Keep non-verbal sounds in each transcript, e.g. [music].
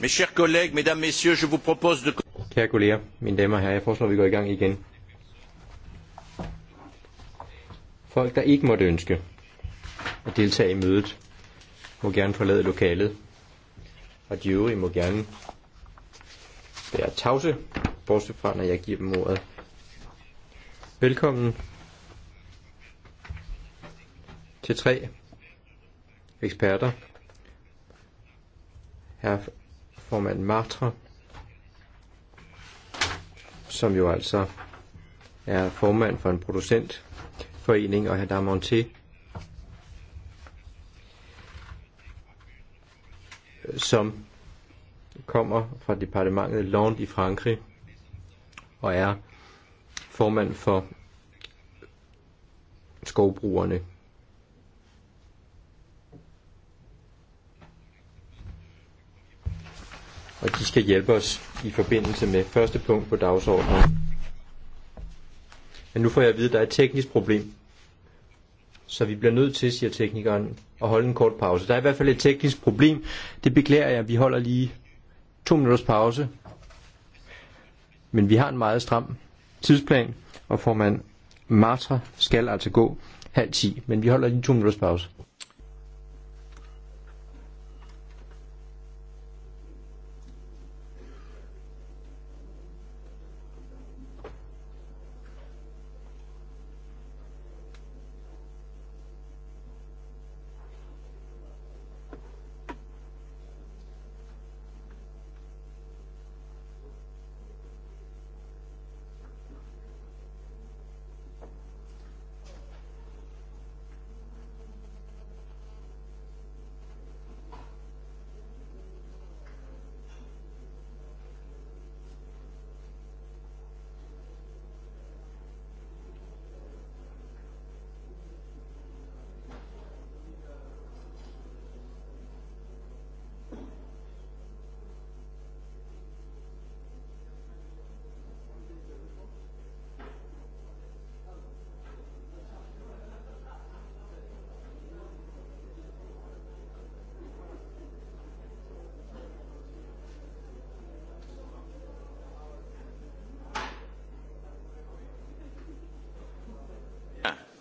Mes chers collègues, mesdames, messieurs, je vous propose de... Kære kolleger, mine damer og herrer, jeg foreslår, at vi går i gang igen. Folk, der ikke måtte ønske at deltage i mødet, må gerne forlade lokalet, og de øvrige må gerne være tavse, bortset fra, når jeg giver dem ordet. Velkommen til tre eksperter formand Martre, som jo altså er formand for en producentforening, og Hadar er Monté, som kommer fra departementet Land i Frankrig og er formand for skovbrugerne og de skal hjælpe os i forbindelse med første punkt på dagsordenen. Men nu får jeg at vide, at der er et teknisk problem. Så vi bliver nødt til, siger teknikeren, at holde en kort pause. Der er i hvert fald et teknisk problem. Det beklager jeg. Vi holder lige to minutters pause. Men vi har en meget stram tidsplan, og formand Martra skal altså gå halv ti. Men vi holder lige to minutters pause.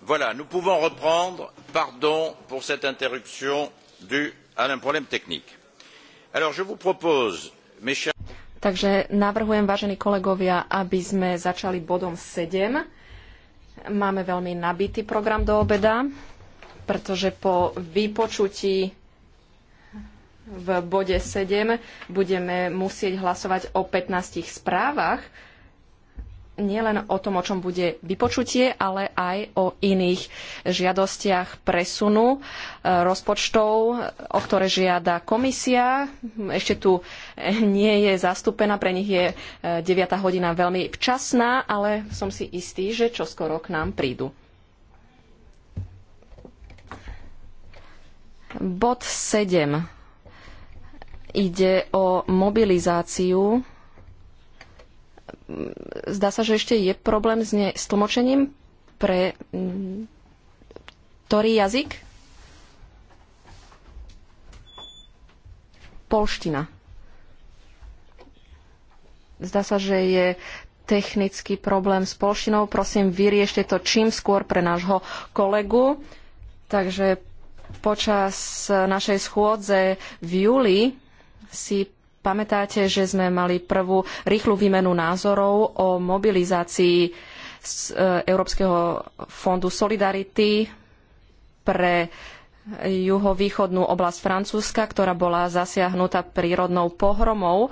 Voilà, nous pouvons reprendre. Pardon pour cette interruption due à un problème technique. Alors, je vous propose, mes chers... Takže navrhujem, vážení kolegovia, aby sme začali bodom 7. Máme veľmi nabitý program do obeda, pretože po vypočutí v bode 7 budeme musieť hlasovať o 15 správach, nielen o tom, o čom bude vypočutie, ale aj o iných žiadostiach presunu e, rozpočtov, o ktoré žiada komisia. Ešte tu e, nie je zastúpená, pre nich je 9. E, hodina veľmi včasná, ale som si istý, že čo skoro k nám prídu. Bod 7 ide o mobilizáciu zdá sa, že ešte je problém s, ne, s tlmočením pre mm, ktorý jazyk? Polština. Zdá sa, že je technický problém s polštinou. Prosím, vyriešte to čím skôr pre nášho kolegu. Takže počas našej schôdze v júli si pamätáte, že sme mali prvú rýchlu výmenu názorov o mobilizácii e, Európskeho fondu Solidarity pre juhovýchodnú oblasť Francúzska, ktorá bola zasiahnutá prírodnou pohromou e,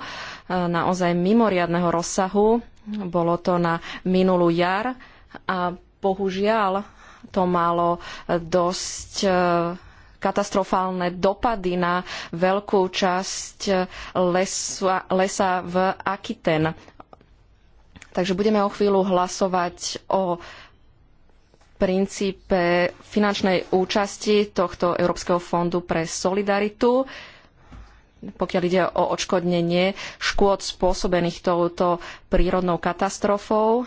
naozaj mimoriadneho rozsahu. Bolo to na minulú jar a bohužiaľ to malo dosť e, katastrofálne dopady na veľkú časť lesa, lesa v Akiten. Takže budeme o chvíľu hlasovať o princípe finančnej účasti tohto Európskeho fondu pre solidaritu pokiaľ ide o odškodnenie škôd spôsobených touto prírodnou katastrofou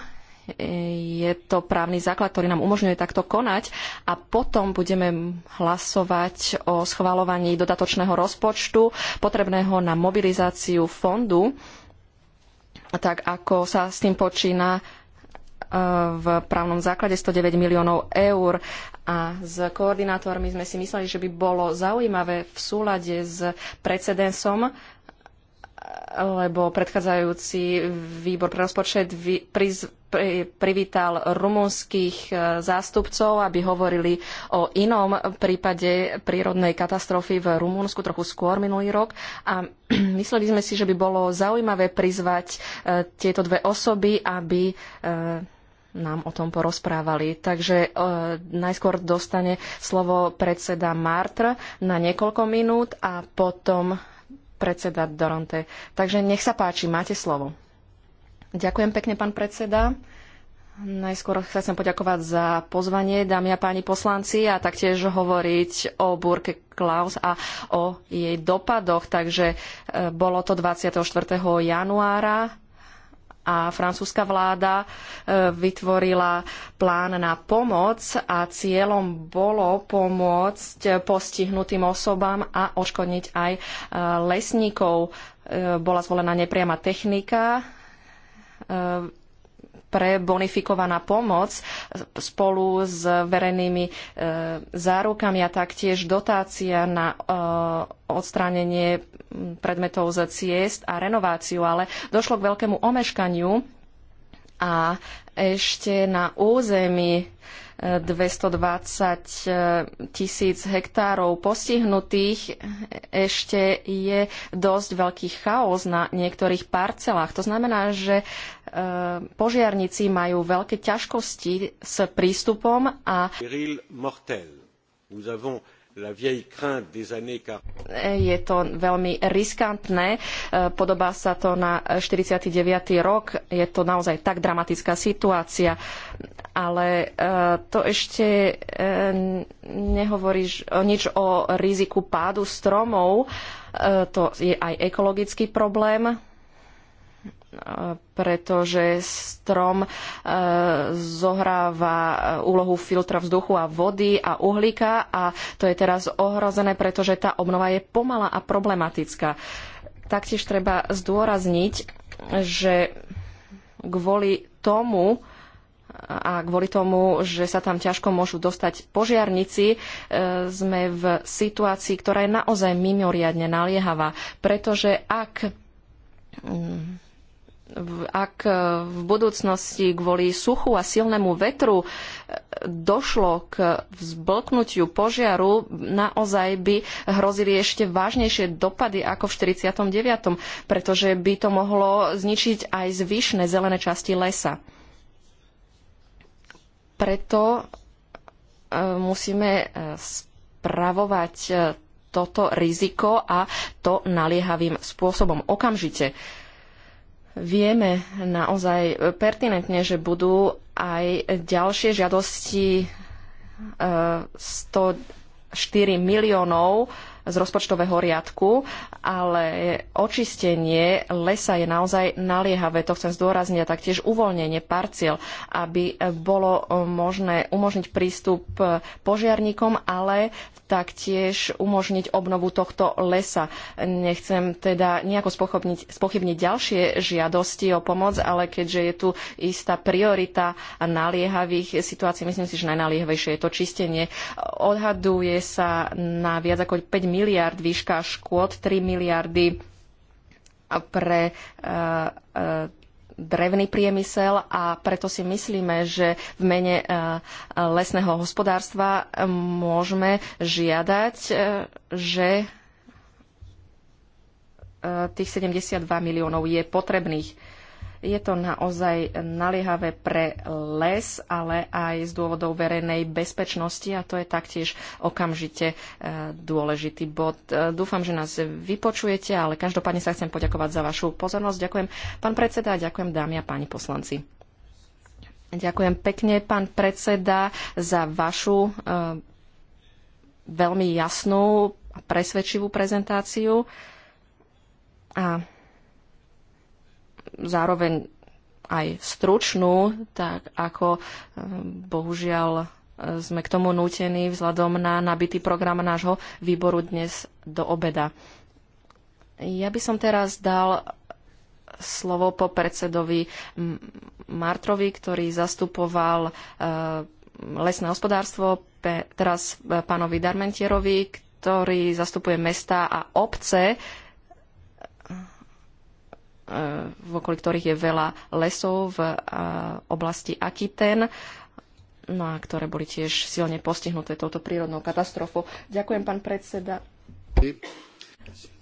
je to právny základ, ktorý nám umožňuje takto konať a potom budeme hlasovať o schvalovaní dodatočného rozpočtu potrebného na mobilizáciu fondu, tak ako sa s tým počína e, v právnom základe 109 miliónov eur a s koordinátormi sme si mysleli, že by bolo zaujímavé v súlade s precedensom lebo predchádzajúci výbor pre rozpočet privítal rumunských e, zástupcov, aby hovorili o inom prípade prírodnej katastrofy v Rumunsku trochu skôr minulý rok. A [clears throat] mysleli sme si, že by bolo zaujímavé prizvať e, tieto dve osoby, aby e, nám o tom porozprávali. Takže e, najskôr dostane slovo predseda Martr na niekoľko minút a potom predseda Dorante. Takže nech sa páči, máte slovo. Ďakujem pekne, pán predseda. Najskôr sa chcem poďakovať za pozvanie, dámy a páni poslanci, a taktiež hovoriť o Burke Klaus a o jej dopadoch. Takže e, bolo to 24. januára a francúzska vláda e, vytvorila plán na pomoc a cieľom bolo pomôcť postihnutým osobám a oškodniť aj e, lesníkov. Bola zvolená nepriama technika E, pre bonifikovaná pomoc spolu s verejnými e, zárukami a taktiež dotácia na e, odstránenie predmetov za ciest a renováciu, ale došlo k veľkému omeškaniu a ešte na území 220 eh, tisíc hektárov postihnutých, ešte je dosť veľký chaos na niektorých parcelách. To znamená, že eh, požiarníci majú veľké ťažkosti s prístupom a... Je to veľmi riskantné, e, podobá sa to na 49. rok, je to naozaj tak dramatická situácia, ale e, to ešte e, nehovorí nič o riziku pádu stromov, to je aj ekologický problém, pretože strom e, zohráva e, úlohu filtra vzduchu a vody a uhlíka a to je teraz ohrozené, pretože tá obnova je pomalá a problematická. Taktiež treba zdôrazniť, že kvôli tomu, a kvôli tomu, že sa tam ťažko môžu dostať požiarnici, e, sme v situácii, ktorá je naozaj mimoriadne naliehavá, pretože ak mm, ak e, v budúcnosti kvôli suchu a silnému vetru e, došlo k vzblknutiu požiaru, naozaj by hrozili ešte vážnejšie dopady ako v 49., pretože by to mohlo zničiť aj zvyšné zelené časti lesa. Preto e, musíme spravovať toto riziko a to naliehavým spôsobom okamžite vieme naozaj pertinentne, že budú aj ďalšie žiadosti 104 eh, miliónov z rozpočtového riadku, ale očistenie lesa je naozaj naliehavé. To chcem zdôrazniť a taktiež uvoľnenie parciel, aby bolo možné umožniť prístup požiarníkom, ale taktiež umožniť obnovu tohto lesa. Nechcem teda nejako spochybniť, spochybniť ďalšie žiadosti o pomoc, ale keďže je tu istá priorita naliehavých situácií, myslím si, že najnaliehavejšie je to čistenie. Odhaduje sa na viac ako 5 miliónov miliard, výška škôd 3 miliardy pre e, e, drevný priemysel a preto si myslíme, že v mene e, lesného hospodárstva môžeme žiadať, že tých 72 miliónov je potrebných. Je to naozaj naliehavé pre les, ale aj z dôvodov verejnej bezpečnosti a to je taktiež okamžite e, dôležitý bod. E, dúfam, že nás vypočujete, ale každopádne sa chcem poďakovať za vašu pozornosť. Ďakujem pán predseda a ďakujem dámy a páni poslanci. Ďakujem pekne, pán predseda, za vašu e, veľmi jasnú a presvedčivú prezentáciu. A zároveň aj stručnú, tak ako e, bohužiaľ e, sme k tomu nútení vzhľadom na nabitý program nášho výboru dnes do obeda. Ja by som teraz dal slovo po predsedovi Martrovi, ktorý zastupoval e, lesné hospodárstvo, teraz pánovi Darmentierovi, ktorý zastupuje mesta a obce v okolí ktorých je veľa lesov v oblasti Akiten, no a ktoré boli tiež silne postihnuté touto prírodnou katastrofou. Ďakujem, pán predseda.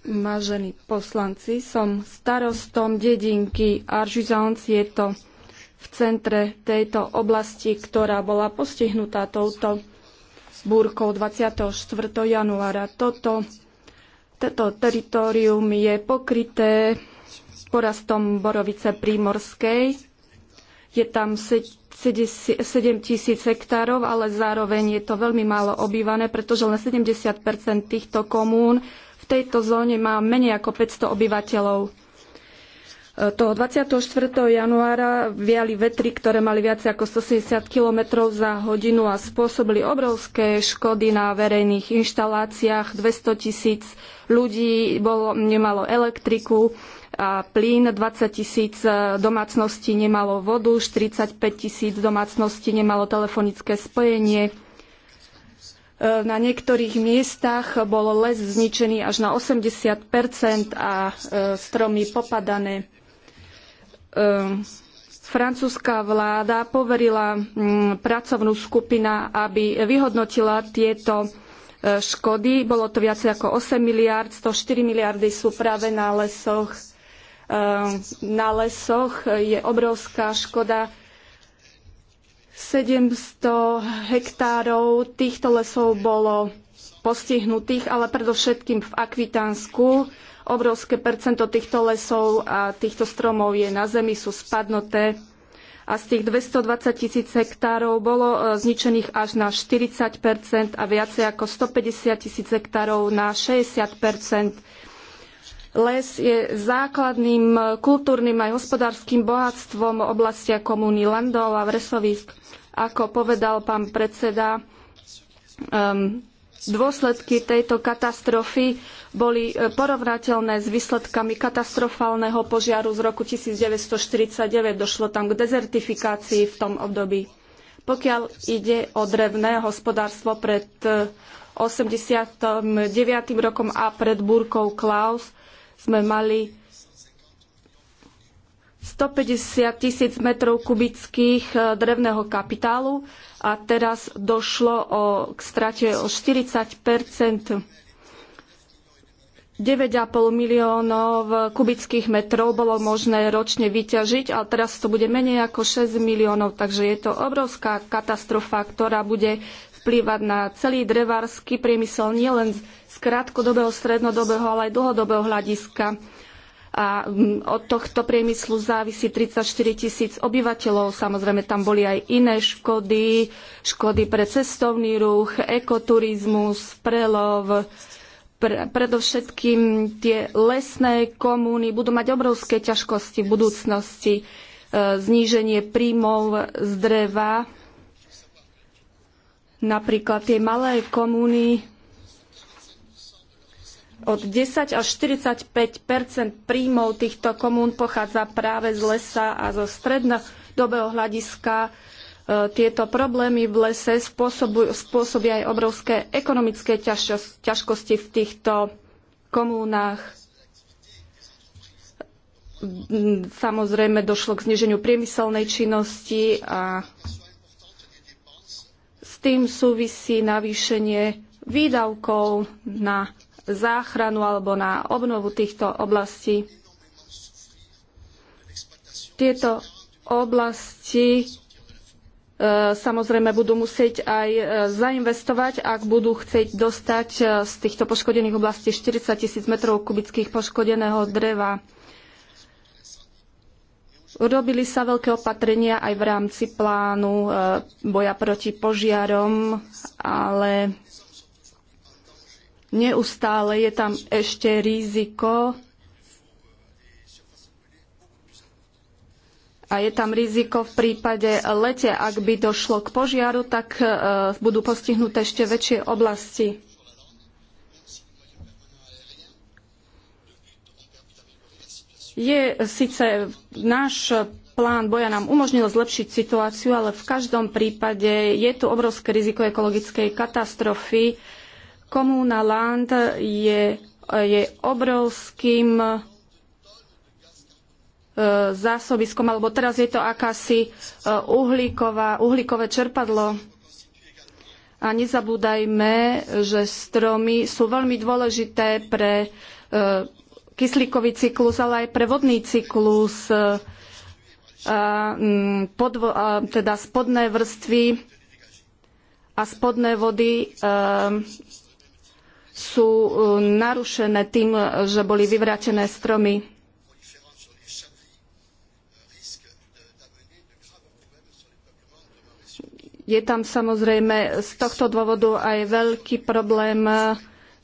Vážení poslanci, som starostom dedinky Aržizans. Je to v centre tejto oblasti, ktorá bola postihnutá touto búrkou 24. januára. Toto, toto teritorium je pokryté porastom borovice prímorskej. Je tam 7 tisíc hektárov, ale zároveň je to veľmi málo obývané, pretože len 70 týchto komún v tejto zóne má menej ako 500 obyvateľov. E, toho 24. januára viali vetry, ktoré mali viac ako 170 km za hodinu a spôsobili obrovské škody na verejných inštaláciách. 200 tisíc ľudí bolo, nemalo elektriku plyn, 20 tisíc e, domácností nemalo vodu, 45 tisíc domácností nemalo telefonické spojenie. E, na niektorých miestach bol les zničený až na 80 a e, stromy popadané. Francúzska vláda poverila pracovnú skupina, aby vyhodnotila tieto škody. Bolo to viac ako 8 miliárd, 104 miliardy sú práve na lesoch Ehm, na lesoch. Je obrovská škoda. 700 hektárov týchto lesov bolo postihnutých, ale predovšetkým v Akvitánsku. Obrovské percento týchto lesov a týchto stromov je na zemi, sú spadnuté a z tých 220 tisíc hektárov bolo e, zničených až na 40 a viacej ako 150 tisíc hektárov na 60 Les je základným e, kultúrnym aj hospodárskym bohatstvom oblasti komúny landov a vresovisk. Ako povedal pán predseda, um, dôsledky tejto katastrofy boli e, porovnateľné s výsledkami katastrofálneho požiaru z roku 1949. Došlo tam k dezertifikácii v tom období. Pokiaľ ide o drevné hospodárstvo pred 89. E, rokom a pred búrkou Klaus, sme mali 150 tisíc metrov kubických e, drevného kapitálu a teraz došlo o, k strate o 40 9,5 miliónov kubických metrov bolo možné ročne vyťažiť, ale teraz to bude menej ako 6 miliónov, takže je to obrovská katastrofa, ktorá bude vplývať na celý drevársky priemysel nielen z z krátkodobého, strednodobého, ale aj dlhodobého hľadiska. A mm, od tohto priemyslu závisí 34 tisíc obyvateľov. Samozrejme, tam boli aj iné škody, škody pre cestovný ruch, ekoturizmus, prelov, pre, predovšetkým tie lesné komúny budú mať obrovské ťažkosti v budúcnosti. E, zníženie príjmov z dreva, napríklad tie malé komúny od 10 až 45 príjmov týchto komún pochádza práve z lesa a zo strednodobého hľadiska e, tieto problémy v lese spôsobia aj obrovské ekonomické ťažkosti v týchto komúnach. Samozrejme došlo k zniženiu priemyselnej činnosti a s tým súvisí navýšenie výdavkov na záchranu alebo na obnovu týchto oblastí. Tieto oblasti e, samozrejme budú musieť aj e, zainvestovať, ak budú chcieť dostať e, z týchto poškodených oblastí 40 tisíc metrov kubických poškodeného dreva. Robili sa veľké opatrenia aj v rámci plánu boja proti požiarom, ale Neustále je tam ešte riziko A je tam riziko v prípade lete, ak by došlo k požiaru, tak e, budú postihnuté ešte väčšie oblasti. Je síce náš plán boja nám umožnil zlepšiť situáciu, ale v každom prípade je tu obrovské riziko ekologickej katastrofy Komúna Land je, je obrovským e, zásobiskom, alebo teraz je to akási e, uhlíková, uhlíkové čerpadlo. A nezabúdajme, že stromy sú veľmi dôležité pre e, kyslíkový cyklus, ale aj pre vodný cyklus, a, mm, podvo, a, teda spodné vrstvy a spodné vody a, sú e, narušené tým, že boli vyvrátené stromy. Je tam samozrejme z tohto dôvodu aj veľký problém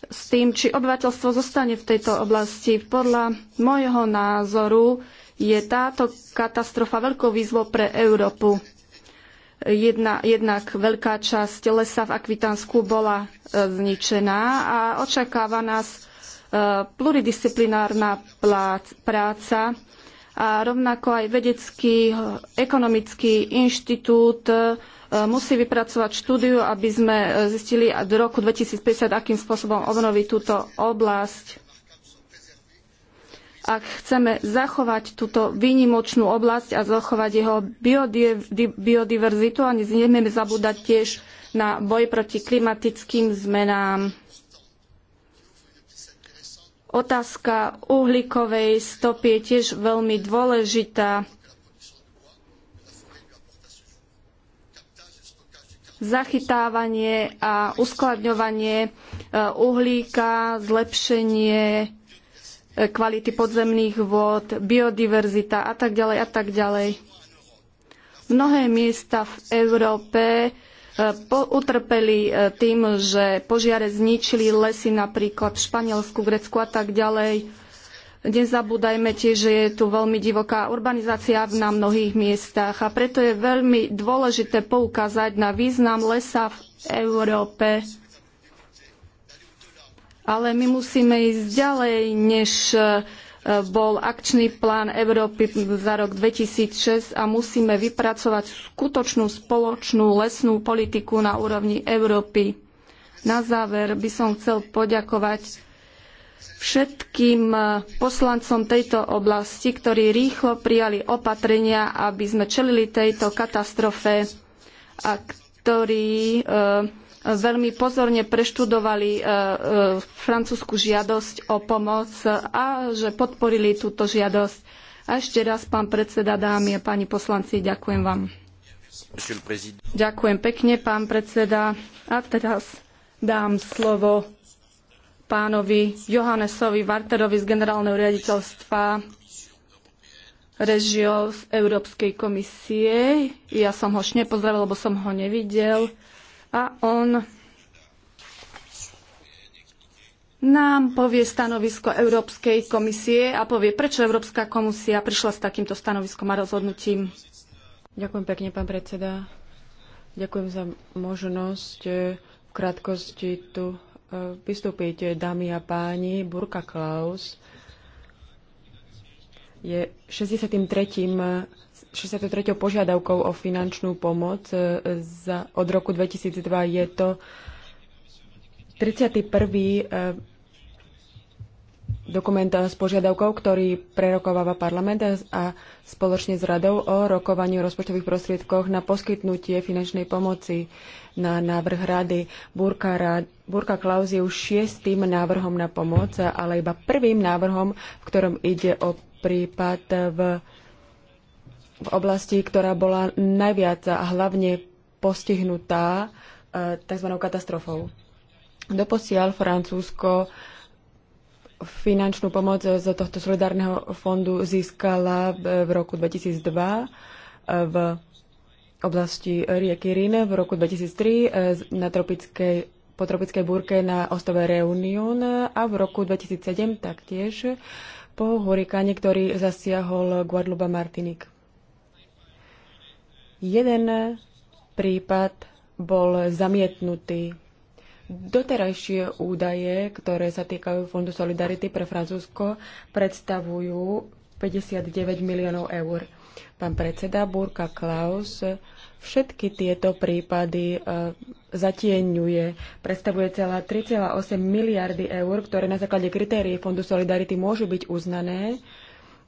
s tým, či obyvateľstvo zostane v tejto oblasti. Podľa môjho názoru je táto katastrofa veľkou výzvou pre Európu. Jedna, jednak veľká časť lesa v Akvitansku bola e, zničená a očakáva nás e, pluridisciplinárna práca a rovnako aj vedecký ekonomický inštitút e, musí vypracovať štúdiu, aby sme zistili do roku 2050, akým spôsobom obnoviť túto oblasť ak chceme zachovať túto výnimočnú oblasť a zachovať jeho biodiverzitu a nesmieme zabúdať tiež na boj proti klimatickým zmenám. Otázka uhlíkovej stopy je tiež veľmi dôležitá. Zachytávanie a uskladňovanie e, uhlíka, zlepšenie E, kvality podzemných vôd, biodiverzita a tak ďalej a tak ďalej. Mnohé miesta v Európe e, utrpeli e, tým, že požiare zničili lesy napríklad v Španielsku, Grecku a tak ďalej. Nezabúdajme tiež, že je tu veľmi divoká urbanizácia na mnohých miestach a preto je veľmi dôležité poukázať na význam lesa v Európe ale my musíme ísť ďalej, než e, bol akčný plán Európy za rok 2006 a musíme vypracovať skutočnú spoločnú lesnú politiku na úrovni Európy. Na záver by som chcel poďakovať všetkým e, poslancom tejto oblasti, ktorí rýchlo prijali opatrenia, aby sme čelili tejto katastrofe a ktorí e, veľmi pozorne preštudovali e, e, francúzsku žiadosť o pomoc a že podporili túto žiadosť. A ešte raz, pán predseda, dámy a páni poslanci, ďakujem vám. Ďakujem pekne, pán predseda. A teraz dám slovo pánovi Johannesovi Varterovi z generálneho riaditeľstva režio z Európskej komisie. Ja som ho šne pozdravil, lebo som ho nevidel a on nám povie stanovisko Európskej komisie a povie, prečo Európska komisia prišla s takýmto stanoviskom a rozhodnutím. Ďakujem pekne, pán predseda. Ďakujem za možnosť eh, v krátkosti tu eh, vystúpiť, eh, dámy a páni. Burka Klaus je 63. 63. požiadavkou o finančnú pomoc za, od roku 2002. Je to 31. Eh, dokument s požiadavkou, ktorý prerokováva parlament a spoločne s radou o rokovaní rozpočtových prostriedkoch na poskytnutie finančnej pomoci na návrh rady. Burka, rad, Burka Klaus je už šiestým návrhom na pomoc, ale iba prvým návrhom, v ktorom ide o prípad v, v oblasti, ktorá bola najviac a hlavne postihnutá e, tzv. katastrofou. Doposiaľ Francúzsko finančnú pomoc z tohto solidárneho fondu získala v roku 2002 e, v oblasti rieky Rine, v roku 2003 e, na tropickej, po tropickej búrke na ostrove Reunion a v roku 2007 taktiež po hurikáne, ktorý zasiahol Guadalupe Martinique. Jeden prípad bol zamietnutý. Doterajšie údaje, ktoré sa týkajú Fondu Solidarity pre Francúzsko, predstavujú 59 miliónov eur. Pán predseda Burka Klaus Všetky tieto prípady e, zatieňuje, predstavuje celá 3,8 miliardy eur, ktoré na základe kritérií Fondu Solidarity môžu byť uznané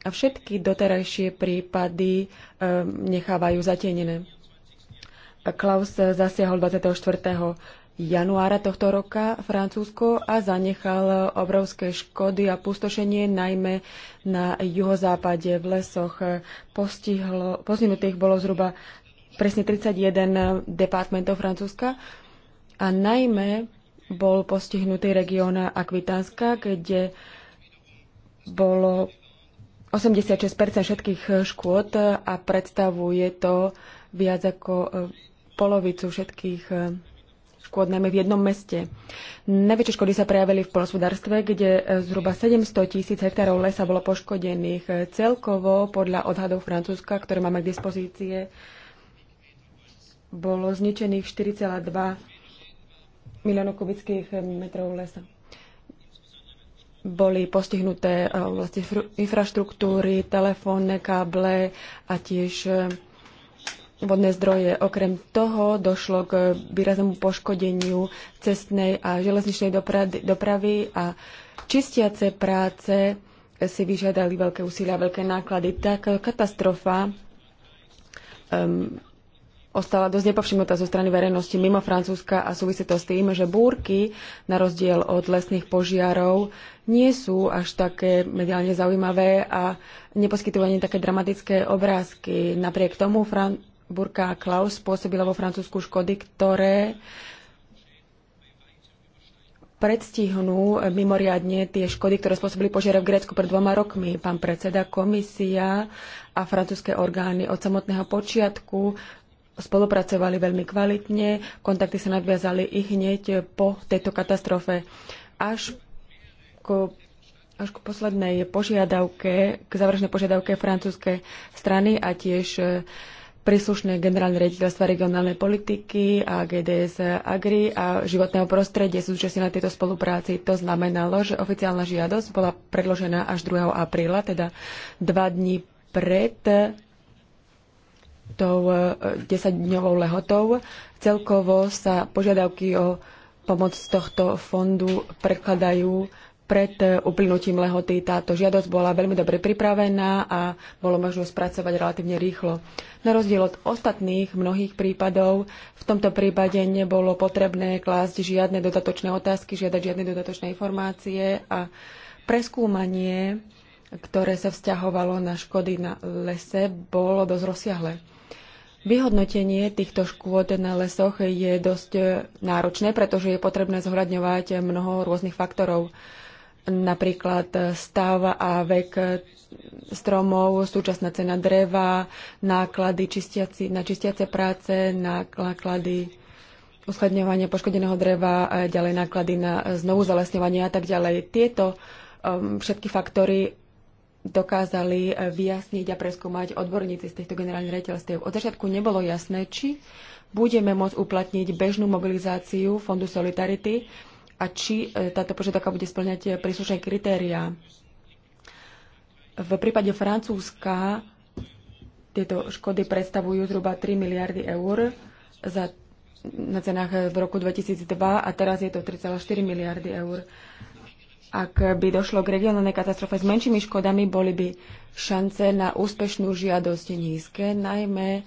a všetky doterajšie prípady e, nechávajú zatienené. Klaus zasiahol 24 januára tohto roka Francúzsko a zanechal obrovské škody a pustošenie najmä na juhozápade v lesoch. Postihlo, postihnutých bolo zhruba presne 31 departmentov Francúzska a najmä bol postihnutý región Akvitánska, kde bolo 86 všetkých škôd a predstavuje to viac ako e, polovicu všetkých e, škôd, najmä v jednom meste. Najväčšie škody sa prejavili v polnospodárstve, kde e, zhruba 700 tisíc hektárov lesa bolo poškodených. Celkovo, podľa odhadov Francúzska, ktoré máme k dispozície, bolo zničených 4,2 milióna kubických metrov lesa. Boli postihnuté vlastne infraštruktúry, telefónne káble a tiež eh, vodné zdroje. Okrem toho došlo k výraznému poškodeniu cestnej a železničnej dopravy a čistiace práce si vyžiadali veľké úsilia, veľké náklady. Tak katastrofa um, ostala dosť nepovšimnutá zo strany verejnosti mimo Francúzska a súvisí to s tým, že búrky, na rozdiel od lesných požiarov, nie sú až také mediálne zaujímavé a neposkytujú ani také dramatické obrázky. Napriek tomu Fran- búrka Klaus spôsobila vo Francúzsku škody, ktoré predstihnú mimoriadne tie škody, ktoré spôsobili požiare v Grécku pred dvoma rokmi. Pán predseda, komisia a francúzske orgány od samotného počiatku spolupracovali veľmi kvalitne, kontakty sa nadviazali i hneď po tejto katastrofe. Až ku, až ku poslednej požiadavke, k záverečnej požiadavke francúzskej strany a tiež e, príslušné generálne rediteľstva regionálnej politiky a GDS Agri a životného prostredie sú zúčastnené na tejto spolupráci. To znamenalo, že oficiálna žiadosť bola predložená až 2. apríla, teda dva dní pred tou 10-dňovou e, lehotou. Celkovo sa požiadavky o pomoc z tohto fondu prekladajú pred e, uplynutím lehoty táto žiadosť bola veľmi dobre pripravená a bolo možno spracovať relatívne rýchlo. Na rozdiel od ostatných mnohých prípadov v tomto prípade nebolo potrebné klásť žiadne dodatočné otázky, žiadať žiadne dodatočné informácie a preskúmanie, ktoré sa vzťahovalo na škody na lese, bolo dosť rozsiahle. Vyhodnotenie týchto škôd na lesoch je dosť e, náročné, pretože je potrebné zohľadňovať mnoho rôznych faktorov. Napríklad stav a vek stromov, súčasná cena dreva, náklady čistiaci, na čistiace práce, náklady uskladňovania poškodeného dreva, ďalej náklady na znovu zalesňovanie a tak ďalej. Tieto um, všetky faktory dokázali e, vyjasniť a preskúmať odborníci z týchto generálnych rejiteľstiev. Od začiatku nebolo jasné, či budeme môcť uplatniť bežnú mobilizáciu Fondu Solidarity a či e, táto požiadavka bude splňať príslušné kritériá. V prípade Francúzska tieto škody predstavujú zhruba 3 miliardy eur za, na cenách v roku 2002 a teraz je to 3,4 miliardy eur. Ak by došlo k regionálnej katastrofe s menšími škodami, boli by šance na úspešnú žiadosť nízke, najmä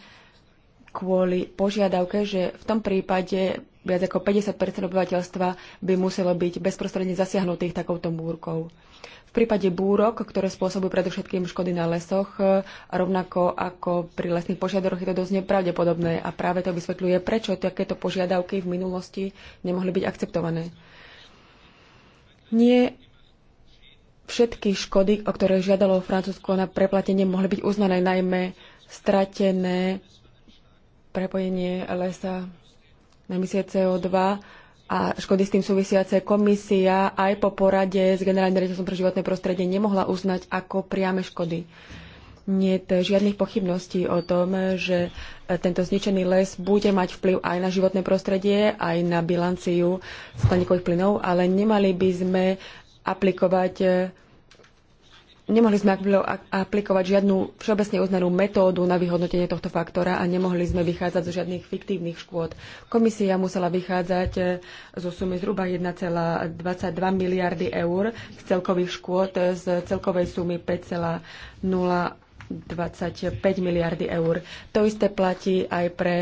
kvôli požiadavke, že v tom prípade viac ako 50 obyvateľstva by muselo byť bezprostredne zasiahnutých takouto búrkou. V prípade búrok, ktoré spôsobujú predovšetkým škody na lesoch, rovnako ako pri lesných požiadoroch, je to dosť nepravdepodobné a práve to vysvetľuje, prečo takéto požiadavky v minulosti nemohli byť akceptované. Nie všetky škody, o ktoré žiadalo Francúzsko na preplatenie, mohli byť uznané najmä stratené prepojenie lesa na emisie CO2 a škody s tým súvisiace. Komisia aj po porade s generálnym riaditeľom pre životné prostredie nemohla uznať ako priame škody nie je žiadnych pochybností o tom, že tento zničený les bude mať vplyv aj na životné prostredie, aj na bilanciu skleníkových plynov, ale nemali by sme aplikovať Nemohli sme aplikovať žiadnu všeobecne uznanú metódu na vyhodnotenie tohto faktora a nemohli sme vychádzať zo žiadnych fiktívnych škôd. Komisia musela vychádzať zo sumy zhruba 1,22 miliardy eur z celkových škôd z celkovej sumy 5,0 25 miliardy eur. To isté platí aj pre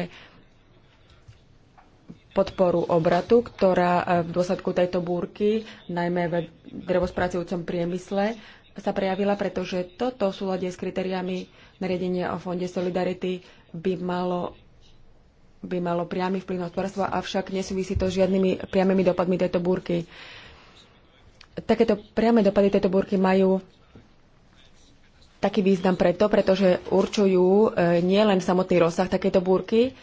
podporu obratu, ktorá e, v dôsledku tejto búrky, najmä v drevospracujúcom priemysle, sa prejavila, pretože toto v súlade s kritériami nariadenia o Fonde Solidarity by malo by malo priamy vplyv na hospodárstvo, avšak nesúvisí to s žiadnymi priamými dopadmi tejto búrky. Takéto priame dopady tejto búrky majú taký význam preto, pretože určujú e, nielen samotný rozsah takejto búrky,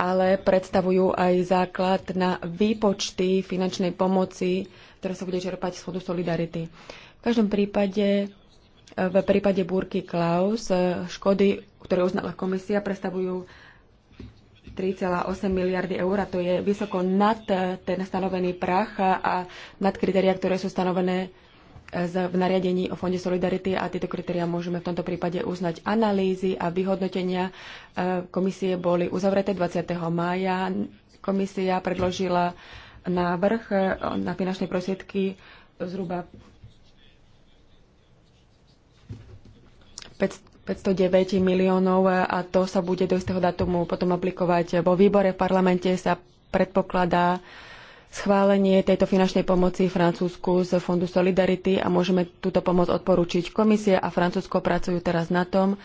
ale predstavujú aj základ na výpočty finančnej pomoci, ktorá sa bude čerpať z Fondu Solidarity. V každom prípade e, v prípade búrky Klaus e, škody, ktoré uznala komisia, predstavujú 3,8 miliardy eur a to je vysoko nad ten stanovený prach a nad kritéria, ktoré sú stanovené v nariadení o Fonde Solidarity a tieto kritéria môžeme v tomto prípade uznať. Analýzy a vyhodnotenia e, komisie boli uzavreté 20. mája. Komisia predložila návrh e, na finančné prosiedky zhruba 509 miliónov e, a to sa bude do istého datumu potom aplikovať vo výbore v parlamente sa predpokladá schválenie tejto finančnej pomoci Francúzsku z Fondu Solidarity a môžeme túto pomoc odporučiť. Komisia a Francúzsko pracujú teraz na tom,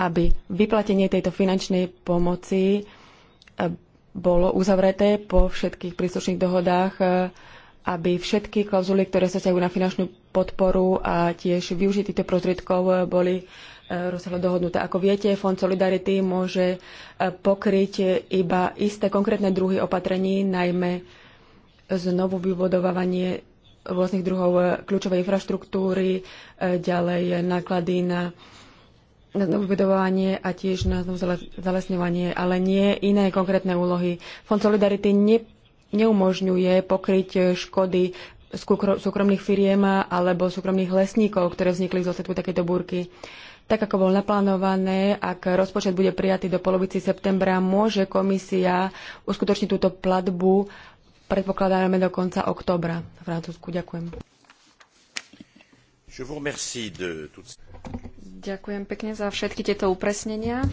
aby vyplatenie tejto finančnej pomoci eh, bolo uzavreté po všetkých príslušných dohodách, eh, aby všetky klauzuly, ktoré sa ťahujú na finančnú podporu a tiež využitie týchto prostriedkov eh, boli rozsahlo dohodnuté. Ako viete, Fond Solidarity môže pokryť iba isté konkrétne druhy opatrení, najmä znovu vybudovávanie rôznych druhov eh, kľúčovej infraštruktúry, eh, ďalej náklady na na znovu vybudovanie a tiež na znovu zalesňovanie, ale nie iné konkrétne úlohy. Fond Solidarity ne, neumožňuje pokryť eh, škody súkromných firiem alebo súkromných lesníkov, ktoré vznikli z dôsledku takéto búrky. Tak ako bol naplánované, ak rozpočet bude prijatý do polovici septembra, môže komisia uskutočniť túto platbu predpokladáme do konca oktobra v Francúzsku. Ďakujem. Ďakujem pekne za všetky tieto upresnenia.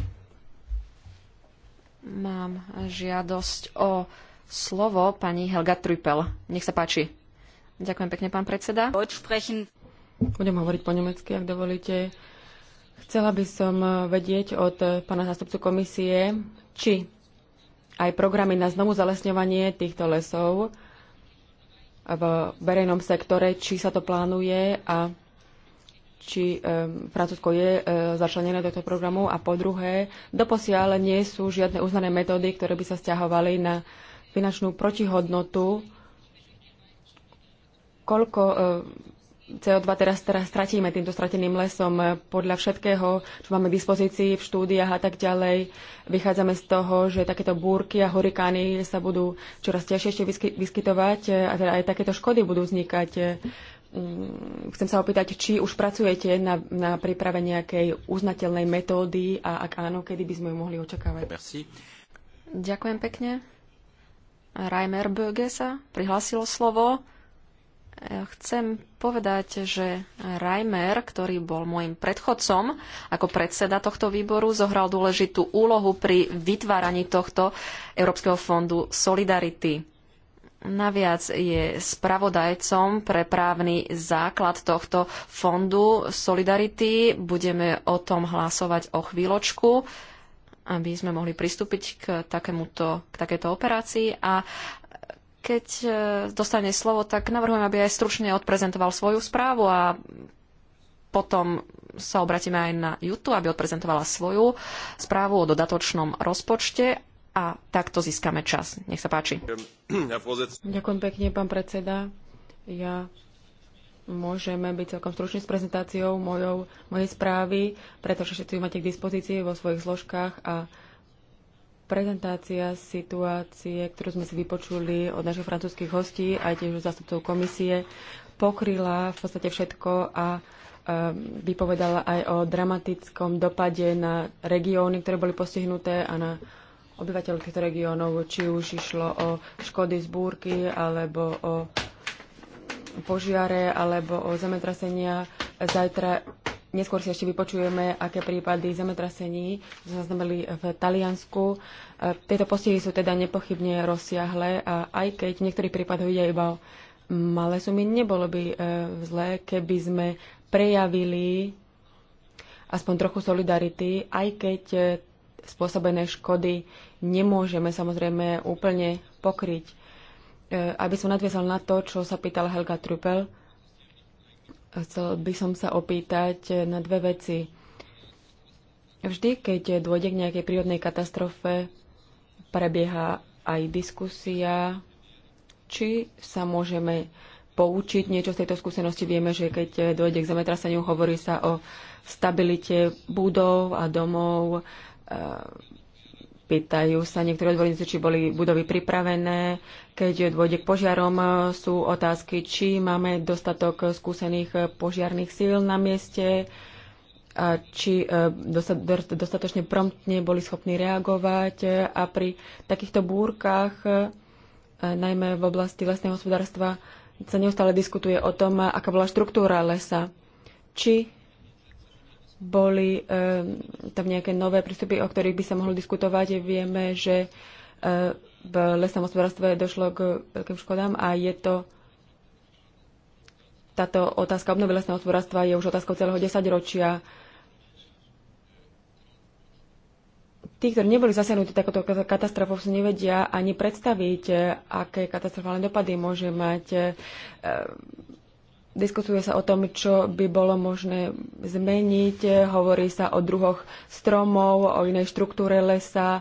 Mám žiadosť o slovo pani Helga Trüppel. Nech sa páči. Ďakujem pekne, pán predseda. Budem hovoriť po nemecky, ak dovolíte. Chcela by som vedieť od pána zástupcu komisie, či aj programy na znovu zalesňovanie týchto lesov v verejnom sektore, či sa to plánuje a či um, Francúzsko je uh, začlenené do tohto programu a po druhé, doposiaľ nie sú žiadne uznané metódy, ktoré by sa stiahovali na finančnú protihodnotu, koľko uh, CO2 teraz, teraz stratíme týmto strateným lesom. Podľa všetkého, čo máme k dispozícii v štúdiách a tak ďalej, vychádzame z toho, že takéto búrky a hurikány sa budú čoraz ťažšie ešte vyskytovať a teda aj takéto škody budú vznikať. Mm, chcem sa opýtať, či už pracujete na, na príprave nejakej uznateľnej metódy a ak áno, kedy by sme ju mohli očakávať? Merci. Ďakujem pekne. Reimer Böge sa prihlásilo slovo. Chcem povedať, že Reimer, ktorý bol môjim predchodcom ako predseda tohto výboru, zohral dôležitú úlohu pri vytváraní tohto Európskeho fondu Solidarity. Naviac je spravodajcom pre právny základ tohto fondu Solidarity. Budeme o tom hlasovať o chvíľočku aby sme mohli pristúpiť k, takémuto, k takéto operácii a keď e, dostane slovo, tak navrhujem, aby aj stručne odprezentoval svoju správu a potom sa obratíme aj na YouTube, aby odprezentovala svoju správu o dodatočnom rozpočte a takto získame čas. Nech sa páči. Ďakujem pekne, pán predseda. Ja môžeme byť celkom stručný s prezentáciou mojou, mojej správy, pretože všetci ju máte k dispozícii vo svojich zložkách a Prezentácia situácie, ktorú sme si vypočuli od našich francúzských hostí aj tiež zástupcov komisie, pokryla v podstate všetko a e, vypovedala aj o dramatickom dopade na regióny, ktoré boli postihnuté a na obyvateľov týchto regiónov, či už išlo o škody z búrky, alebo o požiare, alebo o zemetrasenia. Zajtra Neskôr si ešte vypočujeme, aké prípady zemetrasení zaznamenali v Taliansku. E, tieto postihy sú teda nepochybne rozsiahle a aj keď v niektorých prípadoch ide iba o malé sumy, nebolo by e, zlé, keby sme prejavili aspoň trochu solidarity, aj keď e, spôsobené škody nemôžeme samozrejme úplne pokryť. Aby som nadviesal na to, čo sa pýtal Helga Trupel, Chcel by som sa opýtať na dve veci. Vždy, keď dôjde k nejakej prírodnej katastrofe, prebieha aj diskusia, či sa môžeme poučiť niečo z tejto skúsenosti. Vieme, že keď dojde k zemetraseniu, hovorí sa o stabilite budov a domov, Pýtajú sa niektorí odborníci, či boli budovy pripravené. Keď dôjde k požiarom, sú otázky, či máme dostatok skúsených požiarných síl na mieste, a či e, dostatočne promptne boli schopní reagovať. A pri takýchto búrkach, e, najmä v oblasti lesného hospodárstva, sa neustále diskutuje o tom, aká bola štruktúra lesa. Či boli ehm, tam nejaké nové prístupy, o ktorých by sa mohlo diskutovať. Vieme, že eh, v lesnom hospodárstve došlo k veľkým škodám a je to táto otázka obnovy lesného hospodárstva je už otázkou celého desaťročia. Tí, ktorí neboli zasiahnutí takouto katastrofou, si nevedia ani predstaviť, eh, aké katastrofálne dopady môže mať eh, Diskutuje sa o tom, čo by bolo možné zmeniť. Hovorí sa o druhoch stromov, o inej štruktúre lesa.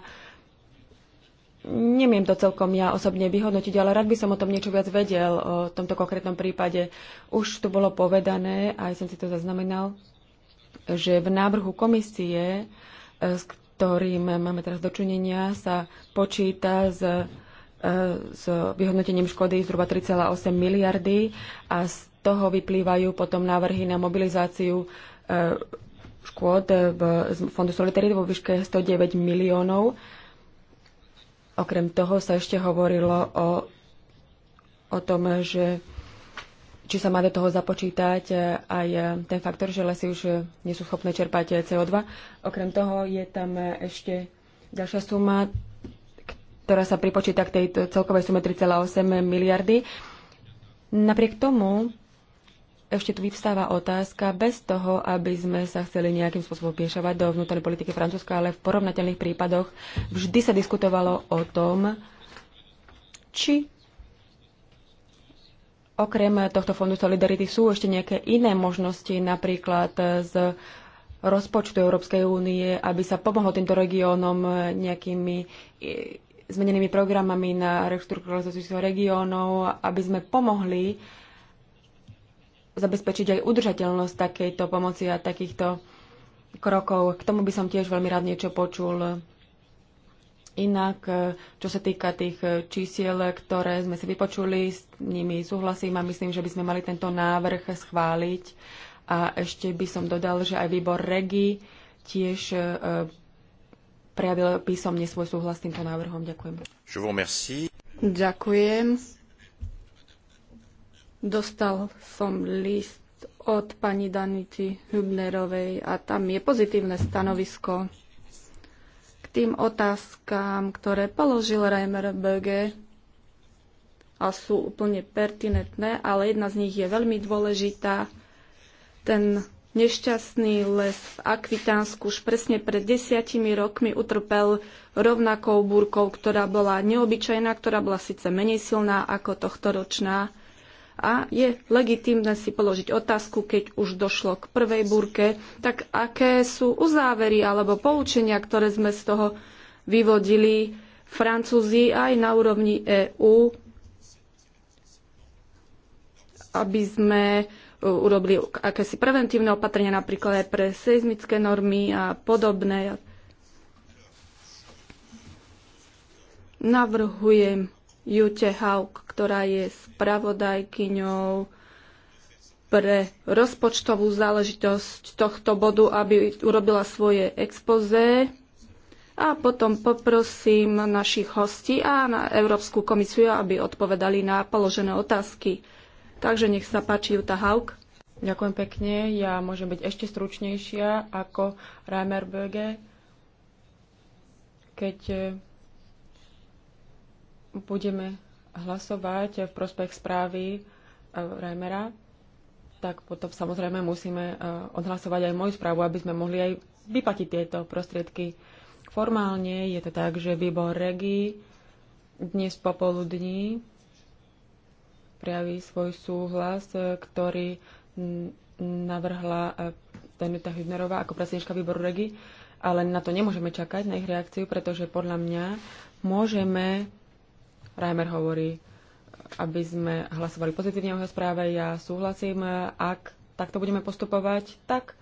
Nemiem to celkom ja osobne vyhodnotiť, ale rád by som o tom niečo viac vedel, o tomto konkrétnom prípade. Už tu bolo povedané, aj som si to zaznamenal, že v návrhu komisie, e, s ktorým máme teraz dočinenia, sa počíta s e, s vyhodnotením škody zhruba 3,8 miliardy a z toho vyplývajú potom návrhy na mobilizáciu e, škôd e, v Fondu Solidarity vo výške 109 miliónov. Okrem toho sa ešte hovorilo o, o tom, že či sa má do toho započítať e, aj ten faktor, že lesy už nie sú schopné čerpať CO2. Okrem toho je tam ešte ďalšia suma, ktorá sa pripočíta k tejto celkovej sume 3,8 miliardy. Napriek tomu ešte tu vyvstáva otázka bez toho, aby sme sa chceli nejakým spôsobom piešovať do vnútornej politiky Francúzska, ale v porovnateľných prípadoch vždy sa diskutovalo o tom, či okrem tohto fondu Solidarity sú ešte nejaké iné možnosti, napríklad z rozpočtu Európskej únie, aby sa pomohlo týmto regiónom nejakými e, zmenenými programami na reštrukturalizáciu regiónov, aby sme pomohli zabezpečiť aj udržateľnosť takejto pomoci a takýchto krokov. K tomu by som tiež veľmi rád niečo počul. Inak, e, čo sa týka tých e, čísiel, ktoré sme si vypočuli, s nimi súhlasím a myslím, že by sme mali tento návrh schváliť. A ešte by som dodal, že aj výbor REGI tiež e, prejavil písomne svoj súhlas s týmto návrhom. Ďakujem. Ďakujem. Dostal som list od pani Danity Hübnerovej a tam je pozitívne stanovisko k tým otázkám, ktoré položil Reimer Böge a sú úplne pertinentné, ale jedna z nich je veľmi dôležitá. Ten nešťastný les v Akvitánsku už presne pred desiatimi rokmi utrpel rovnakou búrkou, ktorá bola neobyčajná, ktorá bola síce menej silná ako tohtoročná, ročná a je legitimné si položiť otázku, keď už došlo k prvej burke, tak aké sú uzávery alebo poučenia, ktoré sme z toho vyvodili Francúzi aj na úrovni EÚ, aby sme e, urobili akési preventívne opatrenia, napríklad aj pre seizmické normy a podobné. Navrhujem Jute Haug ktorá je spravodajkyňou pre rozpočtovú záležitosť tohto bodu, aby urobila svoje expoze. A potom poprosím našich hostí a na Európsku komisiu, aby odpovedali na položené otázky. Takže nech sa páči Juta Haug. Ďakujem pekne. Ja môžem byť ešte stručnejšia ako Reimer Böge, keď eh, budeme hlasovať v prospech správy e, Reimera, tak potom samozrejme musíme e, odhlasovať aj moju správu, aby sme mohli aj vyplatiť tieto prostriedky. Formálne je to tak, že výbor REGI dnes popoludní prejaví svoj súhlas, e, ktorý navrhla Danuta Hübnerová ako predsednička výboru REGI, ale na to nemôžeme čakať, na ich reakciu, pretože podľa mňa môžeme Reimer hovorí, aby sme hlasovali pozitívne o jeho správe. Ja súhlasím, ak takto budeme postupovať, tak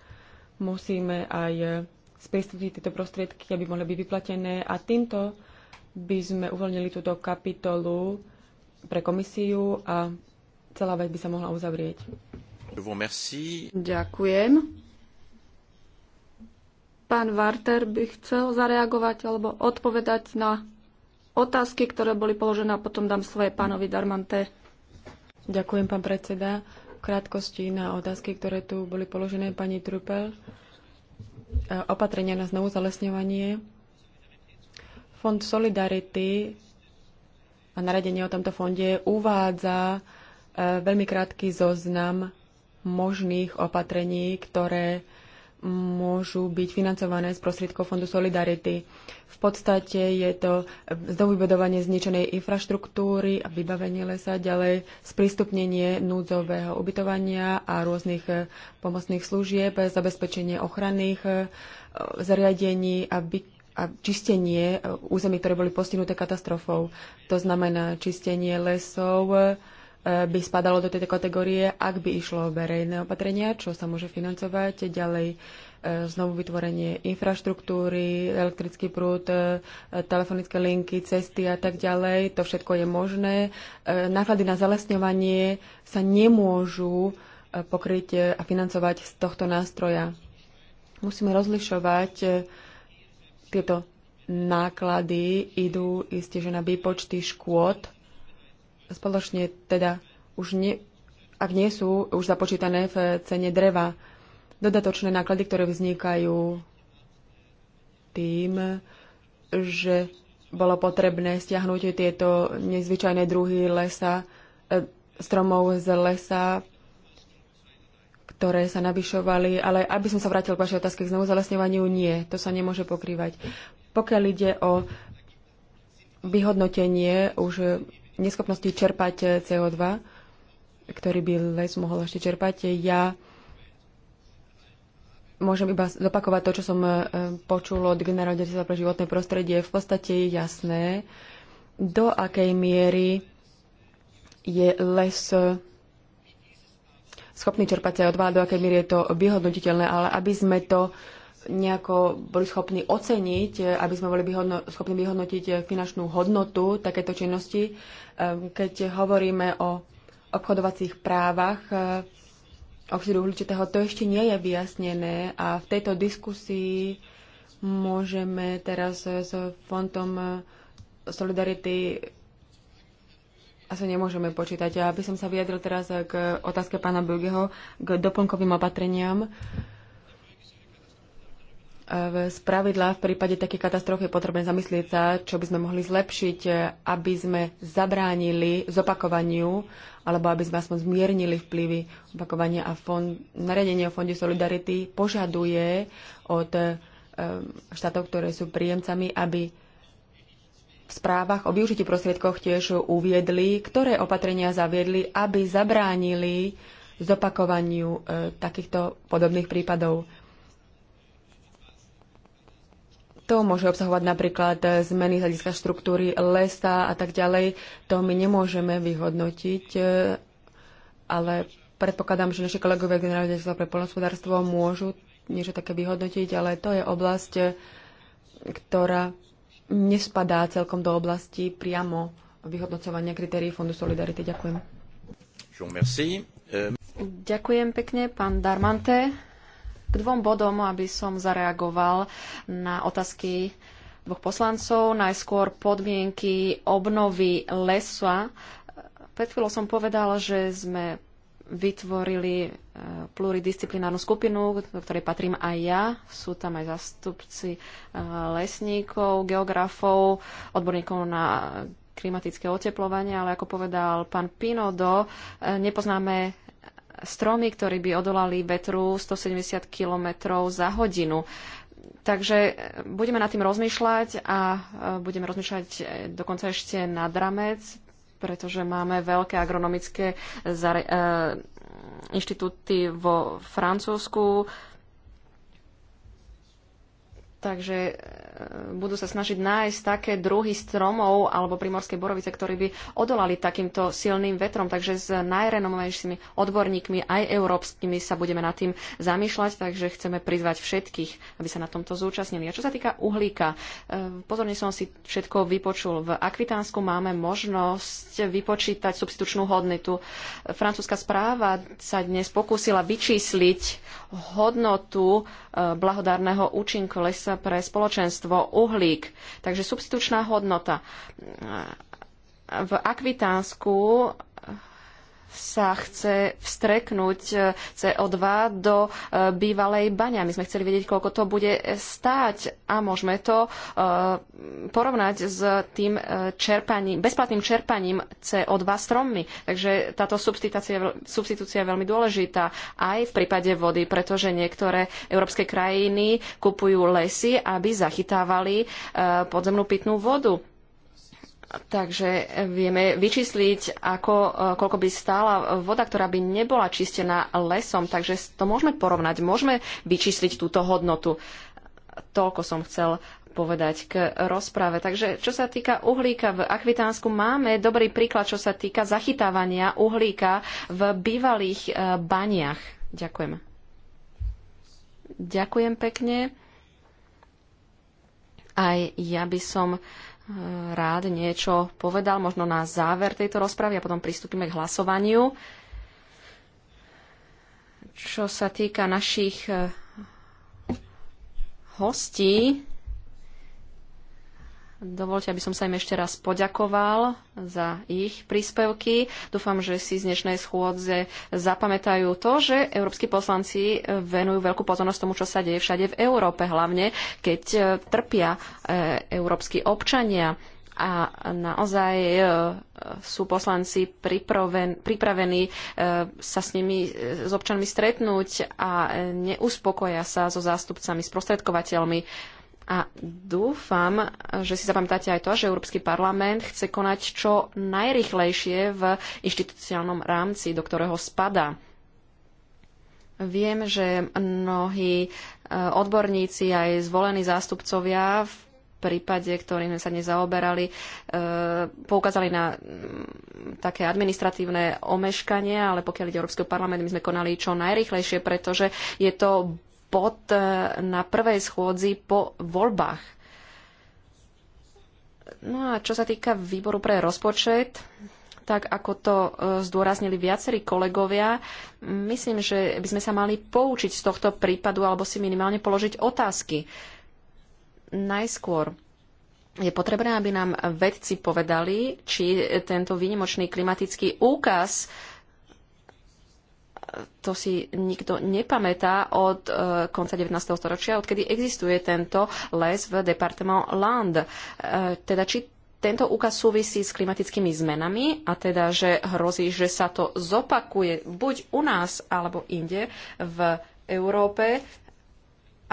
musíme aj sprístupniť tieto prostriedky, aby mohli byť vyplatené a týmto by sme uvoľnili túto kapitolu pre komisiu a celá vec by sa mohla uzavrieť. Ďakujem. Pán Varter by chcel zareagovať alebo odpovedať na otázky, ktoré boli položené a potom dám svoje pánovi Darmante. Ďakujem, pán predseda. V krátkosti na otázky, ktoré tu boli položené pani Trupel. E, opatrenia na znovu zalesňovanie. Fond Solidarity a naradenie o tomto fonde uvádza e, veľmi krátky zoznam možných opatrení, ktoré môžu byť financované z prostriedkov Fondu Solidarity. V podstate je to znovu zničenej infraštruktúry a vybavenie lesa, ďalej sprístupnenie núdzového ubytovania a rôznych eh, pomocných služieb, zabezpečenie ochranných eh, zariadení a, by, a čistenie eh, území, ktoré boli postihnuté katastrofou. To znamená čistenie lesov, by spadalo do tejto kategórie, ak by išlo o verejné opatrenia, čo sa môže financovať. Ďalej e, znovu vytvorenie infraštruktúry, elektrický prúd, e, telefonické linky, cesty a tak ďalej. To všetko je možné. E, náklady na zalesňovanie sa nemôžu pokryť a financovať z tohto nástroja. Musíme rozlišovať tieto náklady idú isté, že na výpočty škôd spoločne teda už ne, ak nie sú už započítané v cene dreva. Dodatočné náklady, ktoré vznikajú tým, že bolo potrebné stiahnuť tieto nezvyčajné druhy lesa, e, stromov z lesa, ktoré sa navyšovali, ale aby som sa vrátil k vašej otázke k znovu zalesňovaniu, nie, to sa nemôže pokrývať. Pokiaľ ide o vyhodnotenie už neschopnosti čerpať eh, CO2, ktorý by les mohol ešte čerpať. Ja môžem iba zopakovať to, čo som eh, počul od generálneho pre životné prostredie. V podstate je jasné, do akej miery je les eh, schopný čerpať CO2, do akej miery je to vyhodnotiteľné, ale aby sme to nejako boli schopní oceniť, eh, aby sme boli vyhodno- schopní vyhodnotiť eh, finančnú hodnotu takéto činnosti. Ehm, keď hovoríme o obchodovacích právach eh, oxidu uhličitého, to ešte nie je vyjasnené a v tejto diskusii môžeme teraz s fondom Solidarity asi nemôžeme počítať. Aby som sa vyjadril teraz k otázke pána Bilgeho, k doplnkovým opatreniam. Uh, z pravidla v prípade takej katastrofy je potrebné zamyslieť sa, čo by sme mohli zlepšiť, aby sme zabránili zopakovaniu alebo aby sme aspoň zmiernili vplyvy opakovania a fond, nariadenie o Fonde Solidarity požaduje od eh, štátov, ktoré sú príjemcami, aby v správach o využití prostriedkoch tiež uviedli, ktoré opatrenia zaviedli, aby zabránili zopakovaniu eh, takýchto podobných prípadov. To môže obsahovať napríklad eh, zmeny hľadiska štruktúry lesa a tak ďalej. To my nemôžeme vyhodnotiť, eh, ale predpokladám, že naši kolegovia generálne pre polnospodárstvo môžu niečo také vyhodnotiť, ale to je oblasť, eh, ktorá nespadá celkom do oblasti priamo vyhodnocovania kritérií Fondu Solidarity. Ďakujem. Euh, Ďakujem pekne, pán Darmante k dvom bodom, aby som zareagoval na otázky dvoch poslancov. Najskôr podmienky obnovy lesa. Pred chvíľou som povedala, že sme vytvorili e, pluridisciplinárnu skupinu, do ktorej patrím aj ja. Sú tam aj zastupci e, lesníkov, geografov, odborníkov na klimatické oteplovanie, ale ako povedal pán Pinodo, e, nepoznáme stromy, ktorí by odolali vetru 170 km za hodinu. Takže e, budeme nad tým rozmýšľať a e, budeme rozmýšľať e, dokonca ešte nad ramec, pretože máme veľké agronomické inštitúty vo Francúzsku, Takže e, budú sa snažiť nájsť také druhy stromov alebo primorskej borovice, ktorí by odolali takýmto silným vetrom. Takže s najrenomovejšími odborníkmi, aj európskymi, sa budeme nad tým zamýšľať. Takže chceme prizvať všetkých, aby sa na tomto zúčastnili. A čo sa týka uhlíka, e, pozorne som si všetko vypočul. V Akvitánsku máme možnosť vypočítať substitučnú hodnotu. Francúzska správa sa dnes pokúsila vyčísliť hodnotu e, blahodárneho účinku lesa pre spoločenstvo uhlík. Takže substitučná hodnota. E, v Akvitánsku sa chce vstreknúť eh, CO2 do eh, bývalej baňa. My sme chceli vedieť, koľko to bude stáť a môžeme to eh, porovnať s tým čerpaním, bezplatným čerpaním CO2 strommi. Takže táto substitúcia, substitúcia je veľmi dôležitá aj v prípade vody, pretože niektoré európske krajiny kupujú lesy, aby zachytávali podzemnú pitnú vodu Takže vieme vyčísliť, ako, eh, koľko by stála voda, ktorá by nebola čistená lesom. Takže to môžeme porovnať, môžeme vyčísliť túto hodnotu. Toľko som chcel povedať k rozprave. Takže čo sa týka uhlíka, v Akvitánsku máme dobrý príklad, čo sa týka zachytávania uhlíka v bývalých eh, baniach. Ďakujem. Ďakujem pekne. Aj ja by som rád niečo povedal, možno na záver tejto rozpravy a potom pristúpime k hlasovaniu. Čo sa týka našich eh, hostí, Dovolte, aby som sa im ešte raz poďakoval za ich príspevky. Dúfam, že si z dnešnej schôdze zapamätajú to, že európsky poslanci venujú veľkú pozornosť tomu, čo sa deje všade v Európe, hlavne keď e, trpia e, európsky občania. A naozaj e, sú poslanci pripravení sa s nimi, s občanmi stretnúť a neuspokoja sa so zástupcami, sprostredkovateľmi a dúfam, že si zapamätáte aj to, že Európsky parlament chce konať čo najrychlejšie v inštitucionálnom rámci, do ktorého spada. Viem, že mnohí e, odborníci aj zvolení zástupcovia v prípade, ktorým sa nezaoberali, e, poukázali na také administratívne omeškanie, ale pokiaľ ide Európsky parlament, my sme konali čo najrychlejšie, pretože je to bod e, na prvej schôdzi po voľbách. No a čo sa týka výboru pre rozpočet, tak ako to e, zdôraznili viacerí kolegovia, myslím, že by sme sa mali poučiť z tohto prípadu alebo si minimálne položiť otázky. Najskôr je potrebné, aby nám vedci povedali, či tento výnimočný klimatický úkaz to si nikto nepamätá od e, konca 19. storočia, odkedy existuje tento les v departement Land. E, teda či tento úkaz súvisí s klimatickými zmenami a teda, že hrozí, že sa to zopakuje buď u nás alebo inde v Európe.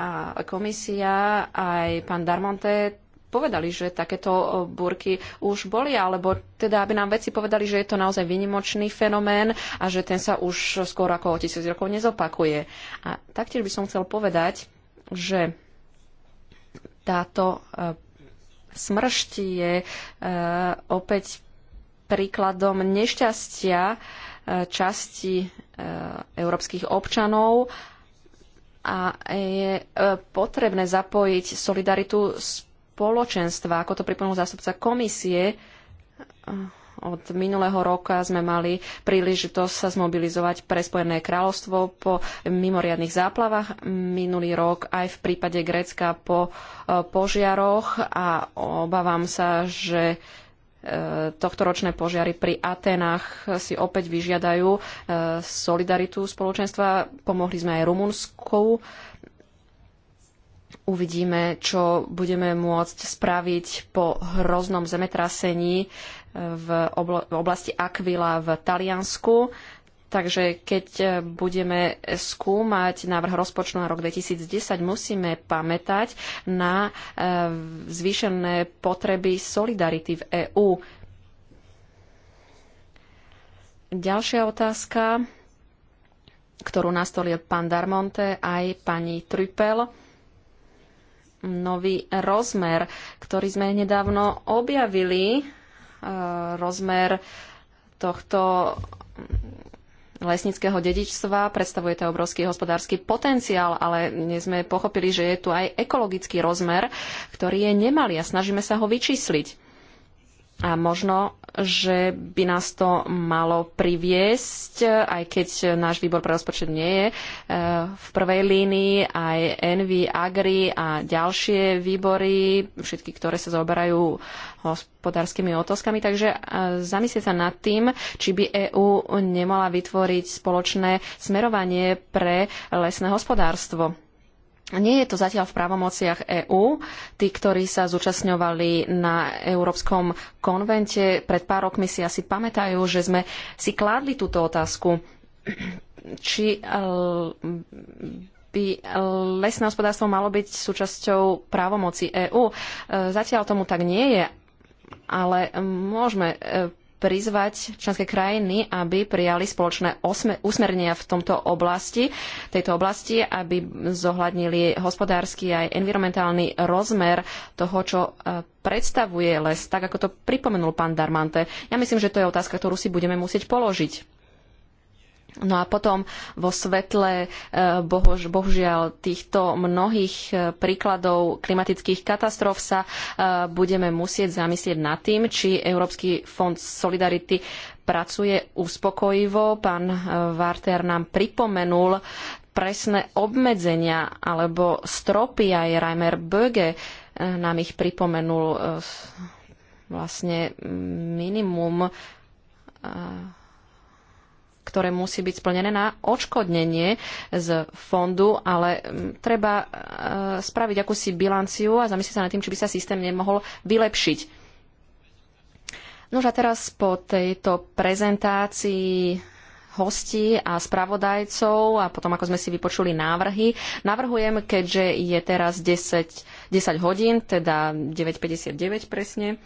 A komisia aj pán Darmonte povedali, že takéto búrky už boli, alebo teda aby nám veci povedali, že je to naozaj vynimočný fenomén a že ten sa už skôr ako o tisíc rokov nezopakuje. A taktiež by som chcel povedať, že táto e, smršť je e, opäť príkladom nešťastia e, časti európskych občanov a je potrebné zapojiť solidaritu s spoločenstva. Ako to pripomenul zástupca komisie, od minulého roka sme mali príležitosť sa zmobilizovať pre Spojené kráľovstvo po mimoriadnych záplavách minulý rok aj v prípade Grécka po e, požiaroch a obávam sa, že e, tohtoročné požiary pri Atenách si opäť vyžiadajú e, solidaritu spoločenstva. Pomohli sme aj Rumunsku uvidíme, čo budeme môcť spraviť po hroznom zemetrasení eh, v oblasti Aquila v Taliansku. Takže keď eh, budeme skúmať návrh rozpočtu na rok 2010, musíme pamätať na eh, zvýšené potreby solidarity v EÚ. Ďalšia otázka, ktorú nastolil pán Darmonte aj pani Trupel nový rozmer, ktorý sme nedávno objavili. E, rozmer tohto lesnického dedičstva. Predstavuje to obrovský hospodársky potenciál, ale dnes sme pochopili, že je tu aj ekologický rozmer, ktorý je nemalý a snažíme sa ho vyčísliť. A možno, že by nás to malo priviesť, aj keď náš výbor pre rozpočet nie je e, v prvej línii, aj Envy, Agri a ďalšie výbory, všetky, ktoré sa zaoberajú hospodárskymi otázkami. Takže e, zamyslieť sa nad tým, či by EÚ nemala vytvoriť spoločné smerovanie pre lesné hospodárstvo nie je to zatiaľ v právomociach EÚ. Tí, ktorí sa zúčastňovali na Európskom konvente, pred pár rokmi si asi pamätajú, že sme si kládli túto otázku, či eh, by eh, lesné hospodárstvo malo byť súčasťou právomoci EÚ. Eh, zatiaľ tomu tak nie je, ale môžeme prizvať členské krajiny, aby prijali spoločné usmernenia v tomto oblasti, tejto oblasti, aby zohľadnili hospodársky aj environmentálny rozmer toho, čo e, predstavuje les, tak ako to pripomenul pán Darmante. Ja myslím, že to je otázka, ktorú si budeme musieť položiť. No a potom vo svetle e, bohož, bohužiaľ týchto mnohých e, príkladov klimatických katastrof sa e, budeme musieť zamyslieť nad tým, či Európsky fond Solidarity pracuje uspokojivo. Pán Varter nám pripomenul presné obmedzenia alebo stropy aj Reimer Böge nám ich pripomenul vlastne minimum ktoré musí byť splnené na odškodnenie z fondu, ale mm, treba e, spraviť akúsi bilanciu a zamyslieť sa nad tým, či by sa systém nemohol vylepšiť. Nož a teraz po tejto prezentácii hostí a spravodajcov a potom, ako sme si vypočuli návrhy. Navrhujem, keďže je teraz 10, 10 hodín, teda 9.59 presne,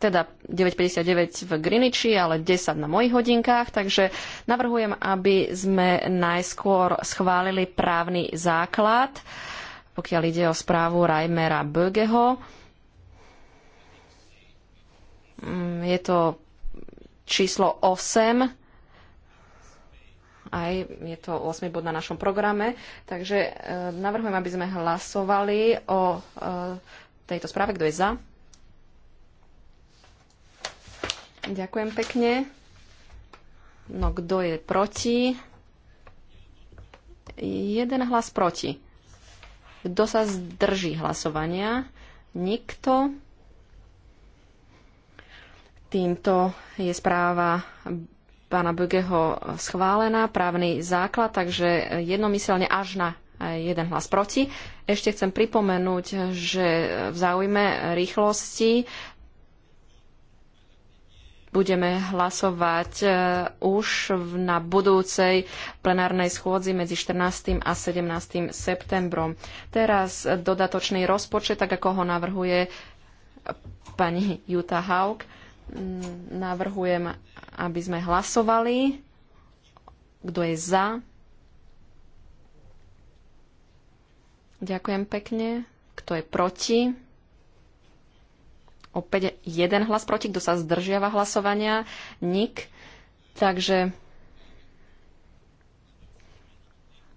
teda 9.59 v Greenwichi, ale 10 na mojich hodinkách, takže navrhujem, aby sme najskôr schválili právny základ, pokiaľ ide o správu Reimera Bögeho. Mm, je to číslo 8 aj je to 8 bod na našom programe. Takže e, navrhujem, aby sme hlasovali o e, tejto správe. Kto je za? Ďakujem pekne. No kto je proti? Jeden hlas proti. Kto sa zdrží hlasovania? Nikto. Týmto je správa pána Bögeho schválená, právny základ, takže jednomyselne až na jeden hlas proti. Ešte chcem pripomenúť, že v záujme rýchlosti budeme hlasovať e, už na budúcej plenárnej schôdzi medzi 14. a 17. septembrom. Teraz dodatočný rozpočet, tak ako ho navrhuje pani Juta Haug. Mm, navrhujem, aby sme hlasovali. Kto je za? Ďakujem pekne. Kto je proti? Opäť jeden hlas proti, kto sa zdržiava hlasovania. Nik. Takže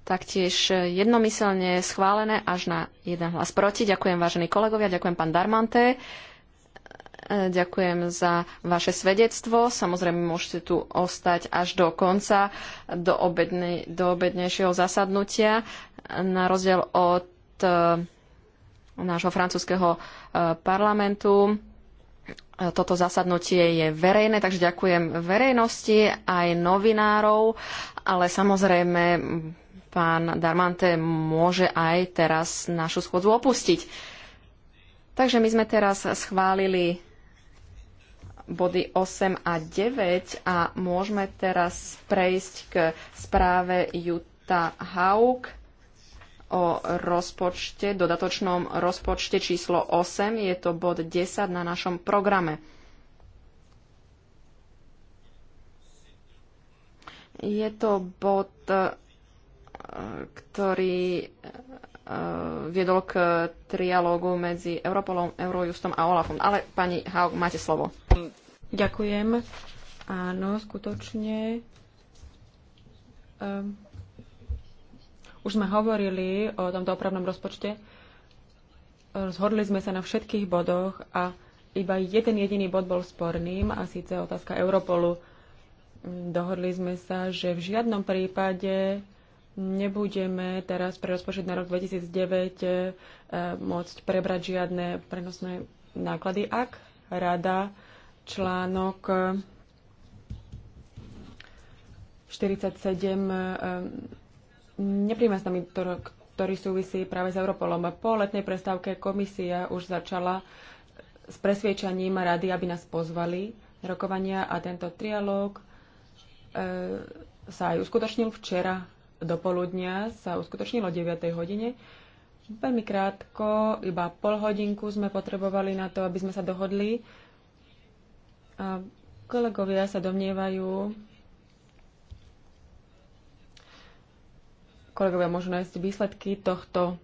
taktiež jednomyselne schválené až na jeden hlas proti. Ďakujem vážení kolegovia, ďakujem pán Darmante, ďakujem za vaše svedectvo. Samozrejme môžete tu ostať až do konca, do, obednej, do obednejšieho zasadnutia, na rozdiel od nášho francúzského e, parlamentu. E, toto zasadnutie je verejné, takže ďakujem verejnosti aj novinárov, ale samozrejme pán Darmante môže aj teraz našu schôdzu opustiť. Takže my sme teraz schválili body 8 a 9 a môžeme teraz prejsť k správe Juta Haug o rozpočte, dodatočnom rozpočte číslo 8. Je to bod 10 na našom programe. Je to bod, eh, ktorý eh, viedol k trialógu medzi Europolom, Eurojustom a Olafom. Ale pani Haug, máte slovo. Ďakujem. Áno, skutočne. Um už sme hovorili o tomto opravnom rozpočte. Zhodli sme sa na všetkých bodoch a iba jeden jediný bod bol sporným a síce otázka Europolu. Dohodli sme sa, že v žiadnom prípade nebudeme teraz pre rozpočet na rok 2009 e, môcť prebrať žiadne prenosné náklady, ak rada článok 47 Nepríjme s nami, ktorý súvisí práve s Europolom. Po letnej prestávke komisia už začala s presviečaním rady, aby nás pozvali rokovania a tento trialóg e, sa aj uskutočnil včera do poludnia, sa uskutočnilo 9. hodine. Veľmi krátko, iba pol hodinku sme potrebovali na to, aby sme sa dohodli. A kolegovia sa domnievajú, kolegovia môžu nájsť výsledky tohto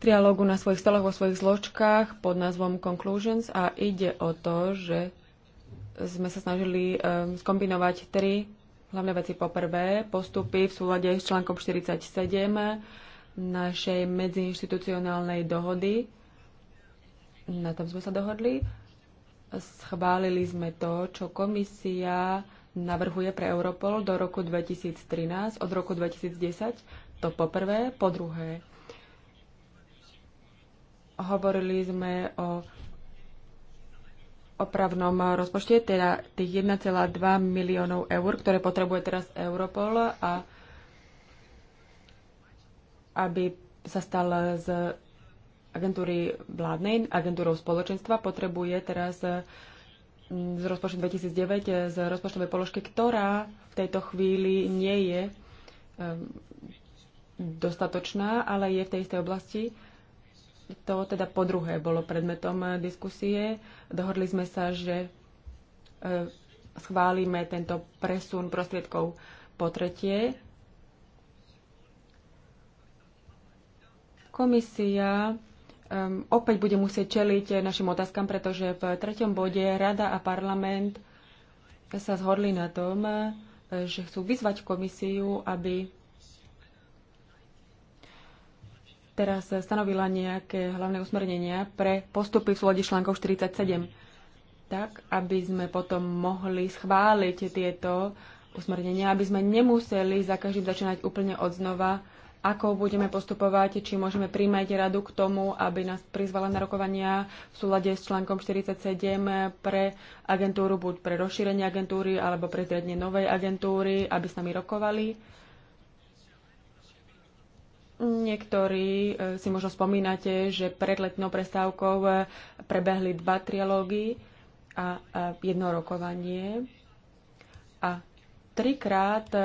trialógu na svojich stoloch vo svojich zložkách pod názvom Conclusions a ide o to, že sme sa snažili um, skombinovať tri hlavné veci. Po prvé, postupy v súlade s článkom 47 našej medziinstitucionálnej dohody. Na tom sme sa dohodli. Schválili sme to, čo komisia navrhuje pre Europol do roku 2013, od roku 2010, to poprvé, po druhé. Hovorili sme o opravnom rozpočte, teda tých 1,2 miliónov eur, ktoré potrebuje teraz Europol a aby sa stal z agentúry vládnej agentúrou spoločenstva, potrebuje teraz z rozpočtu 2009 eh, z rozpočtovej položky, ktorá v tejto chvíli nie je eh, dostatočná, ale je v tej istej oblasti. To teda po druhé bolo predmetom eh, diskusie. Dohodli sme sa, že schválime tento presun prostriedkov po tretie. Komisia um, opäť bude musieť čeliť našim otázkam, pretože v treťom bode Rada a parlament sa zhodli na tom, že chcú vyzvať komisiu, aby teraz stanovila nejaké hlavné usmernenia pre postupy v súlade článkov 47, tak aby sme potom mohli schváliť tieto usmernenia, aby sme nemuseli za každým začínať úplne od znova ako budeme postupovať, či môžeme príjmať radu k tomu, aby nás prizvala na rokovania v súlade s článkom 47 pre agentúru, buď pre rozšírenie agentúry alebo pre zriadenie novej agentúry, aby s nami rokovali. Niektorí e, si možno spomínate, že pred letnou prestávkou e, prebehli dva trialógy a jedno rokovanie. A trikrát e,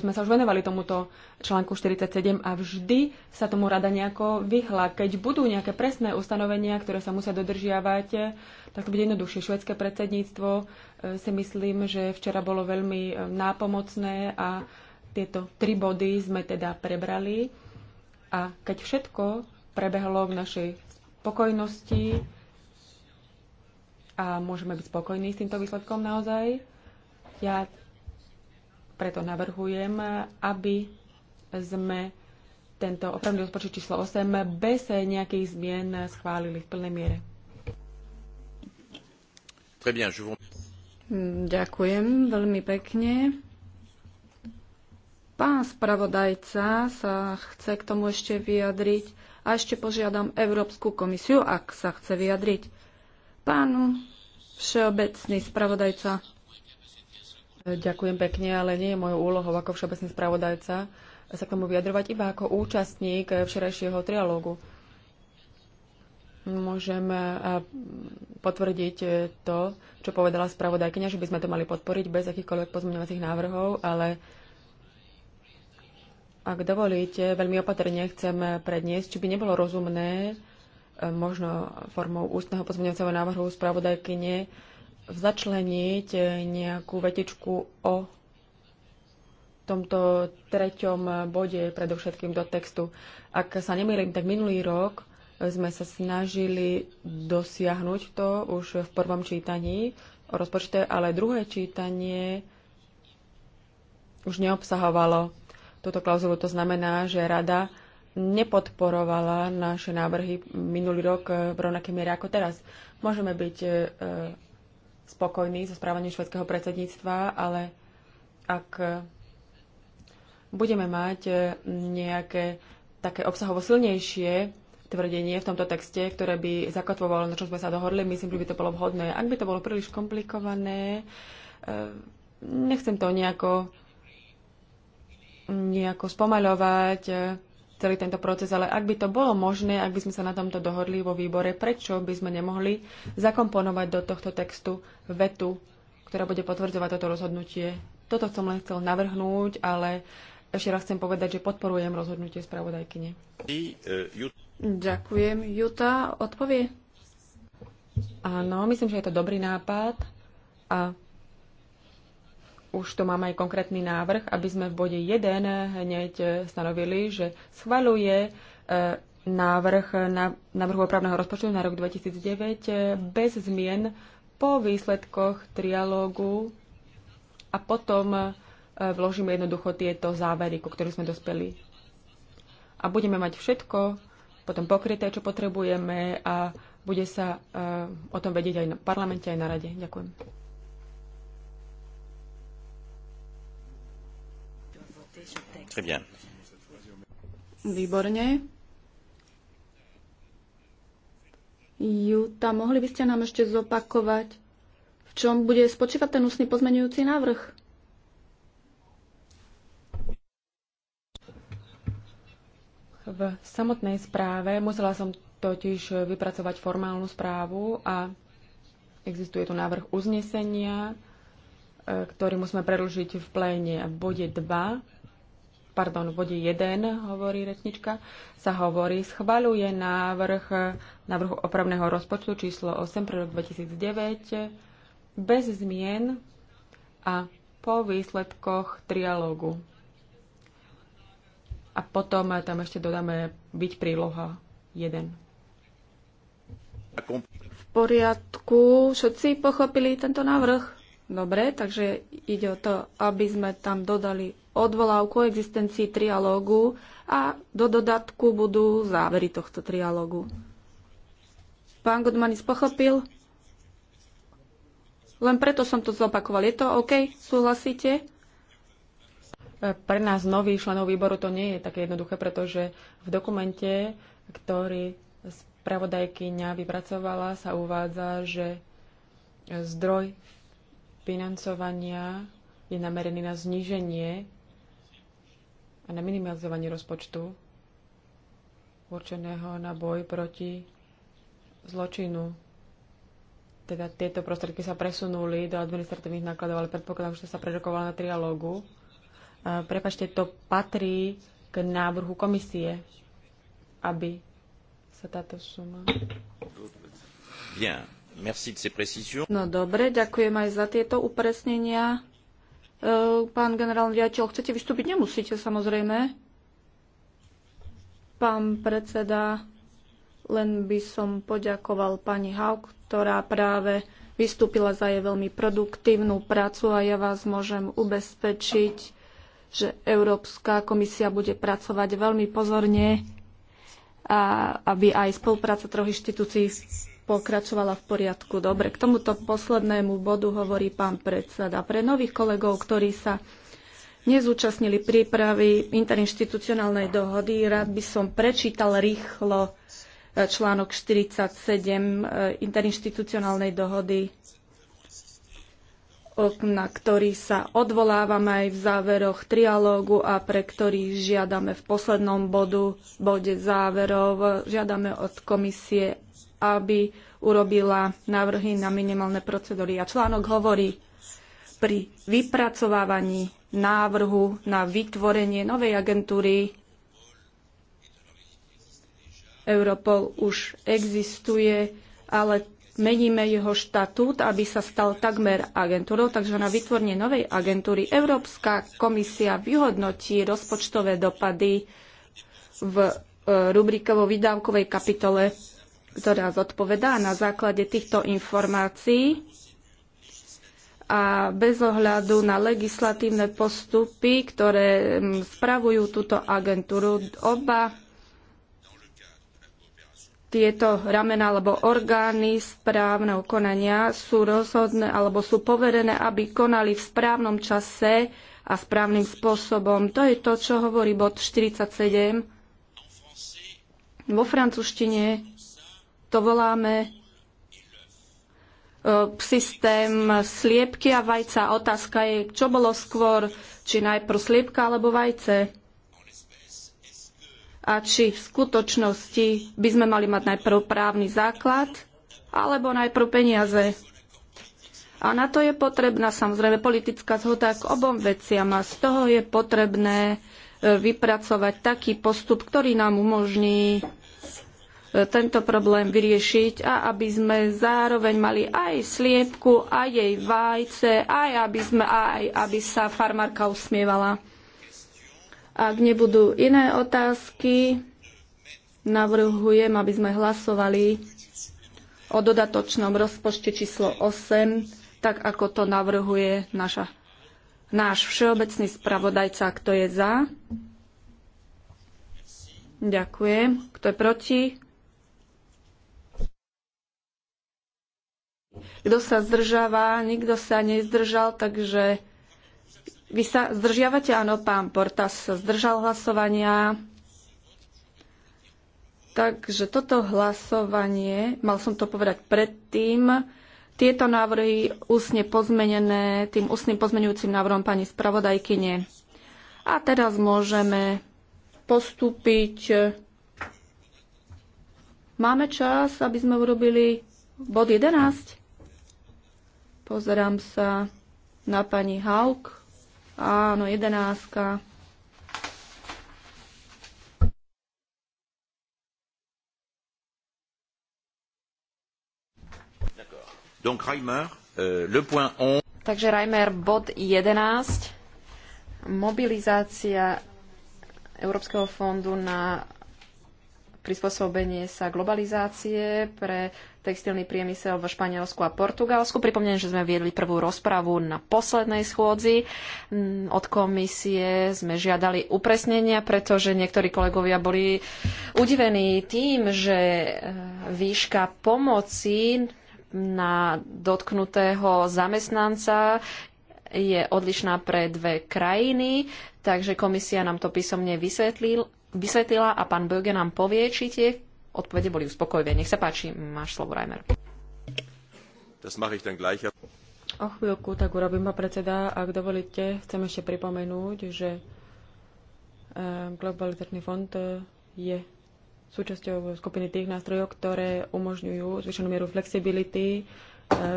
sme sa už venovali tomuto článku 47 a vždy sa tomu rada nejako vyhla. Keď budú nejaké presné ustanovenia, ktoré sa musia dodržiavať, tak to bude jednoduchšie. Švedské predsedníctvo e, si myslím, že včera bolo veľmi e, nápomocné a tieto tri body sme teda prebrali. A keď všetko prebehlo v našej spokojnosti a môžeme byť spokojní s týmto výsledkom naozaj, ja preto navrhujem, aby sme tento opravný rozpočet číslo 8 bez nejakých zmien schválili v plnej miere. Ďakujem veľmi pekne. Pán spravodajca sa chce k tomu ešte vyjadriť a ešte požiadam Európsku komisiu, ak sa chce vyjadriť. Pán všeobecný spravodajca. Ďakujem pekne, ale nie je mojou úlohou ako všeobecný spravodajca sa k tomu vyjadrovať, iba ako účastník včerajšieho trialógu. Môžem potvrdiť e, to, čo povedala spravodajkyňa, že by sme to mali podporiť bez akýchkoľvek pozmeňovacích návrhov, ale ak dovolíte, veľmi opatrne chcem predniesť, či by nebolo rozumné, e, možno formou ústneho pozmeňovacieho návrhu spravodajkyne, začleniť nejakú vetičku o tomto treťom bode predovšetkým do textu. Ak sa nemýlim, tak minulý rok sme sa snažili dosiahnuť to už v prvom čítaní o rozpočte, ale druhé čítanie už neobsahovalo túto klauzulu. To znamená, že rada nepodporovala naše návrhy minulý rok v rovnakej miere ako teraz. Môžeme byť e, spokojní so správaním švedského predsedníctva, ale ak budeme mať e, nejaké také obsahovo silnejšie tvrdenie v tomto texte, ktoré by zakotvovalo, na čo sme sa dohodli, myslím, že by to bolo vhodné. Ak by to bolo príliš komplikované, e, nechcem to nejako, nejako spomaľovať, e, celý tento proces, ale ak by to bolo možné, ak by sme sa na tomto dohodli vo výbore, prečo by sme nemohli zakomponovať do tohto textu vetu, ktorá bude potvrdzovať toto rozhodnutie. Toto som len chcel navrhnúť, ale ešte raz chcem povedať, že podporujem rozhodnutie spravodajkyne. Ďakujem. Juta odpovie? Áno, myslím, že je to dobrý nápad a už tu mám aj konkrétny návrh, aby sme v bode 1 hneď stanovili, že schvaluje e, návrh na návrhu opravného rozpočtu na rok 2009 e, bez zmien po výsledkoch trialógu a potom e, vložíme jednoducho tieto závery, ku ktorým sme dospeli. A budeme mať všetko potom pokryté, čo potrebujeme a bude sa o tom vedieť aj na parlamente, aj na rade. Ďakujem. Très bien. Výborne. Juta, mohli by ste nám ešte zopakovať, v čom bude spočívať ten ústny pozmenujúci návrh? V samotnej správe musela som totiž vypracovať formálnu správu a existuje tu návrh uznesenia, e, ktorý musíme predlžiť v pléne v bode 2 pardon, v bode 1, hovorí rečnička, sa hovorí, schvaľuje návrh návrhu opravného rozpočtu číslo 8 pre rok 2009 bez zmien a po výsledkoch trialógu. A potom tam ešte dodáme byť príloha 1. V poriadku, všetci pochopili tento návrh? Dobre, takže ide o to, aby sme tam dodali odvolal ku existencii trialógu a do dodatku budú závery tohto trialógu. Pán Godmanis pochopil? Len preto som to zopakoval. Je to OK? Súhlasíte? Pre nás nových členov výboru to nie je také jednoduché, pretože v dokumente, ktorý spravodajkyňa vypracovala, sa uvádza, že zdroj financovania je namerený na zníženie a na minimalizovanie rozpočtu určeného na boj proti zločinu. Teda tieto prostriedky sa presunuli do administratívnych nákladov, ale predpokladám, že sa prerokovalo na trialógu. Prepačte, to patrí k návrhu komisie, aby sa táto suma... Bien. Merci de ces précisions. No dobre, ďakujem aj za tieto upresnenia. E, pán generálny riaditeľ, chcete vystúpiť? Nemusíte, samozrejme. Pán predseda, len by som poďakoval pani Haug, ktorá práve vystúpila za jej veľmi produktívnu prácu a ja vás môžem ubezpečiť, že Európska komisia bude pracovať veľmi pozorne a aby aj spolupráca troch inštitúcií pokračovala v poriadku. Dobre, k tomuto poslednému bodu hovorí pán predseda. Pre nových kolegov, ktorí sa nezúčastnili prípravy interinstitucionálnej dohody, rád by som prečítal rýchlo e, článok 47 e, interinstitucionálnej dohody, na ktorý sa odvolávame aj v záveroch trialógu a pre ktorý žiadame v poslednom bodu, bode záverov, žiadame od komisie aby urobila návrhy na minimálne procedúry. A článok hovorí, pri vypracovávaní návrhu na vytvorenie novej agentúry Europol už existuje, ale meníme jeho štatút, aby sa stal takmer agentúrou, takže na vytvorenie novej agentúry Európska komisia vyhodnotí rozpočtové dopady v e, rubrike vo výdavkovej kapitole ktorá zodpovedá na základe týchto informácií a bez ohľadu na legislatívne postupy, ktoré mm, spravujú túto agentúru, oba tieto ramena alebo orgány správneho konania sú rozhodné alebo sú poverené, aby konali v správnom čase a správnym spôsobom. To je to, čo hovorí bod 47. Vo francúzštine to voláme e, systém sliepky a vajca. Otázka je, čo bolo skôr, či najprv sliepka alebo vajce. A či v skutočnosti by sme mali mať najprv právny základ alebo najprv peniaze. A na to je potrebná samozrejme politická zhoda k obom veciam a z toho je potrebné e, vypracovať taký postup, ktorý nám umožní E, tento problém vyriešiť a aby sme zároveň mali aj sliepku, aj jej vajce, aj aby, sme, aj aby sa farmárka usmievala. Ak nebudú iné otázky, navrhujem, aby sme hlasovali o dodatočnom rozpočte číslo 8, tak ako to navrhuje naša, náš všeobecný spravodajca, kto je za. Ďakujem. Kto je proti? Kto sa zdržáva, nikto sa nezdržal, takže vy sa zdržiavate, áno, pán Portas sa zdržal hlasovania. Takže toto hlasovanie, mal som to povedať predtým, tieto návrhy úsne pozmenené tým úsnym pozmenujúcim návrhom pani spravodajkyne. A teraz môžeme postúpiť. Máme čas, aby sme urobili bod 11. Pozerám sa na pani Hauk. Áno, jedenáska. Donc Reimer, euh, le point on... Takže Reimer, bod 11. Mobilizácia Európskeho fondu na prispôsobenie sa globalizácie pre textilný priemysel v Španielsku a Portugalsku. Pripomínam, že sme viedli prvú rozpravu na poslednej schôdzi. Mm, od komisie sme žiadali upresnenia, pretože niektorí kolegovia boli udivení tým, že eh, výška pomoci na dotknutého zamestnanca je odlišná pre dve krajiny, takže komisia nám to písomne vysvetlil, vysvetlila a pán Böge nám povie, či tie odpovede boli uspokojivé. Nech sa páči, máš slovo, Rainer. Das mache ich dann gleich. O chvíľku tak urobím, ma predseda. Ak dovolíte, chcem ešte pripomenúť, že e, Globalizačný fond e, je súčasťou skupiny tých nástrojov, ktoré umožňujú zvyšenú mieru flexibility e,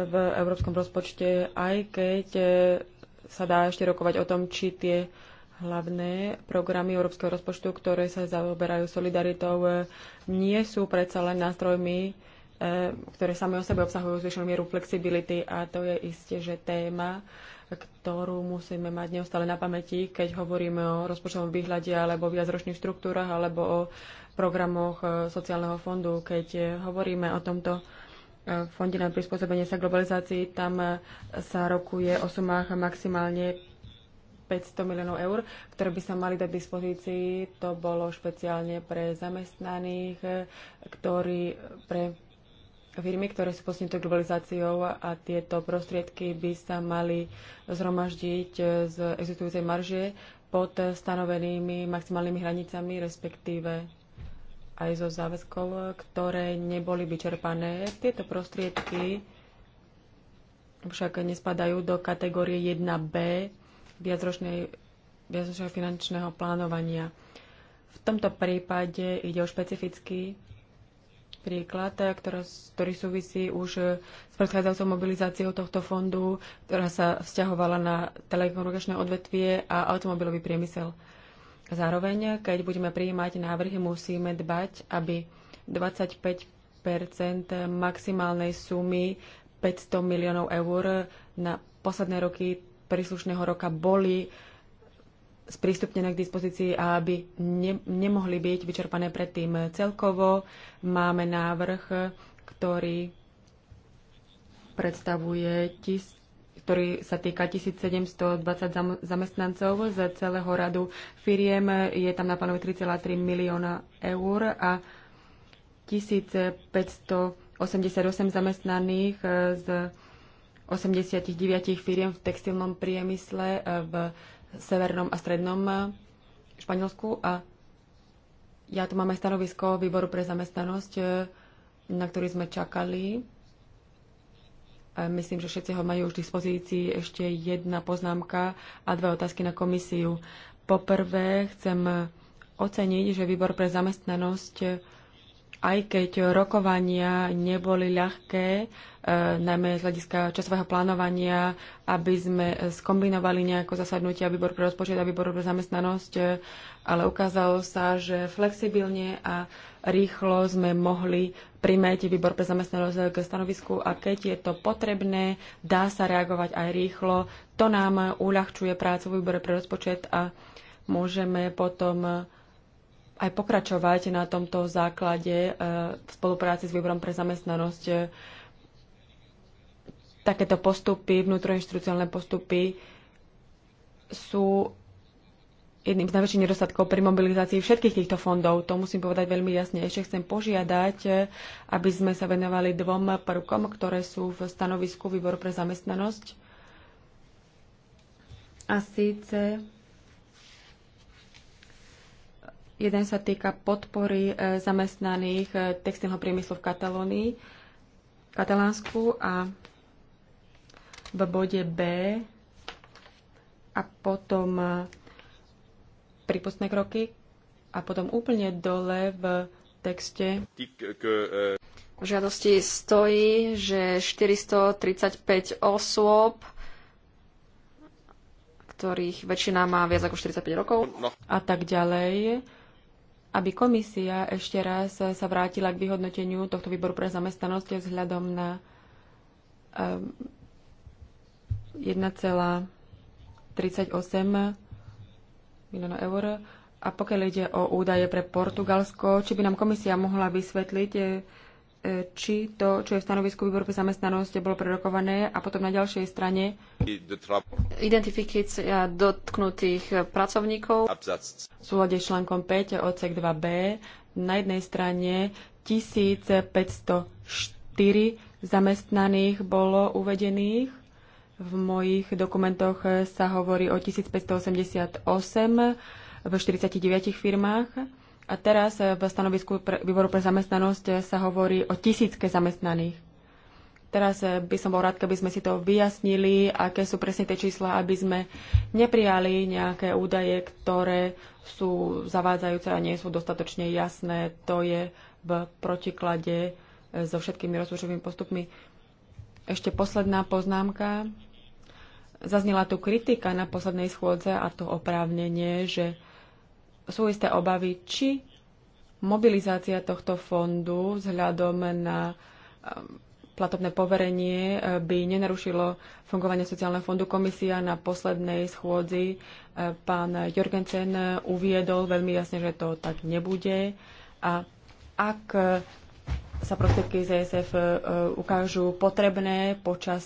v európskom rozpočte, aj keď sa dá ešte rokovať o tom, či tie hlavné programy európskeho rozpočtu, ktoré sa zaoberajú solidaritou, e, nie sú predsa len nástrojmi, e, ktoré same o sebe obsahujú zvyšenú mieru flexibility a to je isté, že téma, ktorú musíme mať neustále na pamäti, keď hovoríme o rozpočtovom výhľade alebo o viacročných štruktúrach alebo o programoch e, sociálneho fondu. Keď hovoríme o tomto fonde na prispôsobenie sa globalizácii, tam sa rokuje o sumách maximálne 500 miliónov eur, ktoré by sa mali dať dispozícii. To bolo špeciálne pre zamestnaných, eh, ktorí pre firmy, ktoré sú postihnuté globalizáciou a tieto prostriedky by sa mali zhromaždiť eh, z existujúcej marže pod stanovenými maximálnymi hranicami, respektíve aj zo záväzkov, ktoré neboli vyčerpané. Tieto prostriedky však nespadajú do kategórie 1B viacročného finančného plánovania. V tomto prípade ide o špecifický príklad, ktorý súvisí už s predchádzajúcou mobilizáciou tohto fondu, ktorá sa vzťahovala na telekomunikačné odvetvie a automobilový priemysel. Zároveň, keď budeme prijímať návrhy, musíme dbať, aby 25 maximálnej sumy 500 miliónov eur na posledné roky príslušného roka boli sprístupnené k dispozícii a aby ne, nemohli byť vyčerpané predtým. Celkovo máme návrh, ktorý predstavuje tis, ktorý sa týka 1720 zamestnancov z celého radu firiem. Je tam na plánu 3,3 milióna eur a 1588 zamestnaných eh, z 89 firiem v textilnom priemysle eh, v severnom a strednom eh, Španielsku a ja tu máme stanovisko výboru pre zamestnanosť, eh, na ktorý sme čakali. Myslím, že všetci ho majú už v dispozícii. Ešte jedna poznámka a dve otázky na komisiu. Poprvé chcem oceniť, že výbor pre zamestnanosť aj keď rokovania neboli ľahké, e, najmä z hľadiska časového plánovania, aby sme skombinovali nejako zasadnutia výbor pre rozpočet a výboru pre zamestnanosť, e, ale ukázalo sa, že flexibilne a rýchlo sme mohli primäť výbor pre zamestnanosť k stanovisku a keď je to potrebné, dá sa reagovať aj rýchlo. To nám uľahčuje prácu v výbore pre rozpočet a môžeme potom aj pokračovať na tomto základe e, v spolupráci s výborom pre zamestnanosť. E, takéto postupy, vnútroinštitucionálne postupy sú jedným z najväčších nedostatkov pri mobilizácii všetkých týchto fondov. To musím povedať veľmi jasne. Ešte chcem požiadať, e, aby sme sa venovali dvom prvkom, ktoré sú v stanovisku Výboru pre zamestnanosť. A síce Jeden sa týka podpory e, zamestnaných e, textilného priemyslu v Katalónii, Katalánsku a v bode B a potom e, prípustné kroky a potom úplne dole v texte v žiadosti stojí, že 435 osôb ktorých väčšina má viac ako 45 rokov a tak ďalej aby komisia ešte raz sa vrátila k vyhodnoteniu tohto výboru pre zamestnanosť vzhľadom na 1,38 ehm, milióna eur. A pokiaľ ide o údaje pre Portugalsko, či by nám komisia mohla vysvetliť, či to, čo je v stanovisku výboru pre zamestnanosť, bolo prerokované a potom na ďalšej strane identifikácia dotknutých pracovníkov v súhľade s článkom 5 odsek 2b na jednej strane 1504 zamestnaných bolo uvedených. V mojich dokumentoch sa hovorí o 1588 v 49 firmách a teraz eh, v stanovisku pre, výboru pre zamestnanosť eh, sa hovorí o tisícke zamestnaných. Teraz eh, by som bol rád, keby sme si to vyjasnili, aké sú presne tie čísla, aby sme neprijali nejaké údaje, ktoré sú zavádzajúce a nie sú dostatočne jasné. To je v protiklade so všetkými rozpočtovými postupmi. Ešte posledná poznámka. Zaznela tu kritika na poslednej schôdze a to oprávnenie, že sú isté obavy, či mobilizácia tohto fondu vzhľadom na um, platobné poverenie eh, by nenarušilo fungovanie sociálneho fondu. Komisia na poslednej schôdzi eh, pán Jorgensen eh, uviedol veľmi jasne, že to tak nebude. A ak sa prostriedky z ESF ukážu potrebné počas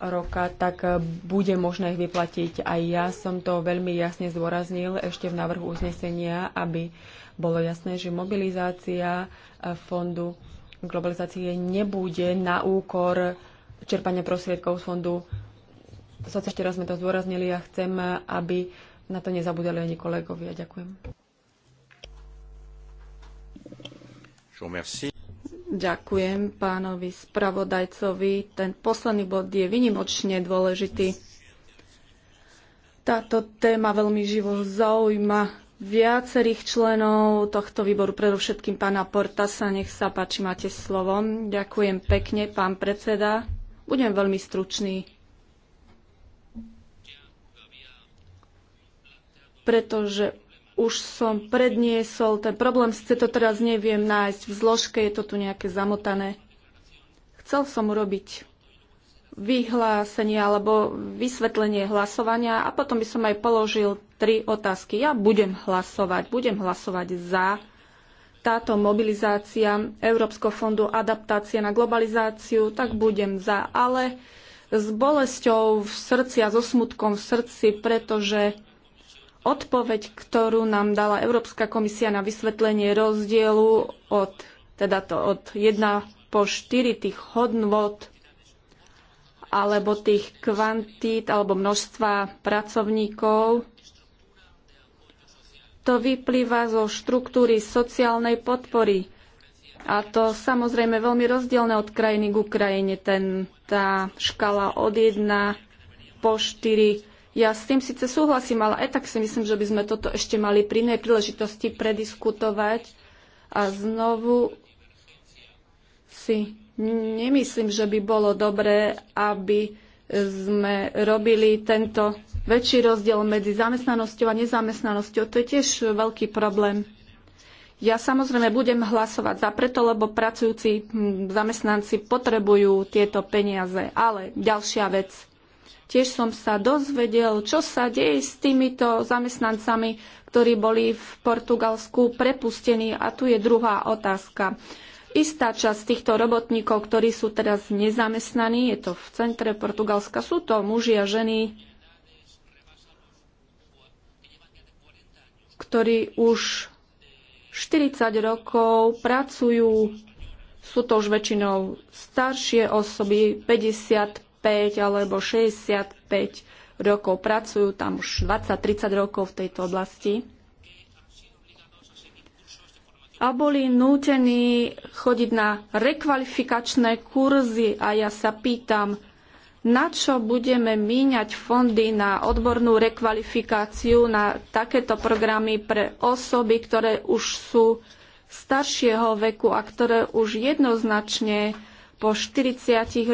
roka, tak bude možné ich vyplatiť. a ja som to veľmi jasne zdôraznil ešte v návrhu uznesenia, aby bolo jasné, že mobilizácia e, fondu globalizácie nebude na úkor čerpania prostriedkov z fondu. Sociálne ešte raz sme to zdôraznili a chcem, aby na to nezabudali ani kolegovia. Ďakujem. Ďakujem pánovi spravodajcovi. Ten posledný bod je vynimočne dôležitý. Táto téma veľmi živo zaujíma viacerých členov tohto výboru, predovšetkým pána Portasa. Nech sa páči, máte slovo. Ďakujem pekne, pán predseda. Budem veľmi stručný. Pretože už som predniesol ten problém, sice to teraz neviem nájsť v zložke, je to tu nejaké zamotané. Chcel som urobiť vyhlásenie alebo vysvetlenie hlasovania a potom by som aj položil tri otázky. Ja budem hlasovať, budem hlasovať za táto mobilizácia Európskeho fondu adaptácie na globalizáciu, tak budem za, ale s bolesťou v srdci a so smutkom v srdci, pretože odpoveď, ktorú nám dala Európska komisia na vysvetlenie rozdielu od, teda to od 1 po 4 tých hodnot alebo tých kvantít alebo množstva pracovníkov, to vyplýva zo štruktúry sociálnej podpory. A to samozrejme veľmi rozdielne od krajiny k Ukrajine. Ten, tá škala od 1 po 4 ja s tým síce súhlasím, ale aj tak si myslím, že by sme toto ešte mali pri inej príležitosti prediskutovať a znovu si nemyslím, že by bolo dobré, aby sme robili tento väčší rozdiel medzi zamestnanosťou a nezamestnanosťou. To je tiež veľký problém. Ja samozrejme budem hlasovať za preto, lebo pracujúci hm, zamestnanci potrebujú tieto peniaze. Ale ďalšia vec – Tiež som sa dozvedel, čo sa deje s týmito zamestnancami, ktorí boli v Portugalsku prepustení. A tu je druhá otázka. Istá časť týchto robotníkov, ktorí sú teraz nezamestnaní, je to v centre Portugalska, sú to muži a ženy, ktorí už 40 rokov pracujú, sú to už väčšinou staršie osoby, 50 alebo 65 rokov pracujú, tam už 20-30 rokov v tejto oblasti. A boli nútení chodiť na rekvalifikačné kurzy a ja sa pýtam, na čo budeme míňať fondy na odbornú rekvalifikáciu, na takéto programy pre osoby, ktoré už sú staršieho veku a ktoré už jednoznačne po 40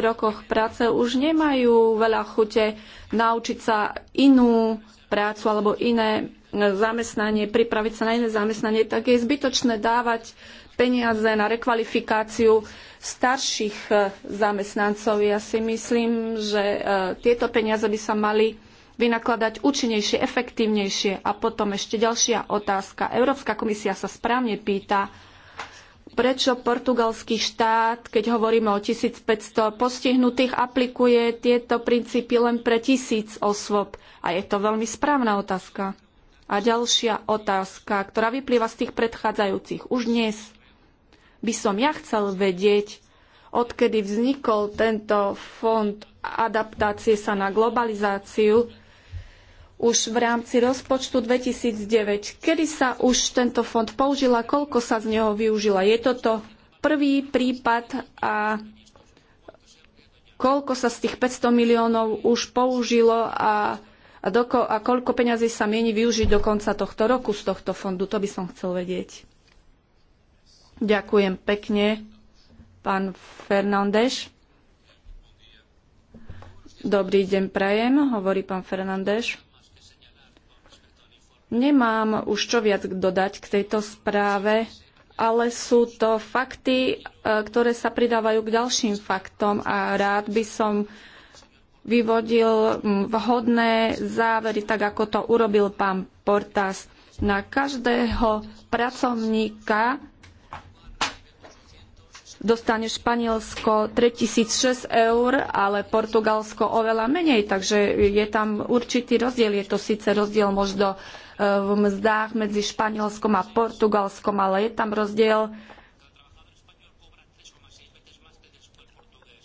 rokoch práce už nemajú veľa chute naučiť sa inú prácu alebo iné zamestnanie, pripraviť sa na iné zamestnanie, tak je zbytočné dávať peniaze na rekvalifikáciu starších e, zamestnancov. Ja si myslím, že e, tieto peniaze by sa mali vynakladať účinnejšie, efektívnejšie. A potom ešte ďalšia otázka. Európska komisia sa správne pýta, prečo portugalský štát, keď hovoríme o 1500 postihnutých, aplikuje tieto princípy len pre tisíc osôb. A je to veľmi správna otázka. A ďalšia otázka, ktorá vyplýva z tých predchádzajúcich. Už dnes by som ja chcel vedieť, odkedy vznikol tento fond adaptácie sa na globalizáciu, už v rámci rozpočtu 2009. Kedy sa už tento fond použila, koľko sa z neho využila? Je toto prvý prípad a koľko sa z tých 500 miliónov už použilo a, a, doko, a koľko peňazí sa mieni využiť do konca tohto roku z tohto fondu? To by som chcel vedieť. Ďakujem pekne, pán Fernández. Dobrý deň prajem, hovorí pán Fernández. Nemám už čo viac dodať k tejto správe, ale sú to fakty, e, ktoré sa pridávajú k ďalším faktom a rád by som vyvodil vhodné závery, tak ako to urobil pán Portas. Na každého pracovníka dostane Španielsko 3006 eur, ale Portugalsko oveľa menej, takže je tam určitý rozdiel. Je to síce rozdiel možno v mzdách medzi Španielskom a Portugalskom, ale je tam rozdiel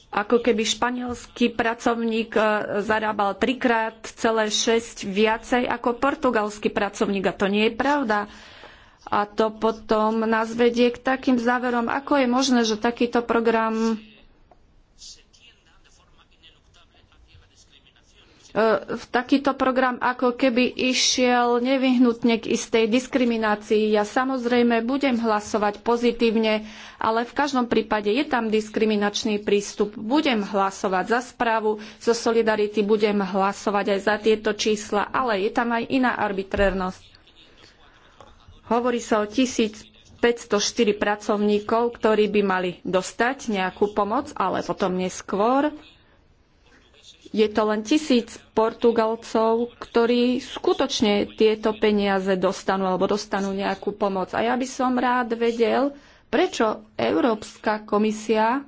ako keby španielský pracovník e, zarábal trikrát celé šesť viacej ako portugalský pracovník a to nie je pravda. A to potom nás vedie k takým záverom, ako je možné, že takýto program E, v takýto program ako keby išiel nevyhnutne k istej diskriminácii. Ja samozrejme budem hlasovať pozitívne, ale v každom prípade je tam diskriminačný prístup. Budem hlasovať za správu, zo Solidarity budem hlasovať aj za tieto čísla, ale je tam aj iná arbitrérnosť. Hovorí sa o 1504 pracovníkov, ktorí by mali dostať nejakú pomoc, ale potom neskôr je to len tisíc Portugalcov, ktorí skutočne tieto peniaze dostanú alebo dostanú nejakú pomoc. A ja by som rád vedel, prečo Európska komisia,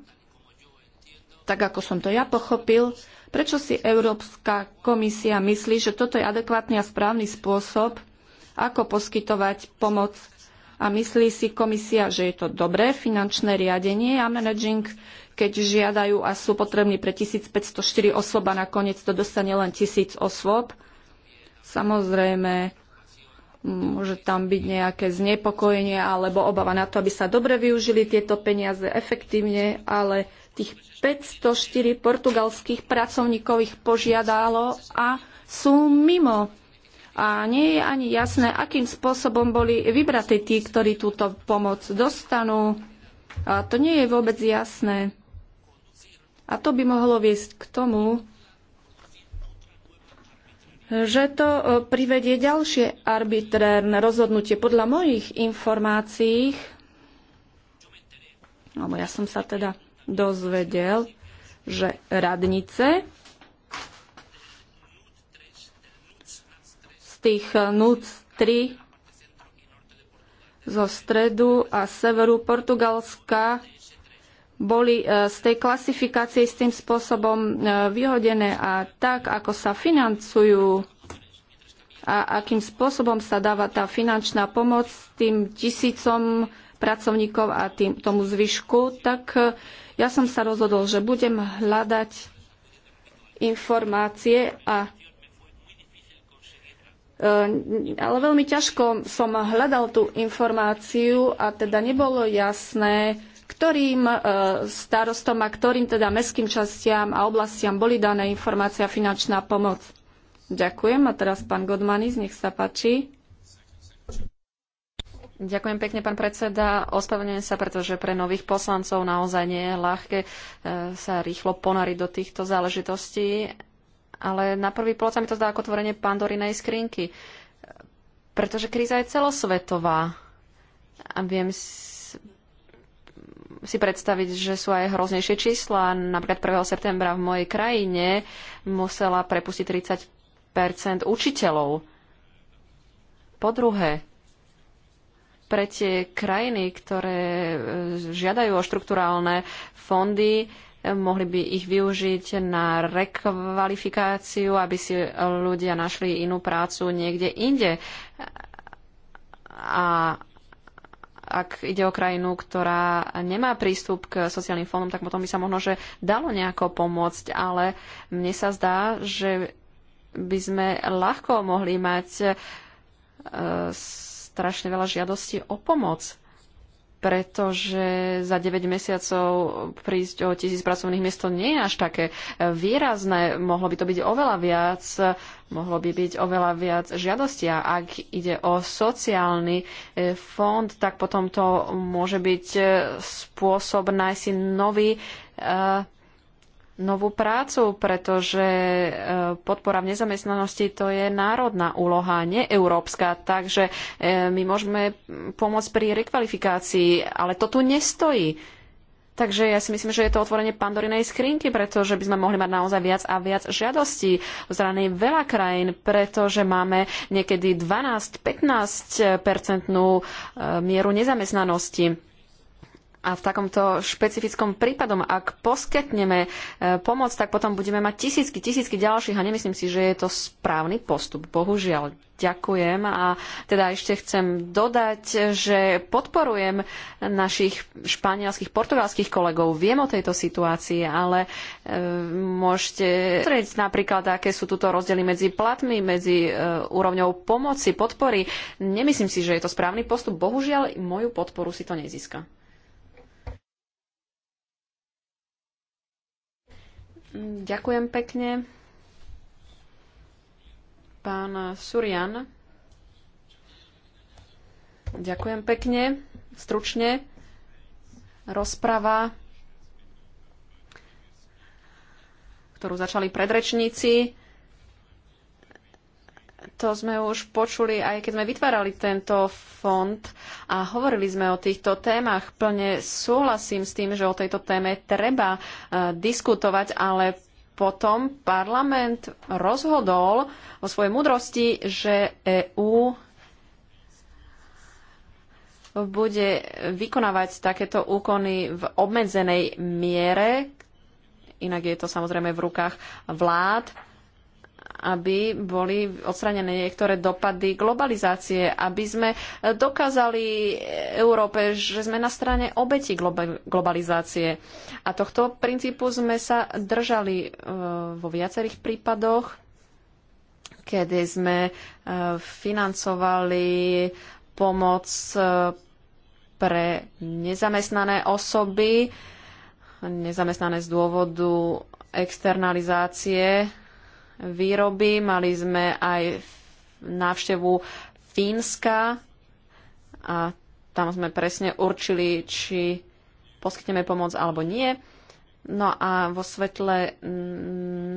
tak ako som to ja pochopil, prečo si Európska komisia myslí, že toto je adekvátny a správny spôsob, ako poskytovať pomoc a myslí si komisia, že je to dobré finančné riadenie a managing keď žiadajú a sú potrební pre 1504 osob a nakoniec to dostane len 1000 osôb. Samozrejme, môže tam byť nejaké znepokojenie alebo obava na to, aby sa dobre využili tieto peniaze efektívne, ale tých 504 portugalských pracovníkov ich požiadalo a sú mimo. A nie je ani jasné, akým spôsobom boli vybratí tí, ktorí túto pomoc dostanú. A to nie je vôbec jasné. A to by mohlo viesť k tomu, že to e, privedie ďalšie arbitrérne rozhodnutie. Podľa mojich informácií, alebo ja som sa teda dozvedel, že radnice z tých NUC 3 zo stredu a severu Portugalska boli e, z tej klasifikácie s tým spôsobom e, vyhodené a tak, ako sa financujú a akým spôsobom sa dáva tá finančná pomoc tým tisícom pracovníkov a tým, tomu zvyšku, tak e, ja som sa rozhodol, že budem hľadať informácie a ale veľmi ťažko som hľadal tú informáciu a teda nebolo jasné, ktorým e, starostom a ktorým teda mestským častiam a oblastiam boli dané informácia a finančná pomoc. Ďakujem. A teraz pán Godmanis, nech sa páči. Ďakujem pekne, pán predseda. Ospravedlňujem sa, pretože pre nových poslancov naozaj nie je ľahké e, sa rýchlo ponariť do týchto záležitostí. Ale na prvý pohľad sa mi to zdá ako tvorenie pandorinej skrinky. Pretože kríza je celosvetová. A viem si si predstaviť, že sú aj hroznejšie čísla. Napríklad 1. septembra v mojej krajine musela prepustiť 30 učiteľov. Po druhé, pre tie krajiny, ktoré e, žiadajú o štrukturálne fondy, e, mohli by ich využiť na rekvalifikáciu, aby si ľudia našli inú prácu niekde inde. A ak ide o krajinu, ktorá nemá prístup k sociálnym fondom, tak potom by sa možno, že dalo nejako pomôcť, ale mne sa zdá, že by sme ľahko mohli mať e, strašne veľa žiadostí o pomoc pretože za 9 mesiacov prísť o tisíc pracovných miest to nie je až také e, výrazné. Mohlo by to byť oveľa viac. E, mohlo by byť oveľa viac žiadostí. A ak ide o sociálny e, fond, tak potom to môže byť e, spôsob nájsť si nový e, novú prácu, pretože podpora v nezamestnanosti to je národná úloha, nie európska, takže my môžeme pomôcť pri rekvalifikácii, ale to tu nestojí Takže ja si myslím, že je to otvorenie pandorinej skrinky, pretože by sme mohli mať naozaj viac a viac žiadostí zo strany veľa krajín, pretože máme niekedy 12-15 percentnú eh, mieru nezamestnanosti. A v takomto špecifickom prípadom, ak poskytneme e, pomoc, tak potom budeme mať tisícky, tisícky ďalších a nemyslím si, že je to správny postup. Bohužiaľ, ďakujem. A teda ešte chcem dodať, že podporujem našich španielských, portugalských kolegov. Viem o tejto situácii, ale e, môžete pozrieť napríklad, aké sú tuto rozdiely medzi platmi, medzi e, úrovňou pomoci, podpory. Nemyslím si, že je to správny postup. Bohužiaľ, moju podporu si to nezíska. Ďakujem pekne. Pán Surian. Ďakujem pekne. Stručne. Rozprava, ktorú začali predrečníci, to sme už počuli, aj keď sme vytvárali tento fond a hovorili sme o týchto témach. Plne súhlasím s tým, že o tejto téme treba uh, diskutovať, ale potom parlament rozhodol o svojej múdrosti, že EÚ bude vykonávať takéto úkony v obmedzenej miere, inak je to samozrejme v rukách vlád aby boli odstranené niektoré dopady globalizácie, aby sme dokázali Európe, že sme na strane obeti globalizácie. A tohto princípu sme sa držali e, vo viacerých prípadoch, kedy sme e, financovali pomoc e, pre nezamestnané osoby, nezamestnané z dôvodu externalizácie výroby. Mali sme aj návštevu Fínska a tam sme presne určili, či poskytneme pomoc alebo nie. No a vo svetle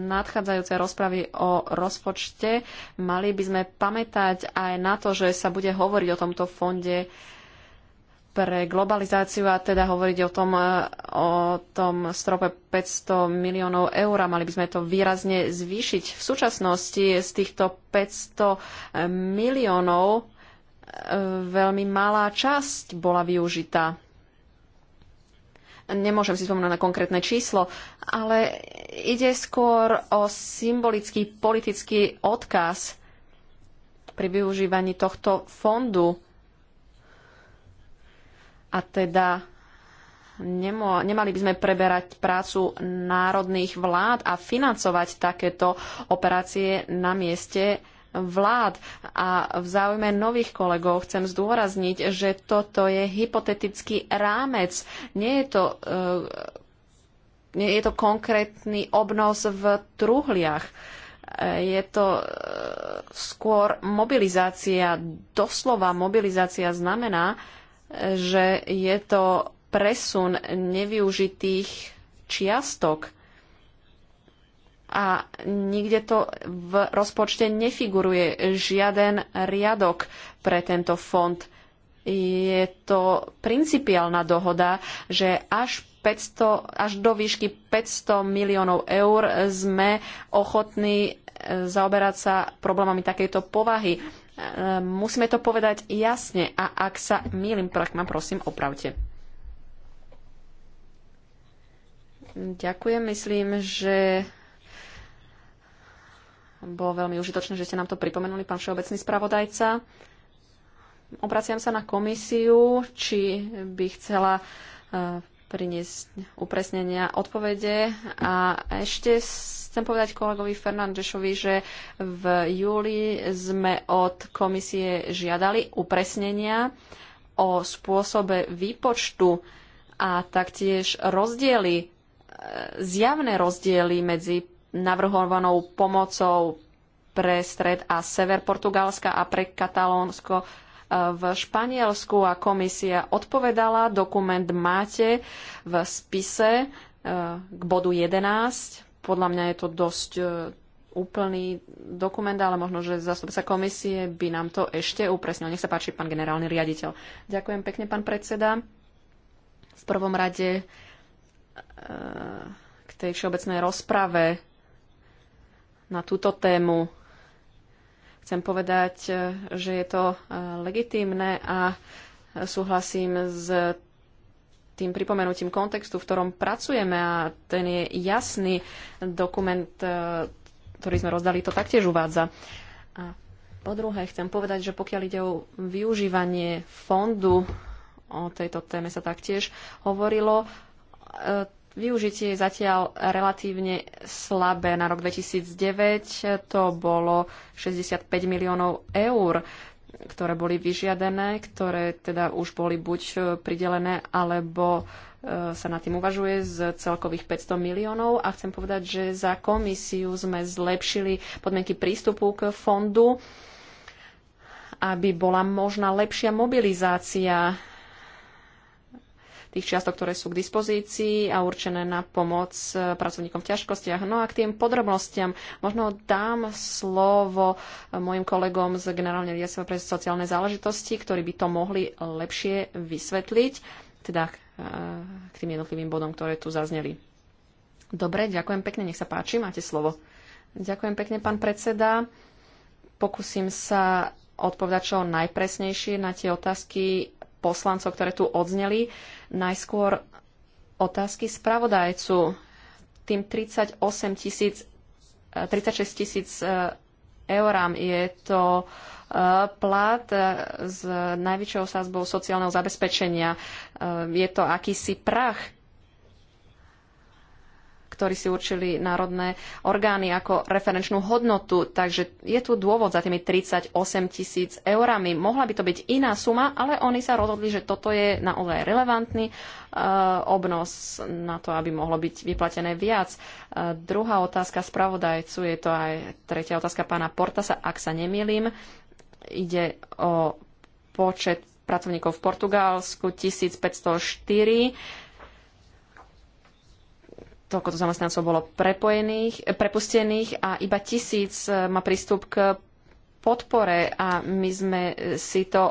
nadchádzajúcej rozpravy o rozpočte mali by sme pamätať aj na to, že sa bude hovoriť o tomto fonde pre globalizáciu a teda hovoriť o tom, e, o tom strope 500 miliónov eur a mali by sme to výrazne zvýšiť. V súčasnosti z týchto 500 e, miliónov e, veľmi malá časť bola využitá. Nemôžem si spomenúť na konkrétne číslo, ale ide skôr o symbolický politický odkaz pri využívaní tohto fondu a teda nemali by sme preberať prácu národných vlád a financovať takéto operácie na mieste vlád. A v záujme nových kolegov chcem zdôrazniť, že toto je hypotetický rámec. Nie je to, e, nie je to konkrétny obnos v truhliach e, je to e, skôr mobilizácia, doslova mobilizácia znamená, že je to presun nevyužitých čiastok a nikde to v rozpočte nefiguruje žiaden riadok pre tento fond. Je to principiálna dohoda, že až 500, až do výšky 500 miliónov eur sme ochotní e, zaoberať sa problémami takejto povahy. Ehm, musíme to povedať jasne a ak sa mýlim, tak ma prosím opravte. Ďakujem, myslím, že bolo veľmi užitočné, že ste nám to pripomenuli, pán všeobecný spravodajca. Obraciam sa na komisiu, či by chcela ehm, priniesť upresnenia odpovede a ešte Chcem povedať kolegovi Fernandešovi, že v júli sme od komisie žiadali upresnenia o spôsobe výpočtu a taktiež rozdiely, e, zjavné rozdiely medzi navrhovanou pomocou pre stred a sever Portugalska a pre Katalónsko e, v Španielsku a komisia odpovedala. Dokument máte v spise e, k bodu 11. Podľa mňa je to dosť e, úplný dokument, ale možno, že zastupca komisie by nám to ešte upresnil. Nech sa páči, pán generálny riaditeľ. Ďakujem pekne, pán predseda. V prvom rade e, k tej všeobecnej rozprave na túto tému chcem povedať, e, že je to legitímne a súhlasím s tým pripomenutím kontextu, v ktorom pracujeme a ten je jasný dokument, e, ktorý sme rozdali, to taktiež uvádza. A po druhé, chcem povedať, že pokiaľ ide o využívanie fondu, o tejto téme sa taktiež hovorilo, e, využitie je zatiaľ relatívne slabé. Na rok 2009 to bolo 65 miliónov eur ktoré boli vyžiadané, ktoré teda už boli buď e, pridelené, alebo e, sa nad tým uvažuje z celkových 500 miliónov a chcem povedať, že za komisiu sme zlepšili podmienky prístupu k fondu, aby bola možná lepšia mobilizácia tých čiastok, ktoré sú k dispozícii a určené na pomoc e, pracovníkom v ťažkostiach. No a k tým podrobnostiam možno dám slovo e, mojim kolegom z Generálnej riadstva pre sociálne záležitosti, ktorí by to mohli lepšie vysvetliť, teda e, k tým jednotlivým bodom, ktoré tu zazneli. Dobre, ďakujem pekne, nech sa páči, máte slovo. Ďakujem pekne, pán predseda. Pokúsim sa odpovedať čo najpresnejšie na tie otázky poslancov, ktoré tu odzneli. Najskôr otázky spravodajcu. Tým 38 tisíc, 36 e, tisíc e, eurám je to e, plat s najväčšou sázbou sociálneho zabezpečenia. Je to akýsi prach ktorí si určili národné orgány ako referenčnú hodnotu. Takže je tu dôvod za tými 38 tisíc eurami. Mohla by to byť iná suma, ale oni sa rozhodli, že toto je naozaj relevantný e, obnos na to, aby mohlo byť vyplatené viac. E, druhá otázka spravodajcu, je to aj tretia otázka pána Portasa, ak sa nemýlim. Ide o počet pracovníkov v Portugalsku 1504 toľko zamestnancov bolo prepojených, eh, prepustených a iba tisíc eh, má prístup k podpore a my sme eh, si to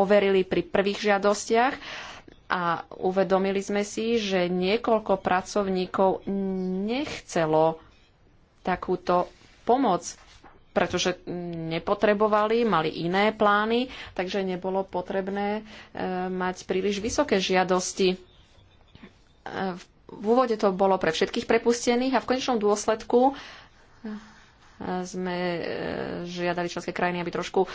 overili pri prvých žiadostiach a uvedomili sme si, že niekoľko pracovníkov nechcelo takúto pomoc, pretože nepotrebovali, mali iné plány, takže nebolo potrebné mať príliš vysoké žiadosti. V v úvode to bolo pre všetkých prepustených a v konečnom dôsledku eh, sme eh, žiadali členské krajiny, aby trošku eh,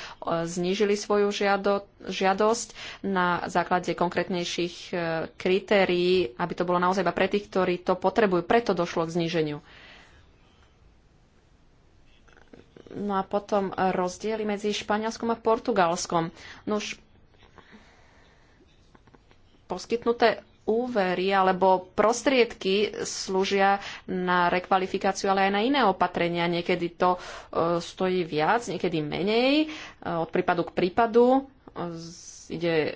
znížili svoju žiado, žiadosť na základe konkrétnejších kritérií, aby to bolo naozaj iba pre tých, ktorí to potrebujú. Preto došlo k zníženiu. No a potom rozdiely medzi Španielskom a Portugalskom. Nuž, poskytnuté úvery alebo prostriedky slúžia na rekvalifikáciu, ale aj na iné opatrenia. Niekedy to e, stojí viac, niekedy menej, e, od prípadu k prípadu. E, ide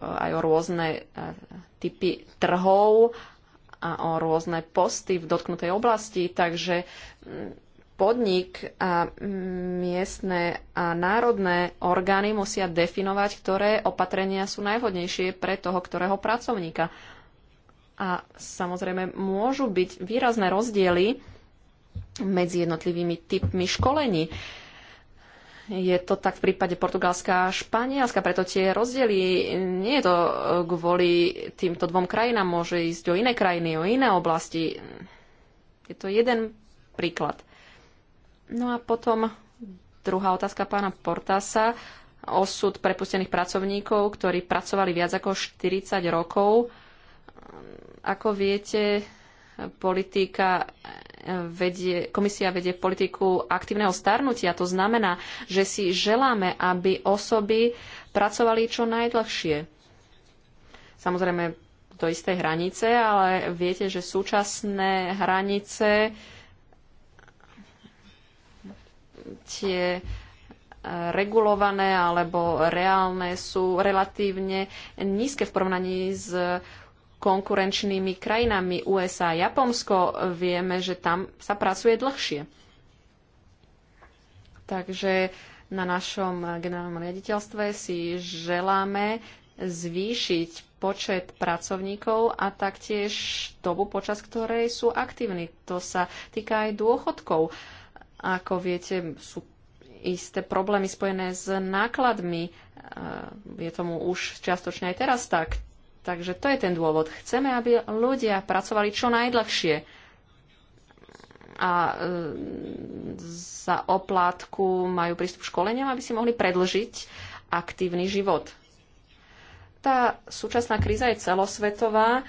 aj o rôzne typy trhov a o rôzne posty v dotknutej oblasti, takže podnik a miestne a národné orgány musia definovať, ktoré opatrenia sú najvhodnejšie pre toho, ktorého pracovníka. A samozrejme môžu byť výrazné rozdiely medzi jednotlivými typmi školení. Je to tak v prípade Portugalska a Španielska, preto tie rozdiely nie je to e, kvôli týmto dvom krajinám, môže ísť o iné krajiny, o iné oblasti. Je to jeden príklad. No a potom druhá otázka pána Portasa. Osud prepustených pracovníkov, ktorí pracovali viac ako 40 rokov. Ako viete, politika eh, vedie, komisia vedie politiku aktívneho starnutia. To znamená, že si želáme, aby osoby pracovali čo najdlhšie. Samozrejme do istej hranice, ale viete, že súčasné hranice tie e, regulované alebo reálne sú relatívne nízke v porovnaní s konkurenčnými krajinami USA a Japonsko. Vieme, že tam sa pracuje dlhšie. Takže na našom generálnom riaditeľstve si želáme zvýšiť počet pracovníkov a taktiež dobu, počas ktorej sú aktívni. To sa týka aj dôchodkov. Uh, ako viete, sú isté problémy spojené s nákladmi. E, je tomu už čiastočne aj teraz tak. Takže to je ten dôvod. Chceme, aby ľudia pracovali čo najdlhšie a e, za oplátku majú prístup k školeniam, aby si mohli predlžiť aktívny život. Tá súčasná kríza je celosvetová,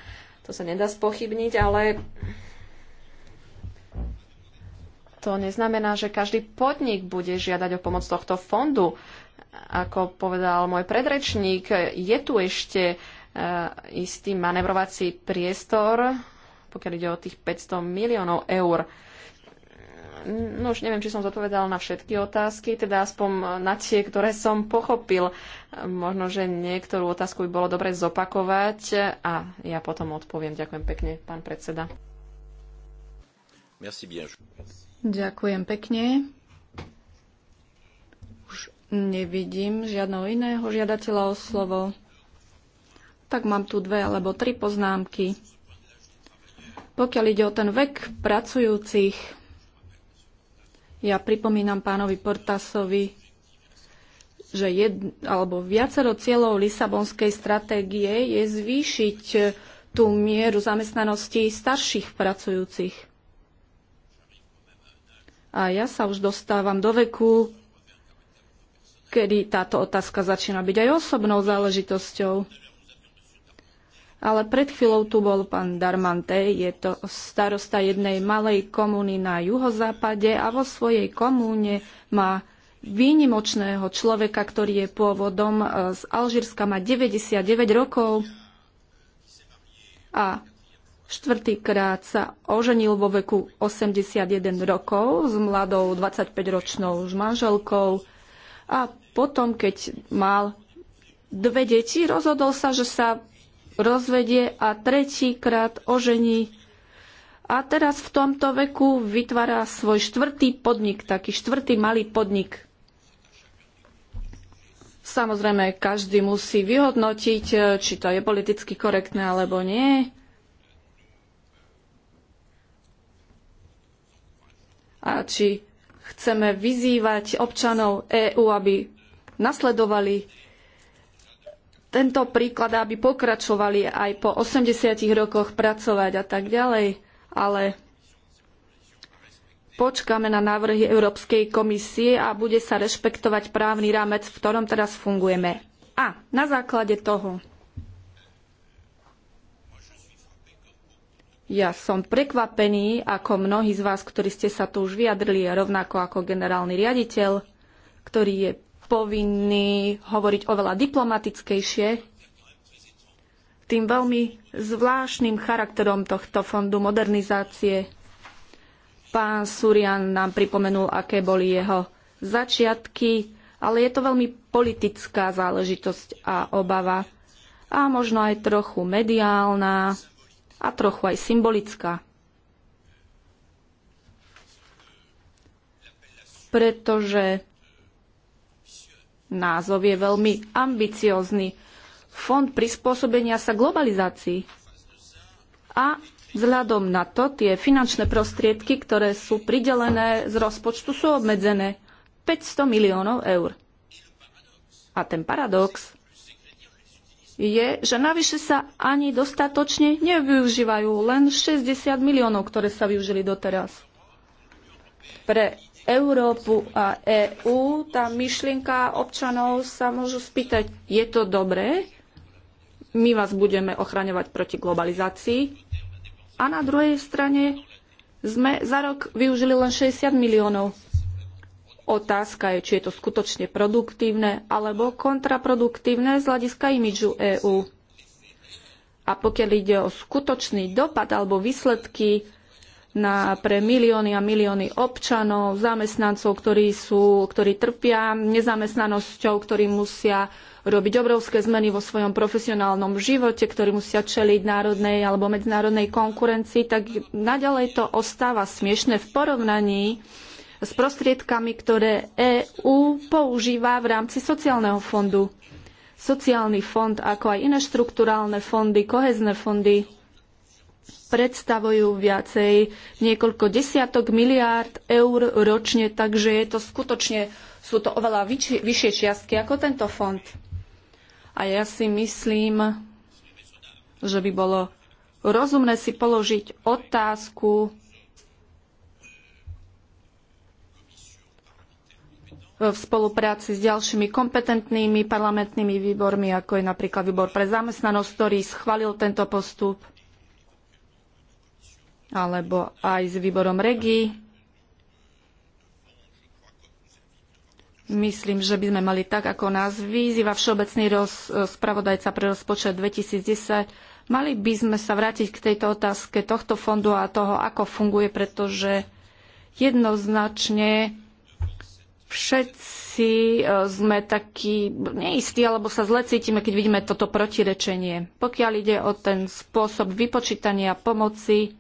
to sa nedá spochybniť, ale to neznamená, že každý podnik bude žiadať o pomoc tohto fondu. Ako povedal môj predrečník, je tu ešte e, istý manevrovací priestor, pokiaľ ide o tých 500 miliónov eur. No už neviem, či som zodpovedal na všetky otázky, teda aspoň na tie, ktoré som pochopil. Možno, že niektorú otázku by bolo dobre zopakovať a ja potom odpoviem. Ďakujem pekne, pán predseda. Merci bien. Ďakujem pekne. Už nevidím žiadneho iného žiadateľa o slovo. Tak mám tu dve alebo tri poznámky. Pokiaľ ide o ten vek pracujúcich, ja pripomínam pánovi Portasovi, že jed, alebo viacero cieľov Lisabonskej stratégie je zvýšiť tú mieru zamestnanosti starších pracujúcich. A ja sa už dostávam do veku, kedy táto otázka začína byť aj osobnou záležitosťou. Ale pred chvíľou tu bol pán Darmante, je to starosta jednej malej komúny na juhozápade a vo svojej komúne má výnimočného človeka, ktorý je pôvodom e, z Alžírska, má 99 rokov a Štvrtýkrát sa oženil vo veku 81 rokov s mladou 25-ročnou manželkou a potom, keď mal dve deti, rozhodol sa, že sa rozvedie a tretíkrát ožení. A teraz v tomto veku vytvára svoj štvrtý podnik, taký štvrtý malý podnik. Samozrejme, každý musí vyhodnotiť, či to je politicky korektné alebo nie a či chceme vyzývať občanov EÚ, aby nasledovali tento príklad, aby pokračovali aj po 80 rokoch pracovať a tak ďalej, ale počkáme na návrhy Európskej komisie a bude sa rešpektovať právny rámec, v ktorom teraz fungujeme. A na základe toho Ja som prekvapený, ako mnohí z vás, ktorí ste sa tu už vyjadrili, rovnako ako generálny riaditeľ, ktorý je povinný hovoriť oveľa diplomatickejšie, tým veľmi zvláštnym charakterom tohto fondu modernizácie. Pán Surian nám pripomenul, aké boli jeho začiatky, ale je to veľmi politická záležitosť a obava a možno aj trochu mediálna a trochu aj symbolická. Pretože názov je veľmi ambiciózny. Fond prispôsobenia sa globalizácii. A vzhľadom na to tie finančné prostriedky, ktoré sú pridelené z rozpočtu, sú obmedzené 500 miliónov eur. A ten paradox je, že navyše sa ani dostatočne nevyužívajú, len 60 miliónov, ktoré sa využili doteraz. Pre Európu a EÚ tá myšlienka občanov sa môžu spýtať, je to dobré? My vás budeme ochraňovať proti globalizácii. A na druhej strane sme za rok využili len 60 miliónov Otázka je, či je to skutočne produktívne alebo kontraproduktívne z hľadiska imidžu EÚ. A pokiaľ ide o skutočný dopad alebo výsledky na, pre milióny a milióny občanov, zamestnancov, ktorí, sú, ktorí trpia nezamestnanosťou, ktorí musia robiť obrovské zmeny vo svojom profesionálnom živote, ktorí musia čeliť národnej alebo medzinárodnej konkurencii, tak naďalej to ostáva smiešne v porovnaní s prostriedkami, ktoré EÚ používa v rámci sociálneho fondu. Sociálny fond, ako aj iné štrukturálne fondy, kohezné fondy, predstavujú viacej niekoľko desiatok miliárd eur ročne, takže je to skutočne, sú to oveľa vyššie, vyššie čiastky ako tento fond. A ja si myslím, že by bolo rozumné si položiť otázku, v spolupráci s ďalšími kompetentnými parlamentnými výbormi, ako je napríklad výbor pre zamestnanosť, ktorý schválil tento postup, alebo aj s výborom REGI. Myslím, že by sme mali tak, ako nás vyzýva všeobecný roz, spravodajca pre rozpočet 2010, mali by sme sa vrátiť k tejto otázke tohto fondu a toho, ako funguje, pretože jednoznačne všetci e, sme takí neistí alebo sa zle cítime, keď vidíme toto protirečenie. Pokiaľ ide o ten spôsob vypočítania pomoci,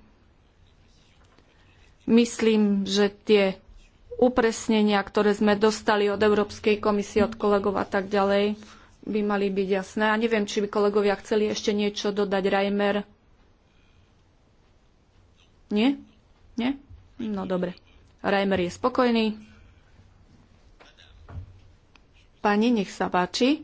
myslím, že tie upresnenia, ktoré sme dostali od Európskej komisie, od kolegov a tak ďalej, by mali byť jasné. A neviem, či by kolegovia chceli ešte niečo dodať. Reimer? Nie? Nie? No dobre. Reimer je spokojný. Pani, nech sa páči.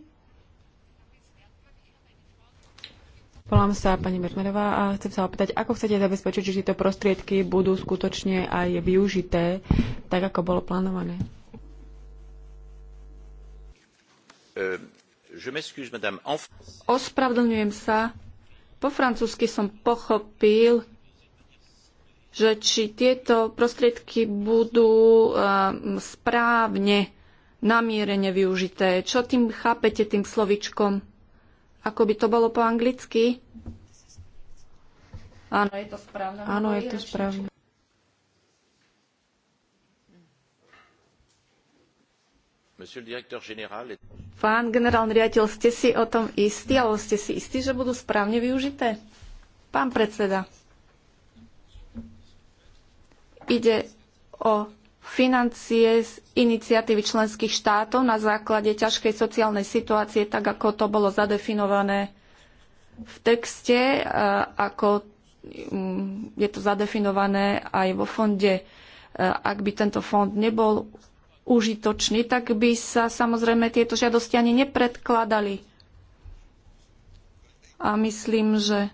Volám sa pani Mermerová a chcem sa opýtať, ako chcete zabezpečiť, že tieto prostriedky budú skutočne aj využité, tak ako bolo plánované? Euh, Ospravedlňujem sa. Po francúzsky som pochopil, že či tieto prostriedky budú ehm, správne namierene využité. Čo tým chápete tým slovičkom? Ako by to bolo po anglicky? Áno, je to správne. Áno, je to správne. Pán generálny riaditeľ, ste si o tom istí, alebo ste si istí, že budú správne využité? Pán predseda. Ide o financie z iniciatívy členských štátov na základe ťažkej sociálnej situácie, tak ako to bolo zadefinované v texte, ako mm, je to zadefinované aj vo fonde. Ak by tento fond nebol užitočný, tak by sa samozrejme tieto žiadosti ani nepredkladali. A myslím, že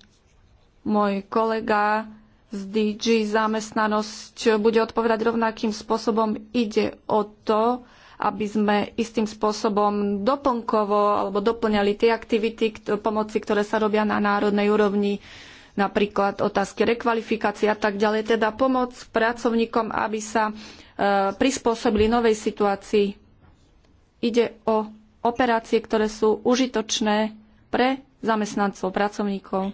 môj kolega z DG zamestnanosť bude odpovedať rovnakým spôsobom. Ide o to, aby sme istým spôsobom doplnkovo alebo doplňali tie aktivity pomoci, ktoré sa robia na národnej úrovni, napríklad otázky rekvalifikácie a tak ďalej, teda pomoc pracovníkom, aby sa e, prispôsobili novej situácii. Ide o operácie, ktoré sú užitočné pre zamestnancov, pracovníkov.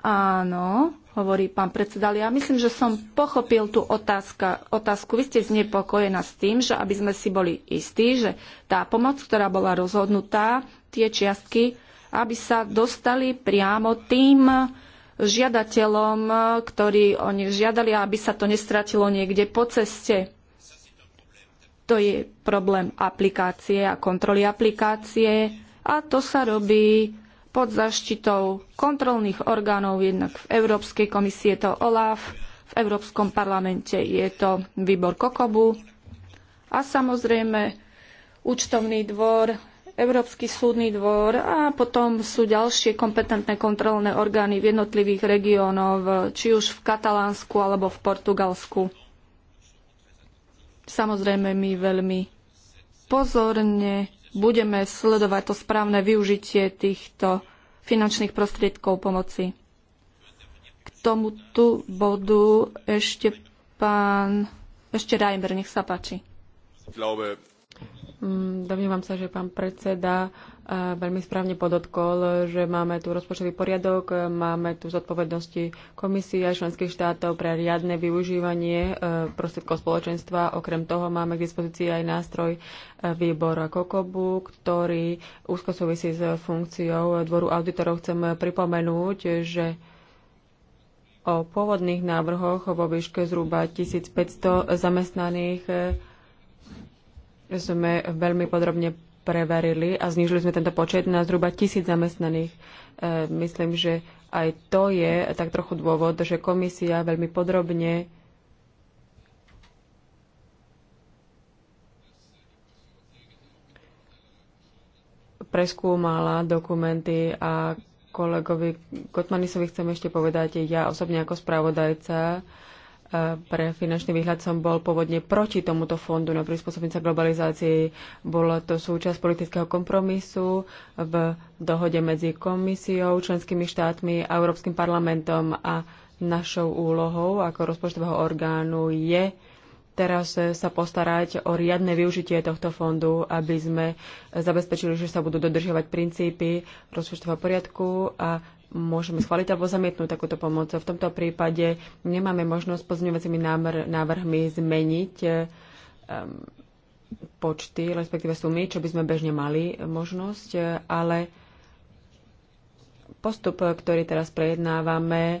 Áno, hovorí pán predseda. Ale ja myslím, že som pochopil tú otázka, otázku. Vy ste znepokojená s tým, že aby sme si boli istí, že tá pomoc, ktorá bola rozhodnutá, tie čiastky, aby sa dostali priamo tým žiadateľom, ktorí o nich žiadali, aby sa to nestratilo niekde po ceste. To je problém aplikácie a kontroly aplikácie a to sa robí pod zaštitou kontrolných orgánov, jednak v Európskej komisii je to OLAF, v Európskom parlamente je to výbor Kokobu a samozrejme účtovný dvor, Európsky súdny dvor a potom sú ďalšie kompetentné kontrolné orgány v jednotlivých regiónoch, či už v Katalánsku alebo v Portugalsku. Samozrejme, my veľmi pozorne budeme sledovať to správne využitie týchto finančných prostriedkov pomoci. K tomuto bodu ešte pán, ešte Reimer, nech sa páči. Mm, Domnívam sa, že pán predseda veľmi správne podotkol, že máme tu rozpočtový poriadok, máme tu zodpovednosti komisie a členských štátov pre riadne využívanie e, prostriedkov spoločenstva. Okrem toho máme k dispozícii aj nástroj e, výbor Kokobu, ktorý úzko súvisí s funkciou dvoru auditorov. Chcem pripomenúť, že o pôvodných návrhoch vo výške zhruba 1500 zamestnaných e, sme veľmi podrobne preverili a znížili sme tento počet na zhruba tisíc zamestnaných. E, myslím, že aj to je tak trochu dôvod, že komisia veľmi podrobne preskúmala dokumenty a kolegovi Kotmanisovi chcem ešte povedať, ja osobne ako spravodajca pre finančný výhľad som bol pôvodne proti tomuto fondu na no prispôsobenie sa globalizácii. Bolo to súčasť politického kompromisu v dohode medzi komisiou, členskými štátmi a Európskym parlamentom a našou úlohou ako rozpočtového orgánu je teraz sa postarať o riadne využitie tohto fondu, aby sme zabezpečili, že sa budú dodržiavať princípy rozpočtového poriadku a môžeme schváliť alebo zamietnúť takúto pomoc. V tomto prípade nemáme možnosť pozmeňovacími návrhmi zmeniť eh, počty, respektíve sumy, čo by sme bežne mali možnosť, eh, ale postup, ktorý teraz prejednávame, eh,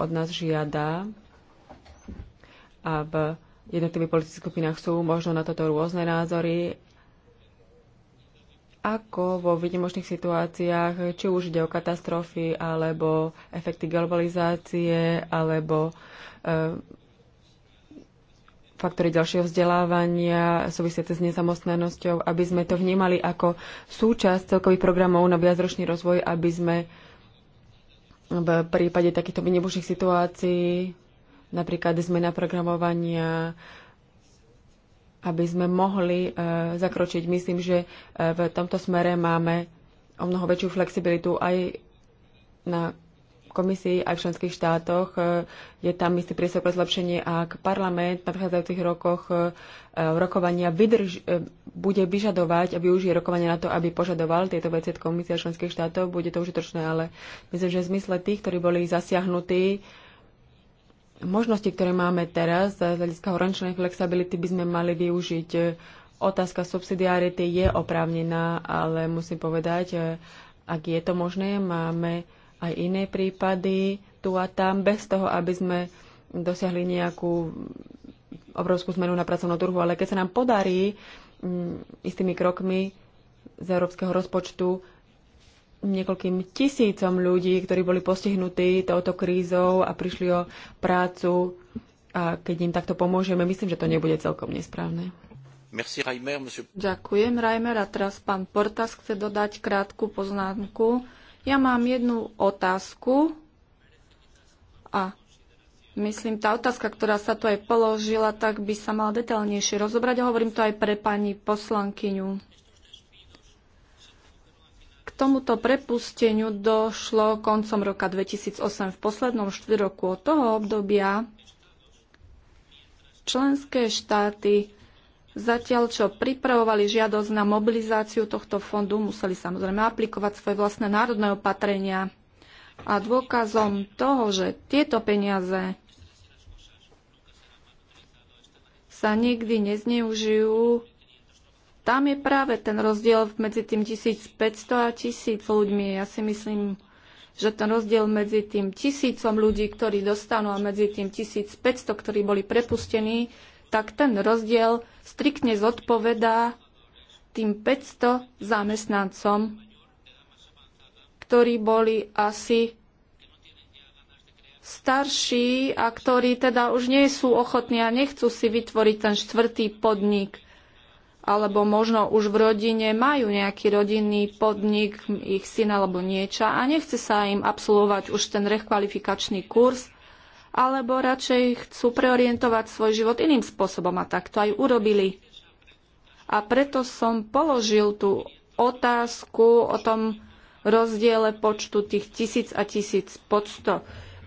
od nás žiada a v jednotlivých politických skupinách sú možno na toto rôzne názory, ako vo výnimočných situáciách, či už ide o katastrofy, alebo efekty globalizácie, alebo e, faktory ďalšieho vzdelávania súvisiace s nezamostnanosťou, aby sme to vnímali ako súčasť celkových programov na viacročný rozvoj, aby sme v prípade takýchto výnimočných situácií, napríklad zmena programovania, aby sme mohli e, zakročiť. Myslím, že e, v tomto smere máme o mnoho väčšiu flexibilitu aj na komisii, aj v členských štátoch. E, je tam istý priestor pre zlepšenie, ak parlament v nadchádzajúcich rokoch rokovania vydrž, bude vyžadovať a využije rokovania na to, aby požadoval tieto veci od komisie a členských štátov, bude to užitočné, ale myslím, že v zmysle tých, ktorí boli zasiahnutí, možnosti, ktoré máme teraz z hľadiska horančnej flexibility, by sme mali využiť. Otázka subsidiarity je oprávnená, ale musím povedať, e, ak je to možné, máme aj iné prípady tu a tam, bez toho, aby sme dosiahli nejakú obrovskú zmenu na pracovnom trhu. Ale keď sa nám podarí istými krokmi z európskeho rozpočtu niekoľkým tisícom ľudí, ktorí boli postihnutí touto krízou a prišli o prácu. A keď im takto pomôžeme, myslím, že to nebude celkom nesprávne. Merci, Reimer, monsieur... Ďakujem, Reimer. A teraz pán Portas chce dodať krátku poznámku. Ja mám jednu otázku. A myslím, tá otázka, ktorá sa tu aj položila, tak by sa mala detaľnejšie rozobrať. A hovorím to aj pre pani poslankyňu tomuto prepusteniu došlo koncom roka 2008. V poslednom štvrtoku od toho obdobia členské štáty zatiaľ čo pripravovali žiadosť na mobilizáciu tohto fondu, museli samozrejme aplikovať svoje vlastné národné opatrenia. A dôkazom toho, že tieto peniaze sa nikdy nezneužijú, tam je práve ten rozdiel medzi tým 1500 a 1000 ľuďmi. Ja si myslím, že ten rozdiel medzi tým tisícom ľudí, ktorí dostanú a medzi tým 1500, ktorí boli prepustení, tak ten rozdiel striktne zodpovedá tým 500 zamestnancom, ktorí boli asi starší a ktorí teda už nie sú ochotní a nechcú si vytvoriť ten štvrtý podnik alebo možno už v rodine majú nejaký rodinný podnik, ich syn alebo nieča a nechce sa im absolvovať už ten rekvalifikačný kurz, alebo radšej chcú preorientovať svoj život iným spôsobom a tak to aj urobili. A preto som položil tú otázku o tom rozdiele počtu tých tisíc a tisíc pod 100.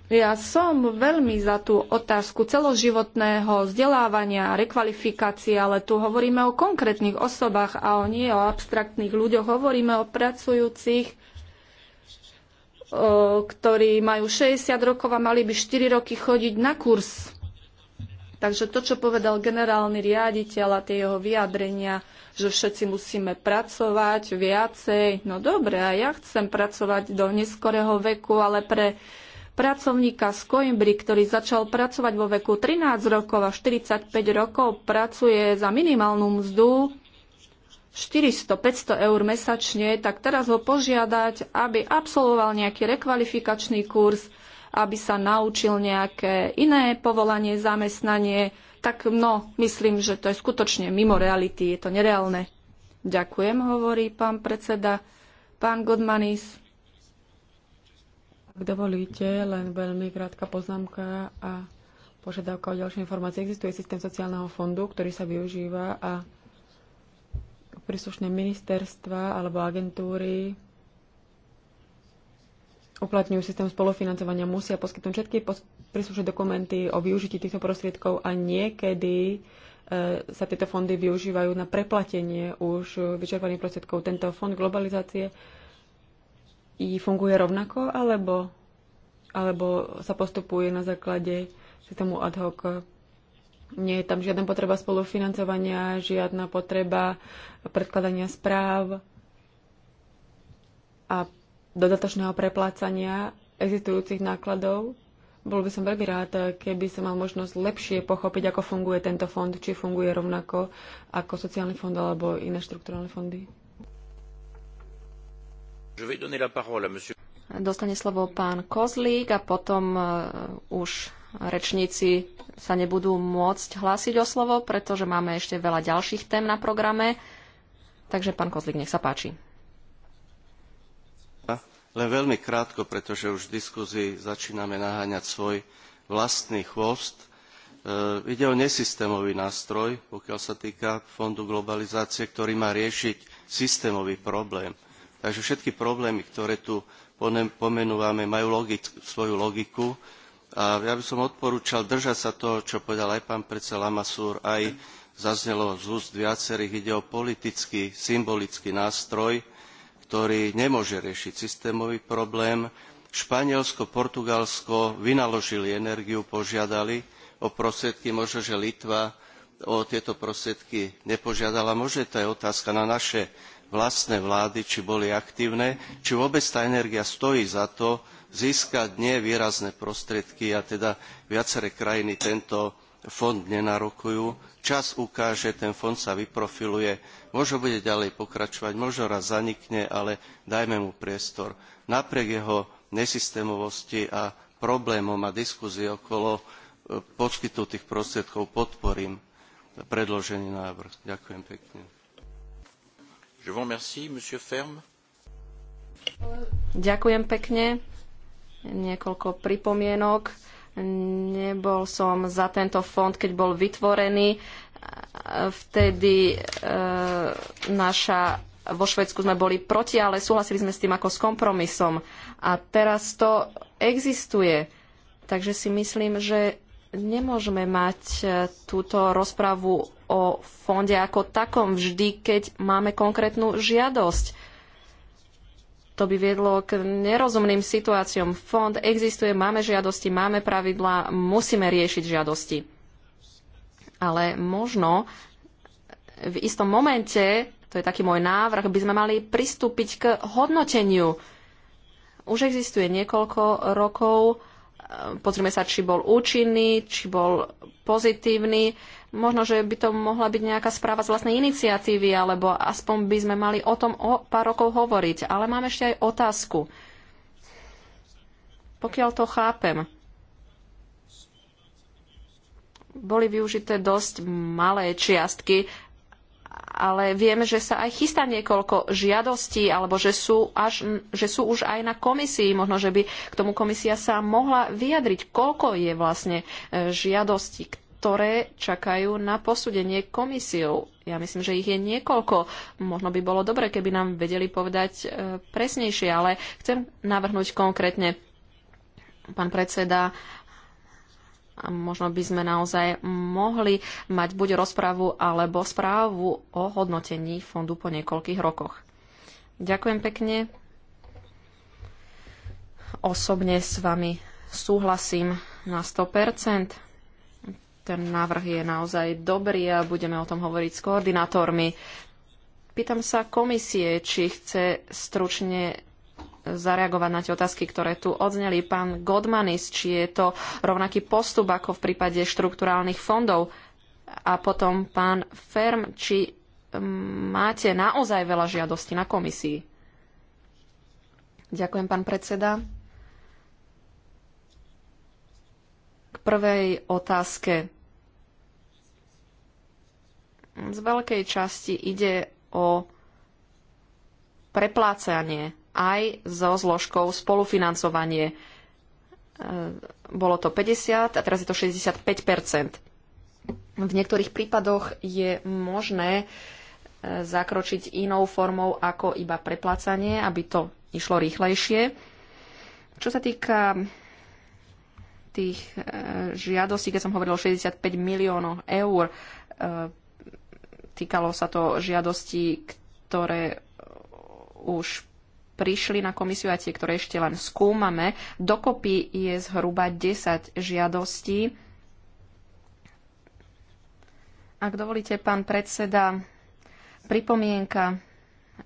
Ja som veľmi za tú otázku celoživotného vzdelávania, a rekvalifikácie, ale tu hovoríme o konkrétnych osobách a o nie o abstraktných ľuďoch. Hovoríme o pracujúcich, ktorí majú 60 rokov a mali by 4 roky chodiť na kurz. Takže to, čo povedal generálny riaditeľ a tie jeho vyjadrenia, že všetci musíme pracovať viacej, no dobre, a ja chcem pracovať do neskorého veku, ale pre pracovníka z Coimbry, ktorý začal pracovať vo veku 13 rokov a 45 rokov pracuje za minimálnu mzdu 400-500 eur mesačne, tak teraz ho požiadať, aby absolvoval nejaký rekvalifikačný kurz, aby sa naučil nejaké iné povolanie, zamestnanie, tak no, myslím, že to je skutočne mimo reality, je to nereálne. Ďakujem, hovorí pán predseda. Pán Godmanis. Ak dovolíte, len veľmi krátka poznámka a požiadavka o ďalšie informácie. Existuje systém sociálneho fondu, ktorý sa využíva a príslušné ministerstva alebo agentúry uplatňujú systém spolufinancovania, musia poskytnúť všetky príslušné dokumenty o využití týchto prostriedkov a niekedy e, sa tieto fondy využívajú na preplatenie už vyčerpaných prostriedkov. Tento fond globalizácie i funguje rovnako, alebo, alebo sa postupuje na základe systému ad hoc nie je tam žiadna potreba spolufinancovania, žiadna potreba predkladania správ a dodatočného preplácania existujúcich nákladov. Bol by som veľmi rád, keby som mal možnosť lepšie pochopiť, ako funguje tento fond, či funguje rovnako ako sociálny fond alebo iné štrukturálne fondy. Dostane slovo pán Kozlík a potom e, už rečníci sa nebudú môcť hlásiť o slovo, pretože máme ešte veľa ďalších tém na programe. Takže pán Kozlík, nech sa páči. Len veľmi krátko, pretože už v diskusii začíname naháňať svoj vlastný chvost. E, ide o nesystémový nástroj, pokiaľ sa týka Fondu globalizácie, ktorý má riešiť systémový problém – Takže všetky problémy, ktoré tu pomenúvame, majú svoju logiku. A ja by som odporúčal držať sa toho, čo povedal aj pán predseda Lamasúr, aj zaznelo z úst viacerých, ide o politický, symbolický nástroj, ktorý nemôže riešiť systémový problém. Španielsko, Portugalsko vynaložili energiu, požiadali o prostriedky, možno, že Litva o tieto prostriedky nepožiadala. Možno je to je otázka na naše vlastné vlády, či boli aktívne, či vôbec tá energia stojí za to získať nie výrazné prostriedky a teda viaceré krajiny tento fond nenarokujú. Čas ukáže, ten fond sa vyprofiluje, možno bude ďalej pokračovať, možno raz zanikne, ale dajme mu priestor. Napriek jeho nesystémovosti a problémom a diskuzii okolo e, poskytnutých prostriedkov podporím predložený návrh. Ďakujem pekne. Je vous remercie, monsieur Ferm. Ďakujem pekne. Niekoľko pripomienok. Nebol som za tento fond, keď bol vytvorený. Vtedy e, naša vo Švedsku sme boli proti, ale súhlasili sme s tým ako s kompromisom. A teraz to existuje. Takže si myslím, že nemôžeme mať e, túto rozpravu o fonde ako takom vždy, keď máme konkrétnu žiadosť. To by viedlo k nerozumným situáciám. Fond existuje, máme žiadosti, máme pravidlá, musíme riešiť žiadosti. Ale možno v istom momente, to je taký môj návrh, by sme mali pristúpiť k hodnoteniu. Už existuje niekoľko rokov pozrime sa, či bol účinný, či bol pozitívny. Možno, že by to mohla byť nejaká správa z vlastnej iniciatívy, alebo aspoň by sme mali o tom o pár rokov hovoriť. Ale mám ešte aj otázku. Pokiaľ to chápem, boli využité dosť malé čiastky ale vieme, že sa aj chystá niekoľko žiadostí, alebo že sú, až, že sú už aj na komisii. Možno, že by k tomu komisia sa mohla vyjadriť, koľko je vlastne e, žiadostí, ktoré čakajú na posúdenie komisiou. Ja myslím, že ich je niekoľko. Možno by bolo dobre, keby nám vedeli povedať e, presnejšie, ale chcem navrhnúť konkrétne. Pán predseda, možno by sme naozaj mohli mať buď rozpravu alebo správu o hodnotení fondu po niekoľkých rokoch. Ďakujem pekne. Osobne s vami súhlasím na 100%. Ten návrh je naozaj dobrý a budeme o tom hovoriť s koordinátormi. Pýtam sa komisie, či chce stručne zareagovať na tie otázky, ktoré tu odzneli. Pán Godmanis, či je to rovnaký postup ako v prípade štrukturálnych fondov? A potom pán Ferm, či mm, máte naozaj veľa žiadostí na komisii? Ďakujem, pán predseda. K prvej otázke. Z veľkej časti ide o preplácanie aj so zložkou spolufinancovanie. E, bolo to 50 a teraz je to 65 V niektorých prípadoch je možné e, zakročiť inou formou ako iba preplácanie, aby to išlo rýchlejšie. Čo sa týka tých e, žiadostí, keď som hovoril 65 miliónov eur, týkalo sa to žiadosti, ktoré už prišli na komisiu a tie, ktoré ešte len skúmame. Dokopy je zhruba 10 žiadostí. Ak dovolíte, pán predseda, pripomienka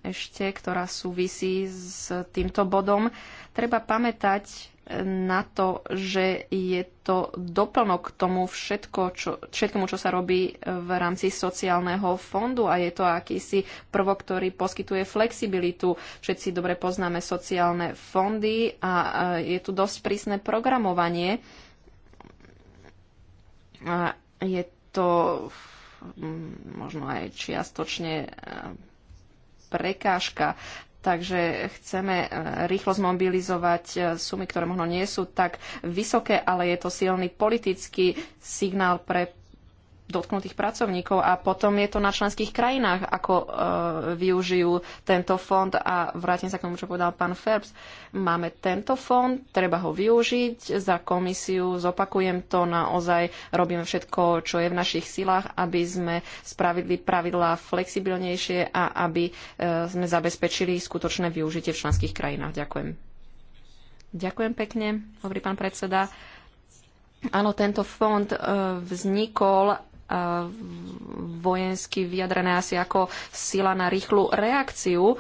ešte, ktorá súvisí s týmto bodom. Treba pamätať na to, že je to doplnok k tomu všetko, čo, všetkému, čo sa robí v rámci sociálneho fondu a je to akýsi prvok, ktorý poskytuje flexibilitu. Všetci dobre poznáme sociálne fondy a je tu dosť prísne programovanie. A je to možno aj čiastočne e, prekážka Takže chceme e, rýchlo zmobilizovať e, sumy, ktoré možno nie sú tak vysoké, ale je to silný politický signál pre dotknutých pracovníkov a potom je to na členských krajinách, ako e, využijú tento fond a vrátim sa k tomu, čo povedal pán Ferbs. Máme tento fond, treba ho využiť za komisiu, zopakujem to naozaj, robíme všetko, čo je v našich silách, aby sme spravili pravidlá flexibilnejšie a aby e, sme zabezpečili skutočné využitie v členských krajinách. Ďakujem. Ďakujem pekne, hovorí pán predseda. Áno, tento fond e, vznikol vojensky vyjadrené asi ako sila na rýchlu reakciu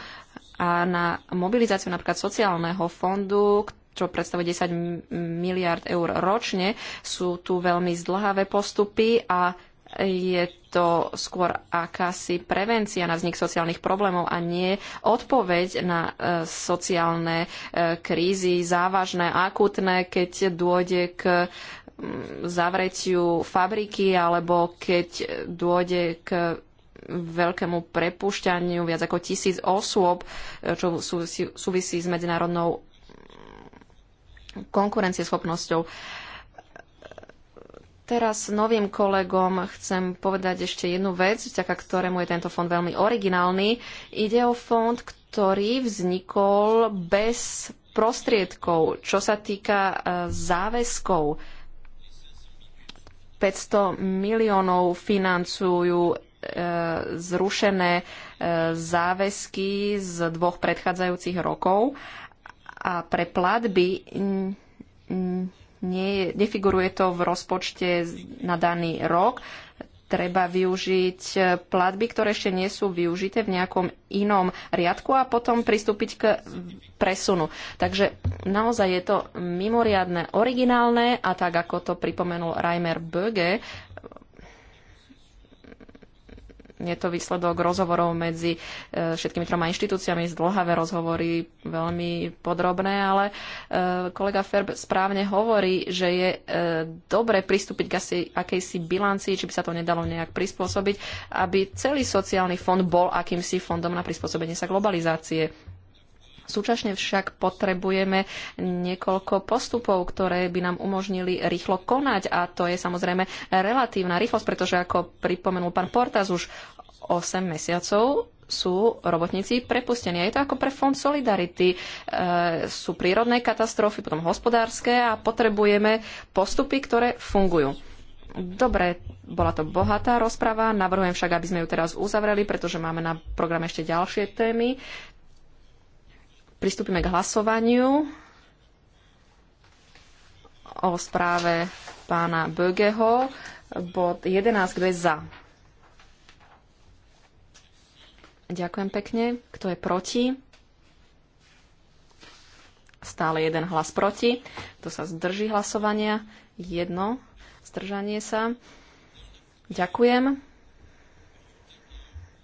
a na mobilizáciu napríklad sociálneho fondu, čo predstavuje 10 miliard eur ročne, sú tu veľmi zdlhavé postupy a je to skôr akási prevencia na vznik sociálnych problémov a nie odpoveď na e, sociálne e, krízy závažné, akutné, keď dôjde k zavretiu fabriky alebo keď dôjde k veľkému prepušťaniu viac ako tisíc osôb, čo súvisí, súvisí s medzinárodnou konkurencieschopnosťou. Teraz novým kolegom chcem povedať ešte jednu vec, vďaka ktorému je tento fond veľmi originálny. Ide o fond, ktorý vznikol bez prostriedkov, čo sa týka e, záväzkov 500 miliónov financujú e, zrušené e, záväzky z dvoch predchádzajúcich rokov a pre platby nie, nefiguruje to v rozpočte na daný rok treba využiť e, platby, ktoré ešte nie sú využité v nejakom inom riadku a potom pristúpiť k presunu. Takže naozaj je to mimoriadne originálne a tak, ako to pripomenul Reimer Böge, je to výsledok rozhovorov medzi e, všetkými troma inštitúciami, zdlhavé rozhovory, veľmi podrobné, ale e, kolega Ferb správne hovorí, že je e, dobre pristúpiť k asi, akejsi bilancii, či by sa to nedalo nejak prispôsobiť, aby celý sociálny fond bol akýmsi fondom na prispôsobenie sa globalizácie. Súčasne však potrebujeme niekoľko postupov, ktoré by nám umožnili rýchlo konať a to je samozrejme relatívna rýchlosť, pretože ako pripomenul pán Portas, už 8 mesiacov sú robotníci prepustení. Je to ako pre Fond Solidarity. E, sú prírodné katastrofy, potom hospodárske a potrebujeme postupy, ktoré fungujú. Dobre, bola to bohatá rozprava, navrhujem však, aby sme ju teraz uzavreli, pretože máme na programe ešte ďalšie témy. Pristúpime k hlasovaniu o správe pána Bögeho. Bod 11, kto je za? Ďakujem pekne. Kto je proti? Stále jeden hlas proti. Kto sa zdrží hlasovania? Jedno. Zdržanie sa. Ďakujem.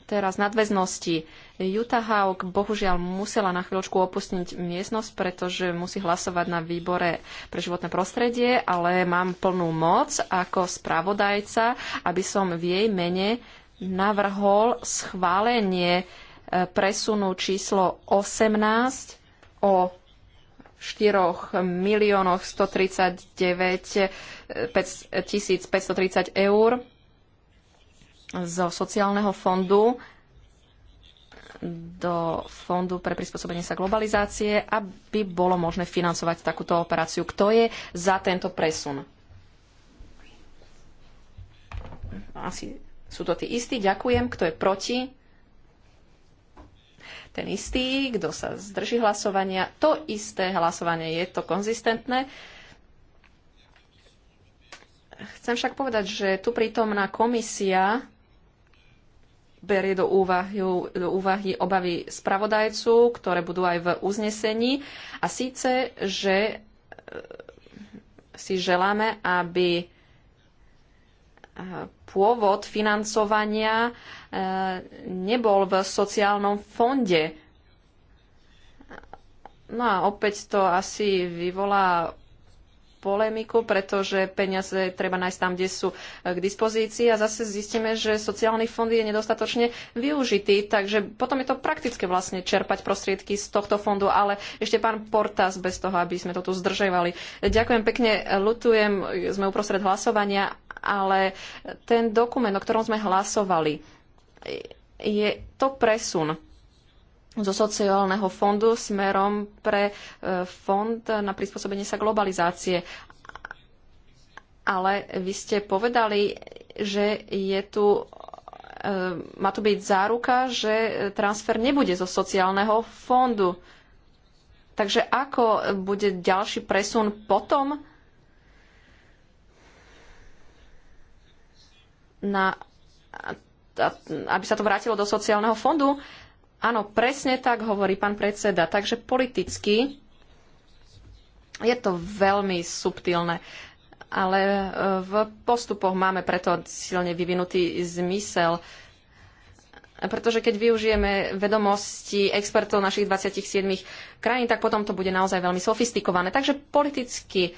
Teraz nadväznosti. Juta Haug bohužiaľ musela na chvíľočku opustiť miestnosť, pretože musí hlasovať na výbore pre životné prostredie, ale mám plnú moc ako spravodajca, aby som v jej mene navrhol schválenie e, presunu číslo 18 o 4 miliónoch 139 530 e, eur zo sociálneho fondu do Fondu pre prispôsobenie sa globalizácie, aby bolo možné financovať takúto operáciu. Kto je za tento presun? Asi sú to tí istí, ďakujem. Kto je proti? Ten istý, kto sa zdrží hlasovania. To isté hlasovanie, je to konzistentné. Chcem však povedať, že tu prítomná komisia berie do úvahy, do úvahy obavy spravodajcu, ktoré budú aj v uznesení. A síce, že e, si želáme, aby pôvod financovania e, nebol v sociálnom fonde. No a opäť to asi vyvolá polemiku, pretože peniaze treba nájsť tam, kde sú e, k dispozícii a zase zistíme, že sociálny fond je nedostatočne využitý, takže potom je to praktické vlastne čerpať prostriedky z tohto fondu, ale ešte pán Portas bez toho, aby sme to tu zdržovali. Ďakujem pekne, lutujem, sme uprostred hlasovania, ale ten dokument, o ktorom sme hlasovali, je to presun zo sociálneho fondu smerom pre e, fond na prispôsobenie sa globalizácie. Ale vy ste povedali, že je tu e, má tu byť záruka, že transfer nebude zo sociálneho fondu. Takže ako bude ďalší presun potom? na, aby sa to vrátilo do sociálneho fondu. Áno, presne tak hovorí pán predseda. Takže politicky je to veľmi subtilné ale e, v postupoch máme preto silne vyvinutý zmysel. Pretože keď využijeme vedomosti expertov našich 27 krajín, tak potom to bude naozaj veľmi sofistikované. Takže politicky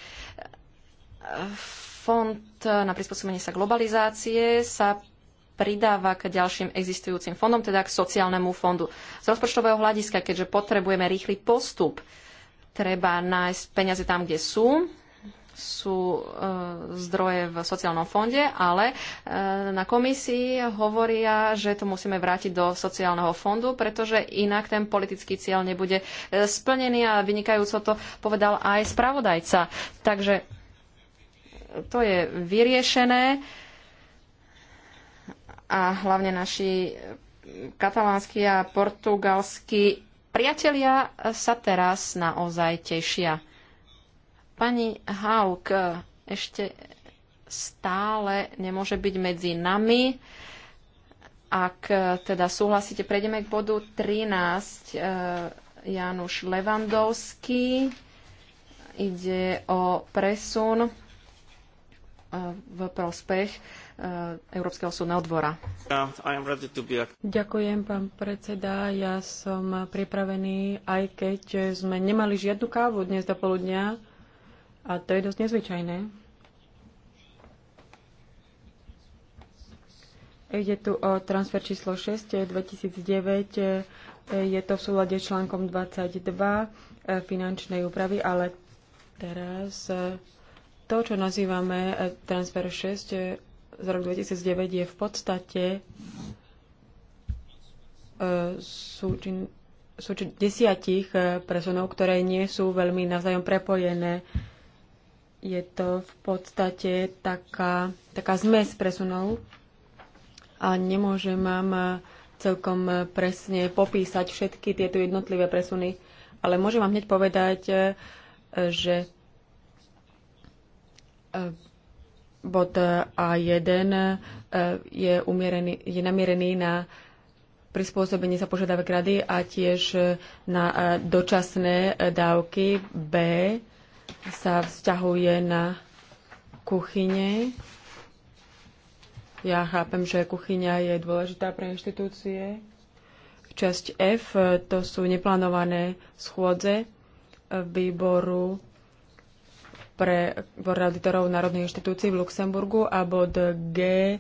v e, Fond na prispôsobenie sa globalizácie sa pridáva k ďalším existujúcim fondom, teda k sociálnemu fondu. Z rozpočtového hľadiska, keďže potrebujeme rýchly postup, treba nájsť peniaze tam, kde sú, sú e, zdroje v sociálnom fonde, ale e, na komisii hovoria, že to musíme vrátiť do sociálneho fondu, pretože inak ten politický cieľ nebude e, splnený a vynikajúco to povedal aj spravodajca. Takže to je vyriešené a hlavne naši katalánsky a portugalskí priatelia sa teraz naozaj tešia. Pani Hauk ešte stále nemôže byť medzi nami. Ak teda súhlasíte, prejdeme k bodu 13. E, Januš Levandovský. Ide o presun v prospech eh, Európskeho súdneho dvora. Ďakujem, pán predseda. Ja som pripravený, aj keď sme nemali žiadnu kávu dnes do poludnia. A to je dosť nezvyčajné. Ide tu o transfer číslo 6 2009. Je to v súlade článkom 22 eh, finančnej úpravy, ale teraz eh, to, čo nazývame e, Transfer 6 e, z roku 2009, je v podstate e, súčin, súčin desiatich presunov, ktoré nie sú veľmi navzájom prepojené. Je to v podstate taká, taká zmes presunov a nemôžem vám celkom presne popísať všetky tieto jednotlivé presuny, ale môžem vám hneď povedať, že Bod A1 e, je, umierený, je namierený na prispôsobenie sa požiadavek rady a tiež na e, dočasné e, dávky. B sa vzťahuje na kuchyne. Ja chápem, že kuchyňa je dôležitá pre inštitúcie. Časť F to sú neplánované schôdze výboru pre dvor auditorov Národnej inštitúcii v Luxemburgu a bod G e,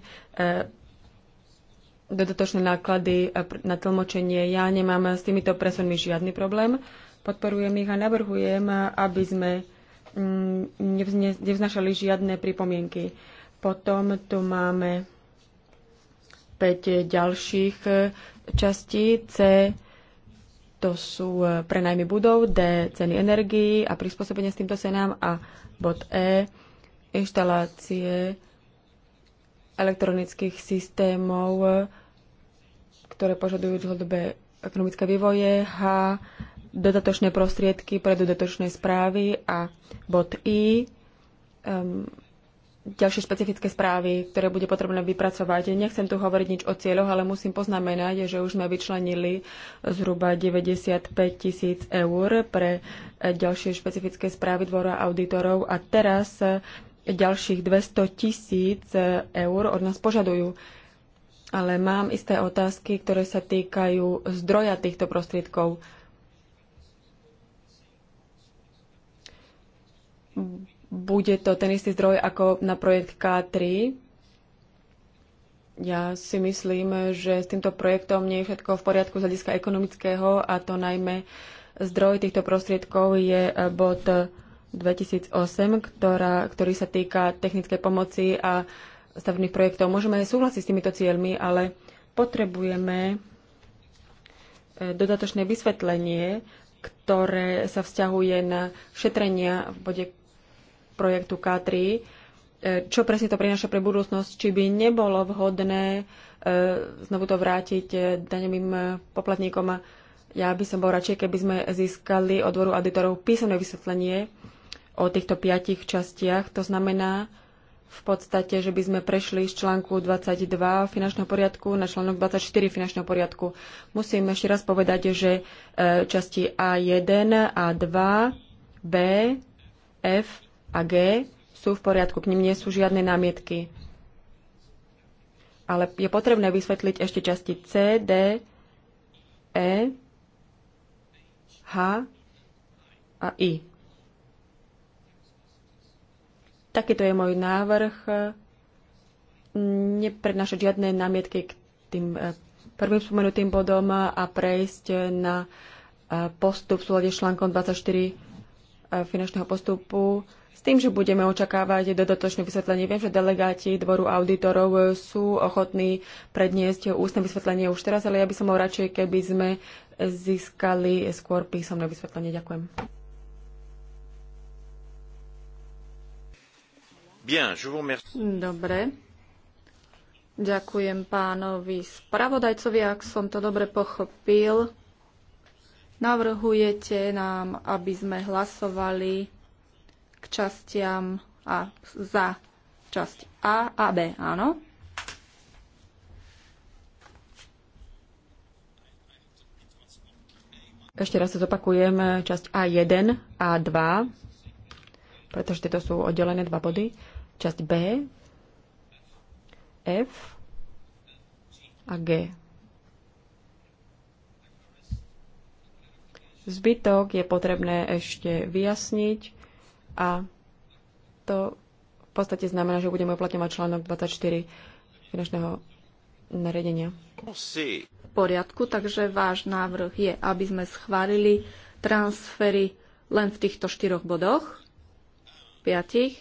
dodatočné náklady na tlmočenie. Ja nemám s týmito presunmi žiadny problém. Podporujem ich a navrhujem, aby sme mm, nevznašali žiadne pripomienky. Potom tu máme 5 ďalších e, častí. C to sú e, prenajmy budov, D ceny energii a prispôsobenie s týmto cenám a Bod E. Inštalácie elektronických systémov, ktoré požadujú dlhodobé ekonomické vývoje. H. Dodatočné prostriedky pre dodatočné správy a bod I. Um, ďalšie špecifické správy, ktoré bude potrebné vypracovať. Nechcem tu hovoriť nič o cieľoch, ale musím poznamenať, že už sme vyčlenili zhruba 95 tisíc eur pre e, ďalšie špecifické správy dvora auditorov a teraz e, ďalších 200 tisíc e, eur od nás požadujú. Ale mám isté otázky, ktoré sa týkajú zdroja týchto prostriedkov bude to ten istý zdroj ako na projekt K3. Ja si myslím, že s týmto projektom nie je všetko v poriadku z hľadiska ekonomického a to najmä zdroj týchto prostriedkov je eh, bod 2008, ktorá, ktorý sa týka technickej pomoci a stavebných projektov. Môžeme súhlasiť s týmito cieľmi, ale potrebujeme eh, dodatočné vysvetlenie, ktoré sa vzťahuje na šetrenia v bode projektu K3, e, čo presne to prináša pre budúcnosť, či by nebolo vhodné e, znovu to vrátiť e, daňovým poplatníkom. A ja by som bol radšej, keby sme získali od dvoru auditorov písomné vysvetlenie o týchto piatich častiach. To znamená v podstate, že by sme prešli z článku 22 finančného poriadku na článok 24 finančného poriadku. Musím ešte raz povedať, že časti A1, A2, B, F a G sú v poriadku, k nim nie sú žiadne námietky. Ale je potrebné vysvetliť ešte časti C, D, E, H a I. Takýto je môj návrh. Neprednášať žiadne námietky k tým e, prvým spomenutým bodom a prejsť na e, postup v súlade s článkom 24 e, finančného postupu s tým, že budeme očakávať dodatočné vysvetlenie, viem, že delegáti dvoru auditorov sú ochotní predniesť ústne vysvetlenie už teraz, ale ja by som bol radšej, keby sme získali skôr písomné vysvetlenie. Ďakujem. Dobre. Ďakujem pánovi spravodajcovi, ak som to dobre pochopil. Navrhujete nám, aby sme hlasovali k častiam a za časť A a B, áno. Ešte raz sa zopakujem, časť A1 a 2, pretože tieto sú oddelené dva body. Časť B, F a G. Zbytok je potrebné ešte vyjasniť a to v podstate znamená, že budeme uplatňovať článok 24 finančného nariadenia. V poriadku, takže váš návrh je, aby sme schválili transfery len v týchto štyroch bodoch, piatich,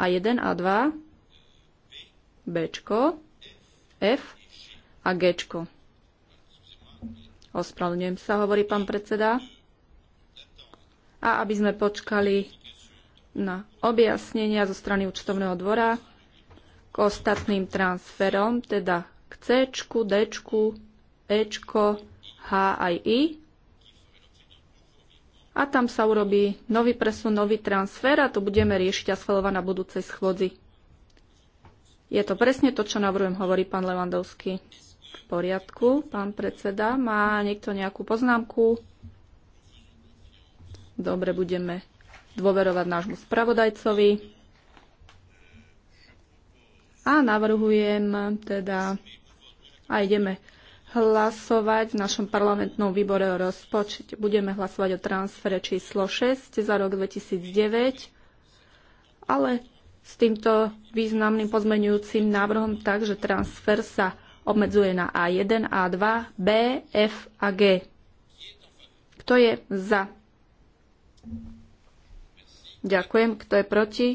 a 1 a 2, B, F a G. Ospravedlňujem sa, hovorí pán predseda. A aby sme počkali na objasnenia zo strany účtovného dvora k ostatným transferom, teda k C, D, E, H aj I. A tam sa urobí nový presun, nový transfer a to budeme riešiť a schvalovať na budúcej schôdzi. Je to presne to, čo navrhujem, hovorí pán Levandovský. V poriadku, pán predseda. Má niekto nejakú poznámku? Dobre, budeme dôverovať nášmu spravodajcovi. A navrhujem teda a ideme hlasovať v našom parlamentnom výbore o rozpočte. Budeme hlasovať o transfere číslo 6 za rok 2009, ale s týmto významným pozmenujúcim návrhom tak, že transfer sa obmedzuje na A1, A2, B, F a G. Kto je za? Ďakujem. Kto je proti?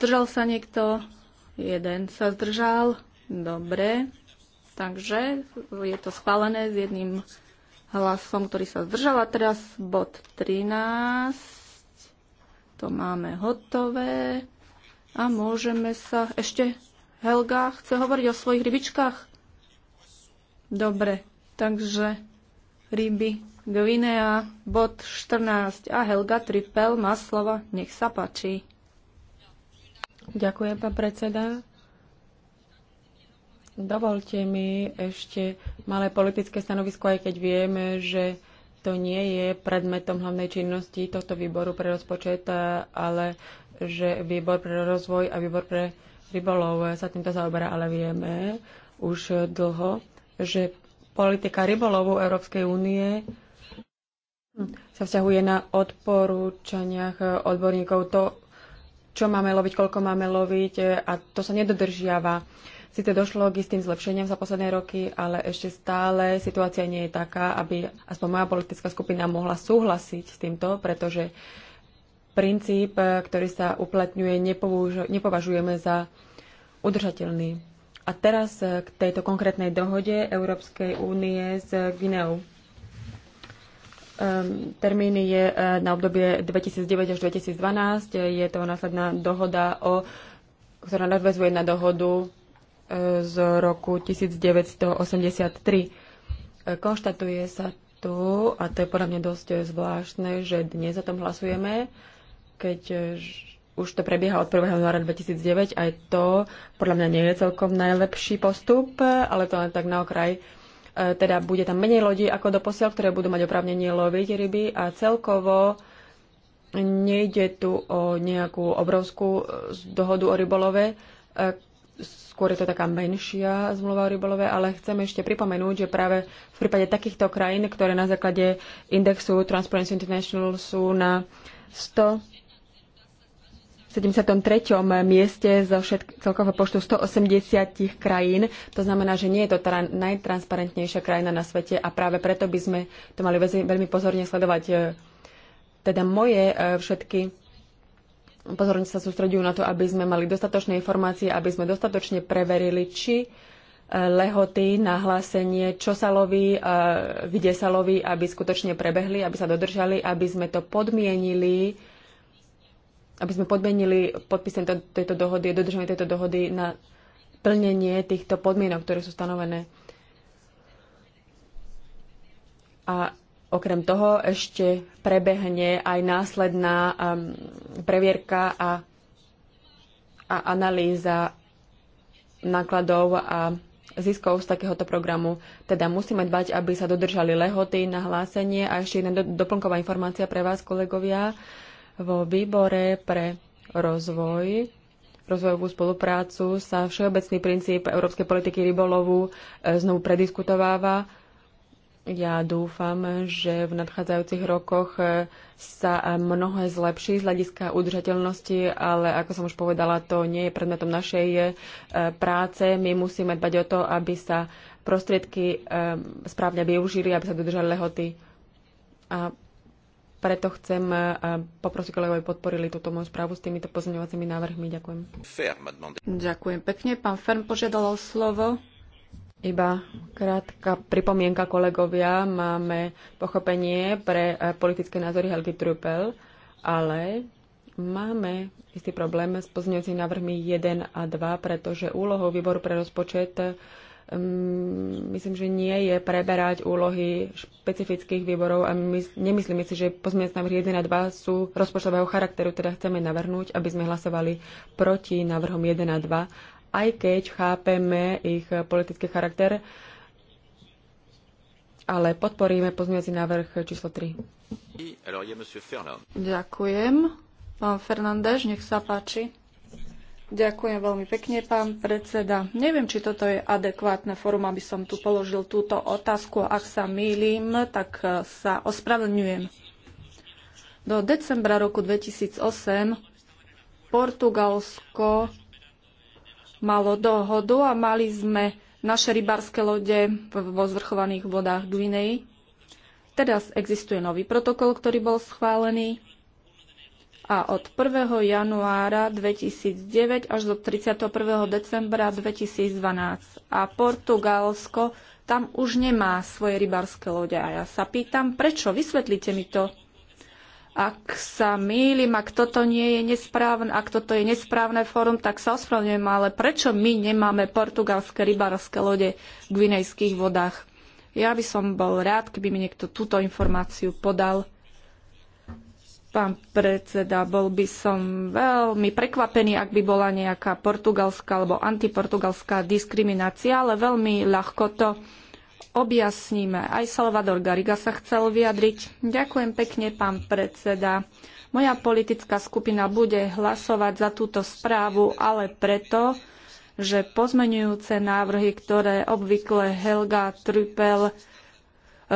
Zdržal sa niekto? Jeden sa zdržal. Dobre. Takže je to schválené s jedným hlasom, ktorý sa zdržal. A teraz bod 13. To máme hotové. A môžeme sa... Ešte Helga chce hovoriť o svojich rybičkách? Dobre, takže ryby Gvinea, bod 14 a Helga Tripel má slovo. Nech sa páči. Ďakujem, pán predseda. Dovolte mi ešte malé politické stanovisko, aj keď vieme, že to nie je predmetom hlavnej činnosti tohto výboru pre rozpočet, ale že výbor pre rozvoj a výbor pre rybolov sa týmto zaoberá, ale vieme už dlho, že politika rybolovu Európskej únie sa vzťahuje na odporúčaniach e, odborníkov. To, čo máme loviť, koľko máme loviť e, a to sa nedodržiava. Sice došlo k istým zlepšeniam za posledné roky, ale ešte stále situácia nie je taká, aby aspoň moja politická skupina mohla súhlasiť s týmto, pretože princíp, e, ktorý sa uplatňuje, nepovažujeme za udržateľný. A teraz k tejto konkrétnej dohode Európskej únie s Gineou. Ehm, Termín je e, na obdobie 2009 až 2012. E, je to následná dohoda, o, ktorá nadvezuje na dohodu e, z roku 1983. Konštatuje sa tu, a to je podľa mňa dosť zvláštne, že dnes o tom hlasujeme, keď už to prebieha od 1. januára 2009. Aj to podľa mňa nie je celkom najlepší postup, ale to len tak na okraj. E, teda bude tam menej lodí ako doposiaľ, ktoré budú mať oprávnenie loviť ryby a celkovo nejde tu o nejakú obrovskú e, dohodu o rybolove, e, skôr je to taká menšia zmluva o rybolove, ale chcem ešte pripomenúť, že práve v prípade takýchto krajín, ktoré na základe indexu Transparency International sú na 100 73. mieste zo všetk- celkového počtu 180 krajín. To znamená, že nie je to tra- najtransparentnejšia krajina na svete a práve preto by sme to mali veľmi pozorne sledovať. E, teda moje e, všetky pozorne sa sústredujú na to, aby sme mali dostatočné informácie, aby sme dostatočne preverili, či e, lehoty nahlásenie, čo sa loví, kde sa loví, aby skutočne prebehli, aby sa dodržali, aby sme to podmienili aby sme podmenili podpisem to, tejto dohody, a dodržanie tejto dohody na plnenie týchto podmienok, ktoré sú stanovené. A okrem toho ešte prebehne aj následná um, previerka a, a analýza nákladov a ziskov z takéhoto programu. Teda musíme dbať, aby sa dodržali lehoty na hlásenie. A ešte jedna do, doplnková informácia pre vás, kolegovia. Uh, vo výbore pre rozvoj, rozvojovú spoluprácu sa všeobecný princíp európskej politiky rybolovu e, znovu prediskutováva. Ja dúfam, že v nadchádzajúcich rokoch e, sa mnohé zlepší z hľadiska udržateľnosti, ale ako som už povedala, to nie je predmetom našej e, práce. My musíme dbať o to, aby sa prostriedky správne využili, aby sa dodržali lehoty. A preto chcem e, poprosiť kolegov, aby podporili túto moju správu s týmito pozmeňovacími návrhmi. Ďakujem. Ďakujem pekne. Pán Ferm požiadal o slovo. Iba krátka pripomienka kolegovia. Máme pochopenie pre e, politické názory Helgi Trupel, ale máme istý problém s pozmeňovacími návrhmi 1 a 2, pretože úlohou výboru pre rozpočet Ehm, myslím, že nie je preberať úlohy špecifických výborov a my, nemyslíme si, že pozmienec návrh 1 a 2 sú rozpočtového charakteru, teda chceme navrhnúť, aby sme hlasovali proti návrhom 1 a 2, aj keď chápeme ich politický charakter, ale podporíme pozmienci návrh číslo 3. Ďakujem. Pán Fernández, nech sa páči. Ďakujem veľmi pekne, pán predseda. Neviem, či toto je adekvátne fórum, aby som tu položil túto otázku. Ak sa mýlim, tak eh, sa ospravedlňujem. Do decembra roku 2008 Portugalsko malo dohodu a mali sme naše rybárske lode vo zvrchovaných vodách Guinei. Teraz existuje nový protokol, ktorý bol schválený a od 1. januára 2009 až do 31. decembra 2012. A Portugalsko tam už nemá svoje rybárske lode. A ja sa pýtam, prečo? Vysvetlite mi to. Ak sa mýlim, ak toto nie je nesprávne, ak toto je nesprávne fórum, tak sa ospravedlňujem, ale prečo my nemáme portugalské rybárske lode v gvinejských vodách? Ja by som bol rád, keby mi niekto túto informáciu podal. Pán predseda, bol by som veľmi prekvapený, ak by bola nejaká portugalská alebo antiportugalská diskriminácia, ale veľmi ľahko to objasníme. Aj Salvador Gariga sa chcel vyjadriť. Ďakujem pekne, pán predseda. Moja politická skupina bude hlasovať za túto správu, ale preto, že pozmenujúce návrhy, ktoré obvykle Helga Trüppel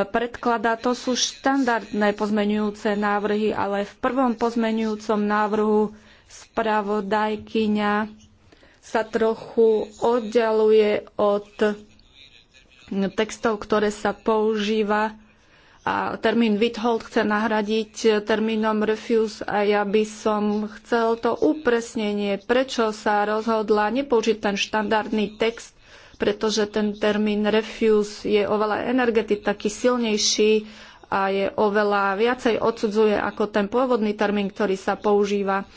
predkladá, to sú štandardné pozmenujúce návrhy, ale v prvom pozmenujúcom návrhu spravodajkyňa sa trochu oddialuje od textov, ktoré sa používa a termín withhold chce nahradiť termínom refuse a ja by som chcel to upresnenie, prečo sa rozhodla nepoužiť ten štandardný text pretože ten termín refuse je oveľa energetický, taký silnejší a je oveľa viacej odsudzuje ako ten pôvodný termín, ktorý sa používa.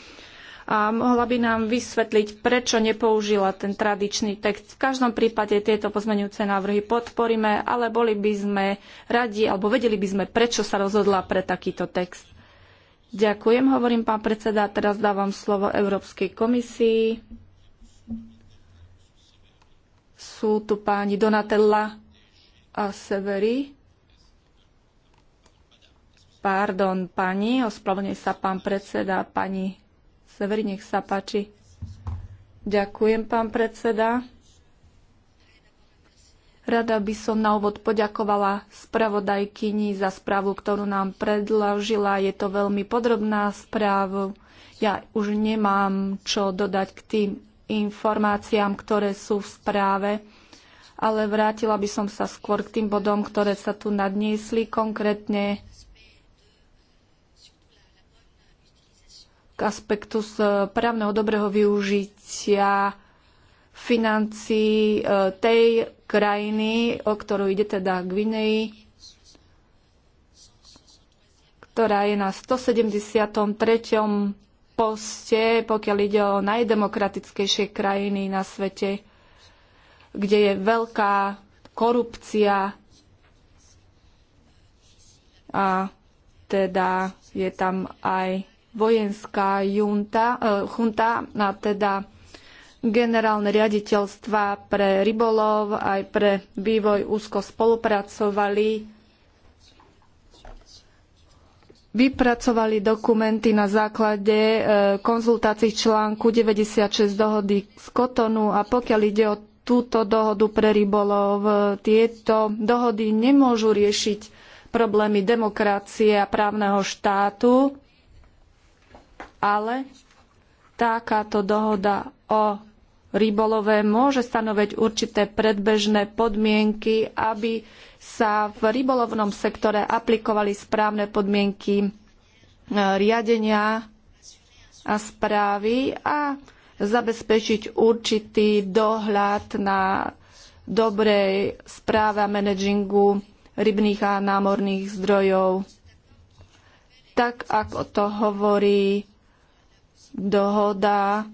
A mohla by nám vysvetliť, prečo nepoužila ten tradičný text. V každom prípade tieto pozmeňujúce návrhy podporíme, ale boli by sme radi, alebo vedeli by sme, prečo sa rozhodla pre takýto text. Ďakujem, hovorím pán predseda. Teraz dávam slovo Európskej komisii. Sú tu páni Donatella a Severi. Pardon, pani, ospravedlňuje sa pán predseda, pani Severi, nech sa páči. Ďakujem, pán predseda. Rada by som na úvod poďakovala spravodajkyni za správu, ktorú nám predložila. Je to veľmi podrobná správa. Ja už nemám čo dodať k tým informáciám, ktoré sú v správe, ale vrátila by som sa skôr k tým bodom, ktoré sa tu nadniesli, konkrétne k aspektu z právneho dobrého využitia financí e, tej krajiny, o ktorú ide teda Gvineji, ktorá je na 173 poste, pokiaľ ide o najdemokratickejšie krajiny na svete, kde je veľká korupcia a teda je tam aj vojenská junta, eh, junta a teda generálne riaditeľstva pre rybolov aj pre vývoj úzko spolupracovali vypracovali dokumenty na základe e, konzultácií článku 96 dohody z Kotonu a pokiaľ ide o túto dohodu pre rybolov, e, tieto dohody nemôžu riešiť problémy demokracie a právneho štátu, ale takáto dohoda o rybolove môže stanoviť určité predbežné podmienky, aby sa v rybolovnom sektore aplikovali správne podmienky e, riadenia a správy a zabezpečiť určitý dohľad na dobrej správe a manažingu rybných a námorných zdrojov. Tak, ako to hovorí dohoda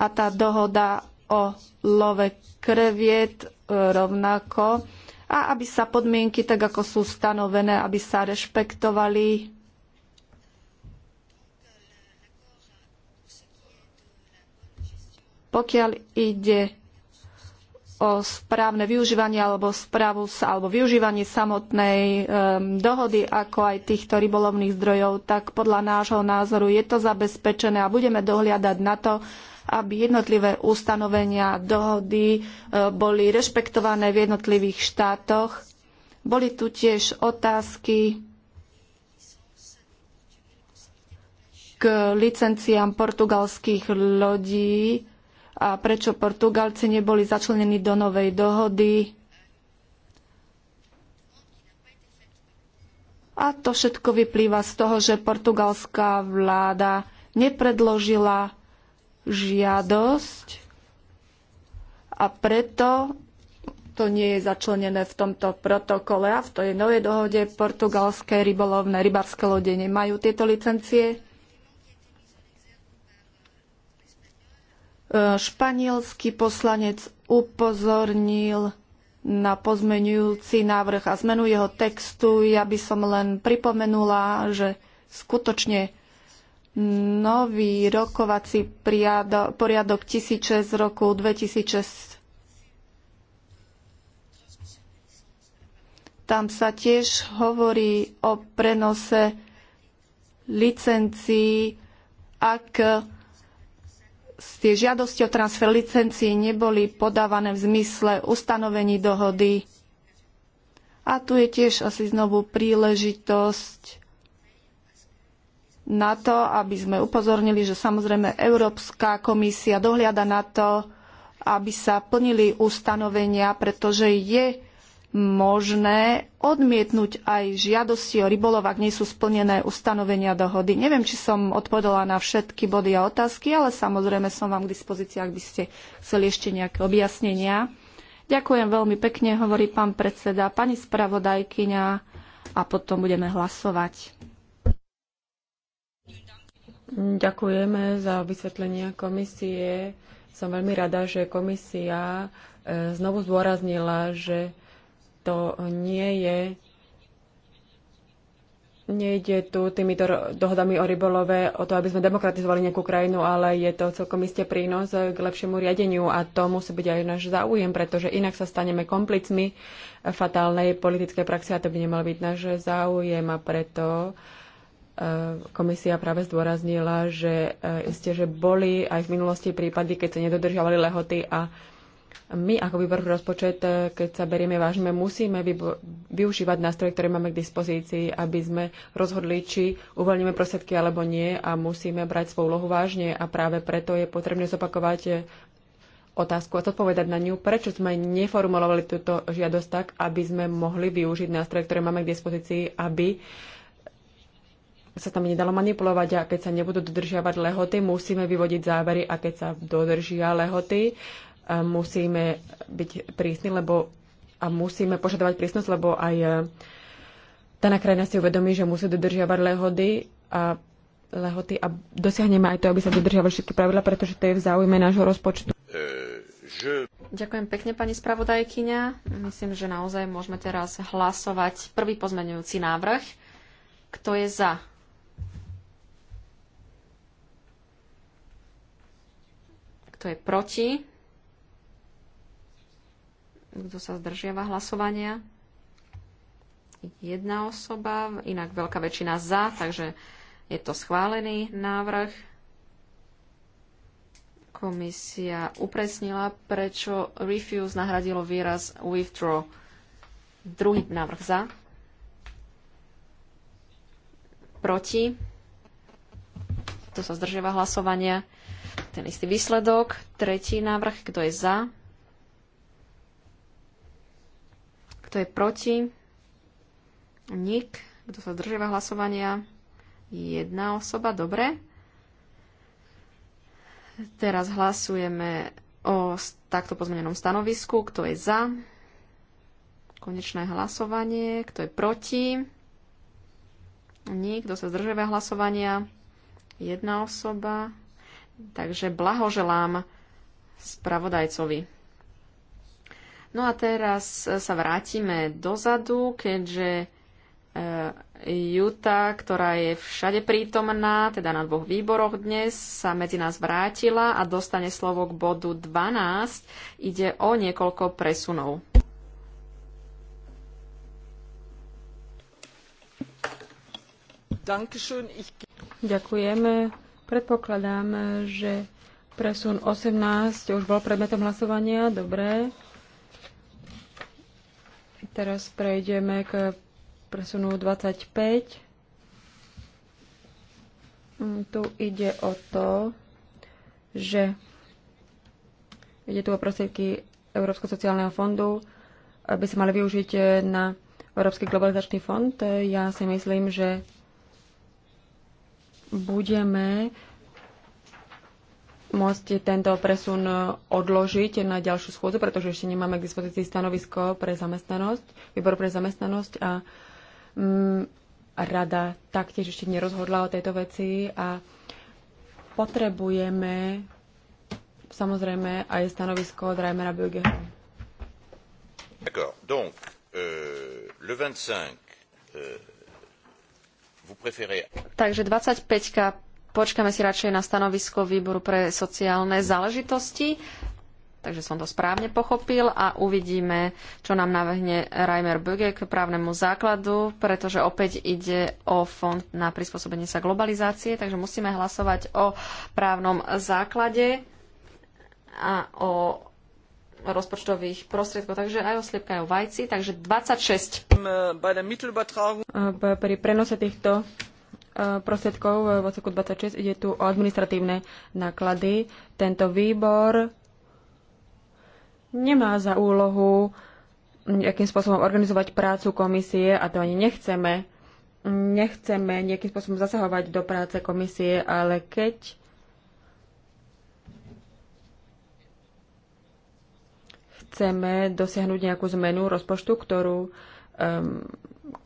a tá dohoda o love kreviet E, rovnako a aby sa podmienky, tak ako sú stanovené, aby sa rešpektovali. Pokiaľ ide o správne využívanie alebo správu alebo využívanie samotnej um, dohody, ako aj týchto rybolovných zdrojov, tak podľa nášho názoru je to zabezpečené a budeme dohliadať na to, aby jednotlivé ustanovenia dohody e, boli rešpektované v jednotlivých štátoch. Boli tu tiež otázky k licenciám portugalských lodí a prečo Portugalci neboli začlenení do novej dohody. A to všetko vyplýva z toho, že portugalská vláda nepredložila žiadosť a preto to nie je začlenené v tomto protokole a v tej novej dohode portugalské rybolovné rybárske lode nemajú tieto licencie. E, španielský poslanec upozornil na pozmenujúci návrh a zmenu jeho textu. Ja by som len pripomenula, že skutočne nový rokovací priado, poriadok 1006 z roku 2006. Tam sa tiež hovorí o prenose licencií, ak tie žiadosti o transfer licencií neboli podávané v zmysle ustanovení dohody. A tu je tiež asi znovu príležitosť na to, aby sme upozornili, že samozrejme Európska komisia dohliada na to, aby sa plnili ustanovenia, pretože je možné odmietnúť aj žiadosti o rybolov, ak nie sú splnené ustanovenia dohody. Neviem, či som odpovedala na všetky body a otázky, ale samozrejme som vám k dispozícii, ak by ste chceli ešte nejaké objasnenia. Ďakujem veľmi pekne, hovorí pán predseda, pani spravodajkyňa a potom budeme hlasovať. Ďakujeme za vysvetlenia komisie. Som veľmi rada, že komisia e, znovu zdôraznila, že to nie je Nejde tu týmito dohodami o rybolove o to, aby sme demokratizovali nejakú krajinu, ale je to celkom iste prínos k lepšiemu riadeniu a to musí byť aj náš záujem, pretože inak sa staneme komplicmi fatálnej politickej praxe a to by nemal byť náš záujem a preto uh, E, komisia práve zdôraznila, že e, isté, že boli aj v minulosti prípady, keď sa nedodržiavali lehoty a my ako výbor rozpočet, e, keď sa berieme vážne, musíme využívať nástroje, ktoré máme k dispozícii, aby sme rozhodli, či uvoľníme prostriedky alebo nie a musíme brať svoju úlohu vážne a práve preto je potrebné zopakovať otázku a zodpovedať na ňu, prečo sme neformulovali túto žiadosť tak, aby sme mohli využiť nástroje, ktoré máme k dispozícii, aby uh, sa tam nedalo manipulovať a keď sa nebudú dodržiavať lehoty, musíme vyvodiť závery a keď sa dodržia lehoty, e, musíme byť prísni, lebo a musíme požadovať prísnosť, lebo aj e, daná krajina si uvedomí, že musí dodržiavať lehody a lehoty a dosiahneme aj to, aby sa dodržiavali všetky pravidla, pretože to je v záujme nášho rozpočtu. Ďakujem pekne, pani spravodajkyňa. Myslím, že naozaj môžeme teraz hlasovať prvý pozmenujúci návrh. Kto je za? Kto je proti? Kto sa zdržiava hlasovania? Jedna osoba, inak veľká väčšina za, takže je to schválený návrh. Komisia upresnila, prečo refuse nahradilo výraz withdraw. Druhý návrh za. Proti. To sa zdržiava hlasovania ten istý výsledok. Tretí návrh, kto je za? Kto je proti? Nik. Kto sa zdržiava hlasovania? Jedna osoba, dobre. Teraz hlasujeme o takto pozmenenom stanovisku. Kto je za? Konečné hlasovanie. Kto je proti? Nik. Kto sa zdržiava hlasovania? Jedna osoba. Takže blahoželám spravodajcovi. No a teraz sa vrátime dozadu, keďže e, Juta, ktorá je všade prítomná, teda na dvoch výboroch dnes, sa medzi nás vrátila a dostane slovo k bodu 12. Ide o niekoľko presunov. Ďakujeme. Predpokladám, že presun 18 už bol predmetom hlasovania. Dobre. Teraz prejdeme k presunu 25. Mm, tu ide o to, že ide tu o prostriedky Európskeho sociálneho fondu, aby sa mali využiť na Európsky globalizačný fond. Ja si myslím, že budeme môcť tento presun odložiť na ďalšiu schôdzu, pretože ešte nemáme k dispozícii stanovisko pre zamestnanosť, výbor pre zamestnanosť a mm, rada taktiež ešte nerozhodla o tejto veci a potrebujeme samozrejme aj stanovisko od Reimera Bögeho. D'accord. Donc, euh, le 25 euh, Takže 25-ka, počkáme si radšej na stanovisko výboru pre sociálne záležitosti. Takže som to správne pochopil a uvidíme, čo nám navrhne Reimer Böge k právnemu základu, pretože opäť ide o fond na prispôsobenie sa globalizácie, takže musíme hlasovať o právnom základe a o rozpočtových prostriedkov. Takže aj sliepka, aj vajci, takže 26. Pri prenose týchto e, prostriedkov e, v odseku 26 ide tu o administratívne náklady. Tento výbor nemá za úlohu nejakým spôsobom organizovať prácu komisie a to ani nechceme. Nechceme nejakým spôsobom zasahovať do práce komisie, ale keď chceme dosiahnuť nejakú zmenu rozpočtu, ktorú, um,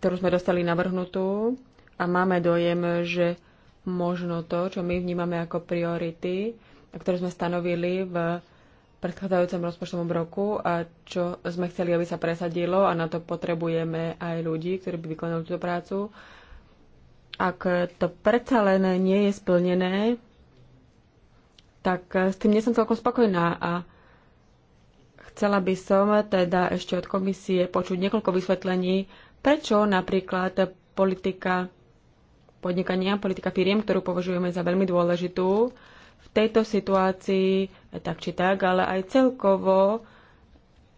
ktorú sme dostali navrhnutú a máme dojem, že možno to, čo my vnímame ako priority, ktoré sme stanovili v predchádzajúcom rozpočtovom roku a čo sme chceli, aby sa presadilo a na to potrebujeme aj ľudí, ktorí by vykonali túto prácu. Ak to predsa len nie je splnené, tak s tým nie som celkom spokojná a Chcela by som teda ešte od komisie počuť niekoľko vysvetlení, prečo napríklad politika podnikania, politika firiem, ktorú považujeme za veľmi dôležitú, v tejto situácii tak či tak, ale aj celkovo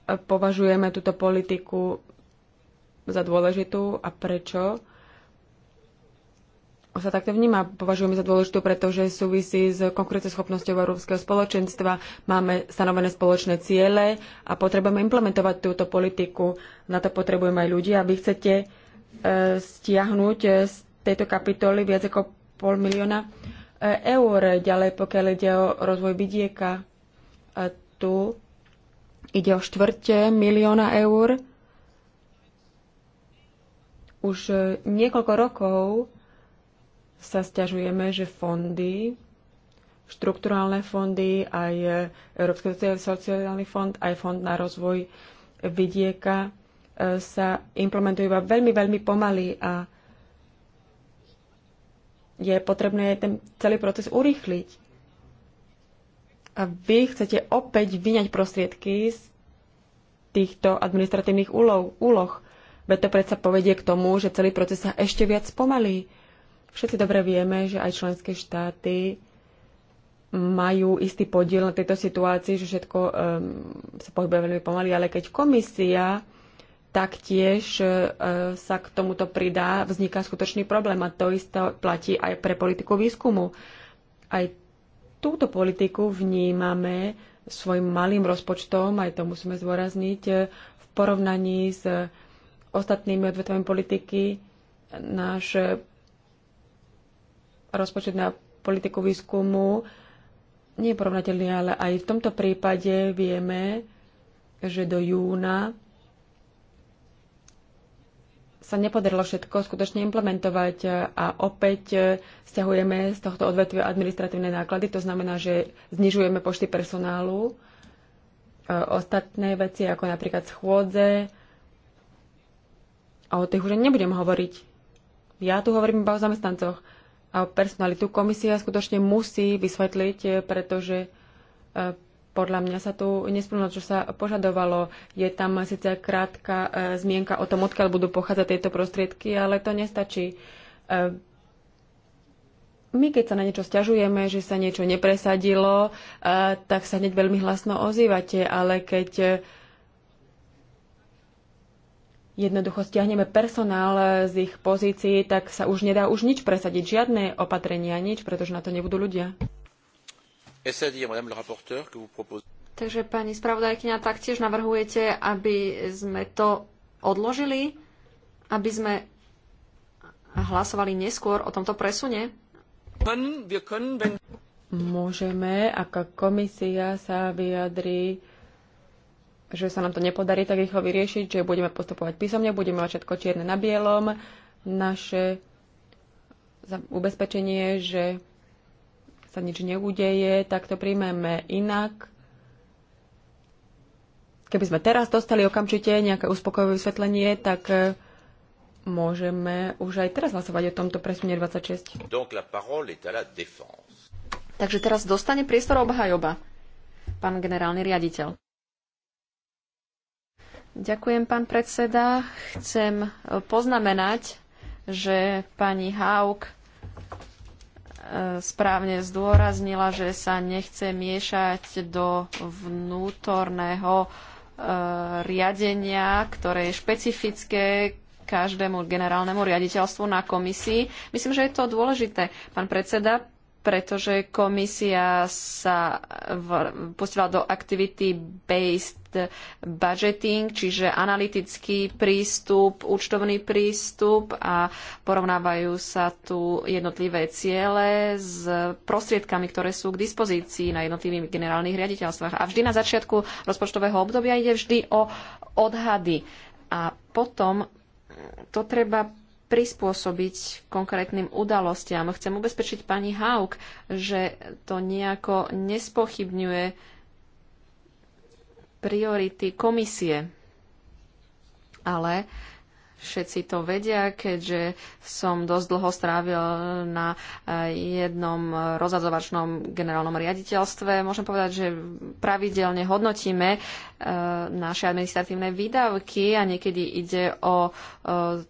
považujeme túto politiku za dôležitú a prečo sa takto vníma. Považujeme za dôležitú, pretože súvisí s konkurenceschopnosťou európskeho spoločenstva. Máme stanovené spoločné ciele a potrebujeme implementovať túto politiku. Na to potrebujeme aj ľudí. A vy chcete e, stiahnuť z tejto kapitoly viac ako pol milióna e, eur. Ďalej, pokiaľ ide o rozvoj vidieka, a e, tu ide o štvrte milióna eur. Už e, niekoľko rokov sa stiažujeme, že fondy, štrukturálne fondy, aj Európsky sociálny fond, aj fond na rozvoj vidieka e, sa implementujú iba veľmi, veľmi pomaly a je potrebné ten celý proces urýchliť. A vy chcete opäť vyňať prostriedky z týchto administratívnych úloh. úloh. Veď to predsa povedie k tomu, že celý proces sa ešte viac spomalí Všetci dobre vieme, že aj členské štáty majú istý podiel na tejto situácii, že všetko um, sa pohybuje veľmi pomaly, ale keď komisia taktiež uh, sa k tomuto pridá, vzniká skutočný problém a to isto platí aj pre politiku výskumu. Aj túto politiku vnímame svojim malým rozpočtom, aj to musíme zvorazniť, e, v porovnaní s ostatnými odvetvami politiky náš rozpočet na politiku výskumu nie je porovnateľný, ale aj v tomto prípade vieme, že do júna sa nepodarilo všetko skutočne implementovať a opäť stiahujeme z tohto odvetvia administratívne náklady. To znamená, že znižujeme počty personálu. E, ostatné veci, ako napríklad schôdze, a o tých už nebudem hovoriť. Ja tu hovorím iba o zamestnancoch a personalitu komisia skutočne musí vysvetliť, pretože e, podľa mňa sa tu nesplnilo, čo sa požadovalo. Je tam síce krátka e, zmienka o tom, odkiaľ budú pochádzať tieto prostriedky, ale to nestačí. E, my, keď sa na niečo stiažujeme, že sa niečo nepresadilo, tak sa hneď veľmi hlasno ozývate, ale keď jednoducho stiahneme personál z ich pozícií, tak sa už nedá už nič presadiť, žiadne opatrenia, nič, pretože na to nebudú ľudia. Takže pani spravodajkyňa, taktiež navrhujete, aby sme to odložili, aby sme hlasovali neskôr o tomto presune? Môžeme, ako komisia sa vyjadri že sa nám to nepodarí tak rýchlo vyriešiť, že budeme postupovať písomne, budeme mať všetko čierne na bielom. Naše ubezpečenie, že sa nič neudeje, tak to príjmeme inak. Keby sme teraz dostali okamžite nejaké uspokojové vysvetlenie, tak eh, môžeme už aj teraz hlasovať o tomto presune 26. Takže teraz dostane priestor obhajoba, pán generálny riaditeľ. Ďakujem, pán predseda. Chcem e, poznamenať, že pani Haug e, správne zdôraznila, že sa nechce miešať do vnútorného e, riadenia, ktoré je špecifické každému generálnemu riaditeľstvu na komisii. Myslím, že je to dôležité. Pán predseda, pretože komisia sa v, pustila do activity based budgeting, čiže analytický prístup, účtovný prístup a porovnávajú sa tu jednotlivé ciele s prostriedkami, ktoré sú k dispozícii na jednotlivých generálnych riaditeľstvách. A vždy na začiatku rozpočtového obdobia ide vždy o odhady. A potom to treba prispôsobiť konkrétnym udalostiam. Chcem ubezpečiť pani Haug, že to nejako nespochybňuje priority komisie. Ale všetci to vedia, keďže som dosť dlho strávil na eh, jednom rozhadzovačnom generálnom riaditeľstve. Môžem povedať, že pravidelne hodnotíme eh, naše administratívne výdavky a niekedy ide o eh,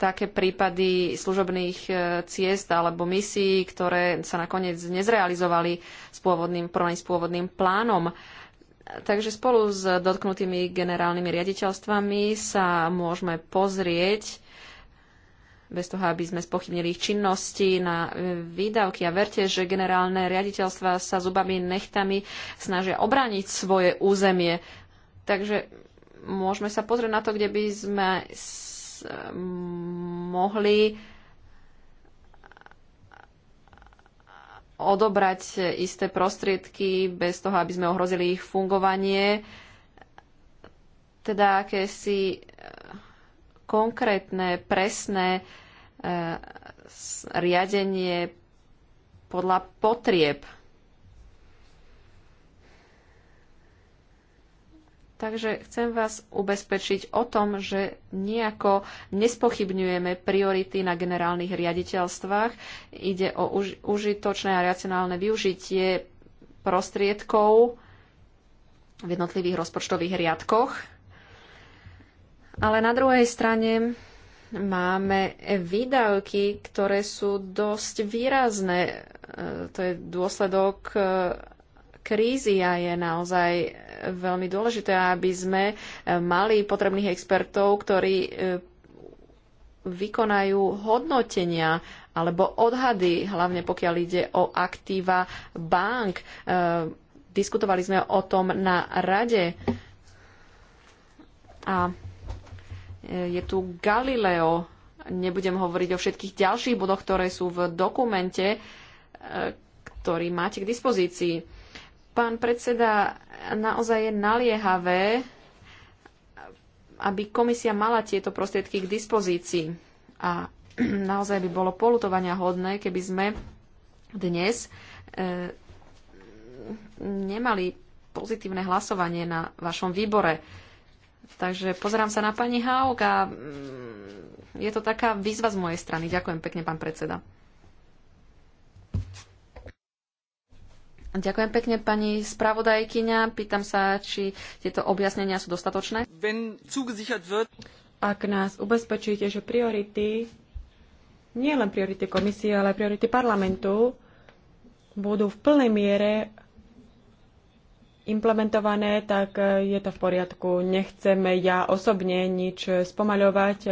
také prípady služobných e, ciest alebo misií, ktoré sa nakoniec nezrealizovali s pôvodným, s pôvodným plánom. Takže spolu s dotknutými generálnymi riaditeľstvami sa môžeme pozrieť bez toho, aby sme spochybnili ich činnosti na e, výdavky. A verte, že generálne riaditeľstva sa zubami nechtami snažia obrániť svoje územie. Takže môžeme sa pozrieť na to, kde by sme mohli odobrať isté prostriedky bez toho, aby sme ohrozili ich fungovanie. Teda aké si e, konkrétne, presné e, riadenie podľa potrieb Takže chcem vás ubezpečiť o tom, že nejako nespochybňujeme priority na generálnych riaditeľstvách. Ide o už, užitočné a racionálne využitie prostriedkov v jednotlivých rozpočtových riadkoch. Ale na druhej strane máme výdavky, ktoré sú dosť výrazné. E, to je dôsledok e, krízy a je naozaj veľmi dôležité, aby sme e, mali potrebných expertov, ktorí e, vykonajú hodnotenia alebo odhady, hlavne pokiaľ ide o aktíva bank. E, diskutovali sme o tom na rade. A je tu Galileo. Nebudem hovoriť o všetkých ďalších bodoch, ktoré sú v dokumente, ktorý máte k dispozícii. Pán predseda, naozaj je naliehavé, aby komisia mala tieto prostriedky k dispozícii. A [clears throat] naozaj by bolo polutovania hodné, keby sme dnes e, nemali pozitívne hlasovanie na vašom výbore. Takže pozerám sa na pani Haug a mm, je to taká výzva z mojej strany. Ďakujem pekne, pán predseda. Ďakujem pekne, pani spravodajkyňa. Pýtam sa, či tieto objasnenia sú dostatočné. Ak nás ubezpečíte, že priority, nie len priority komisie, ale priority parlamentu, budú v plnej miere implementované, tak e, je to v poriadku. Nechceme ja osobne nič e, spomaľovať, e,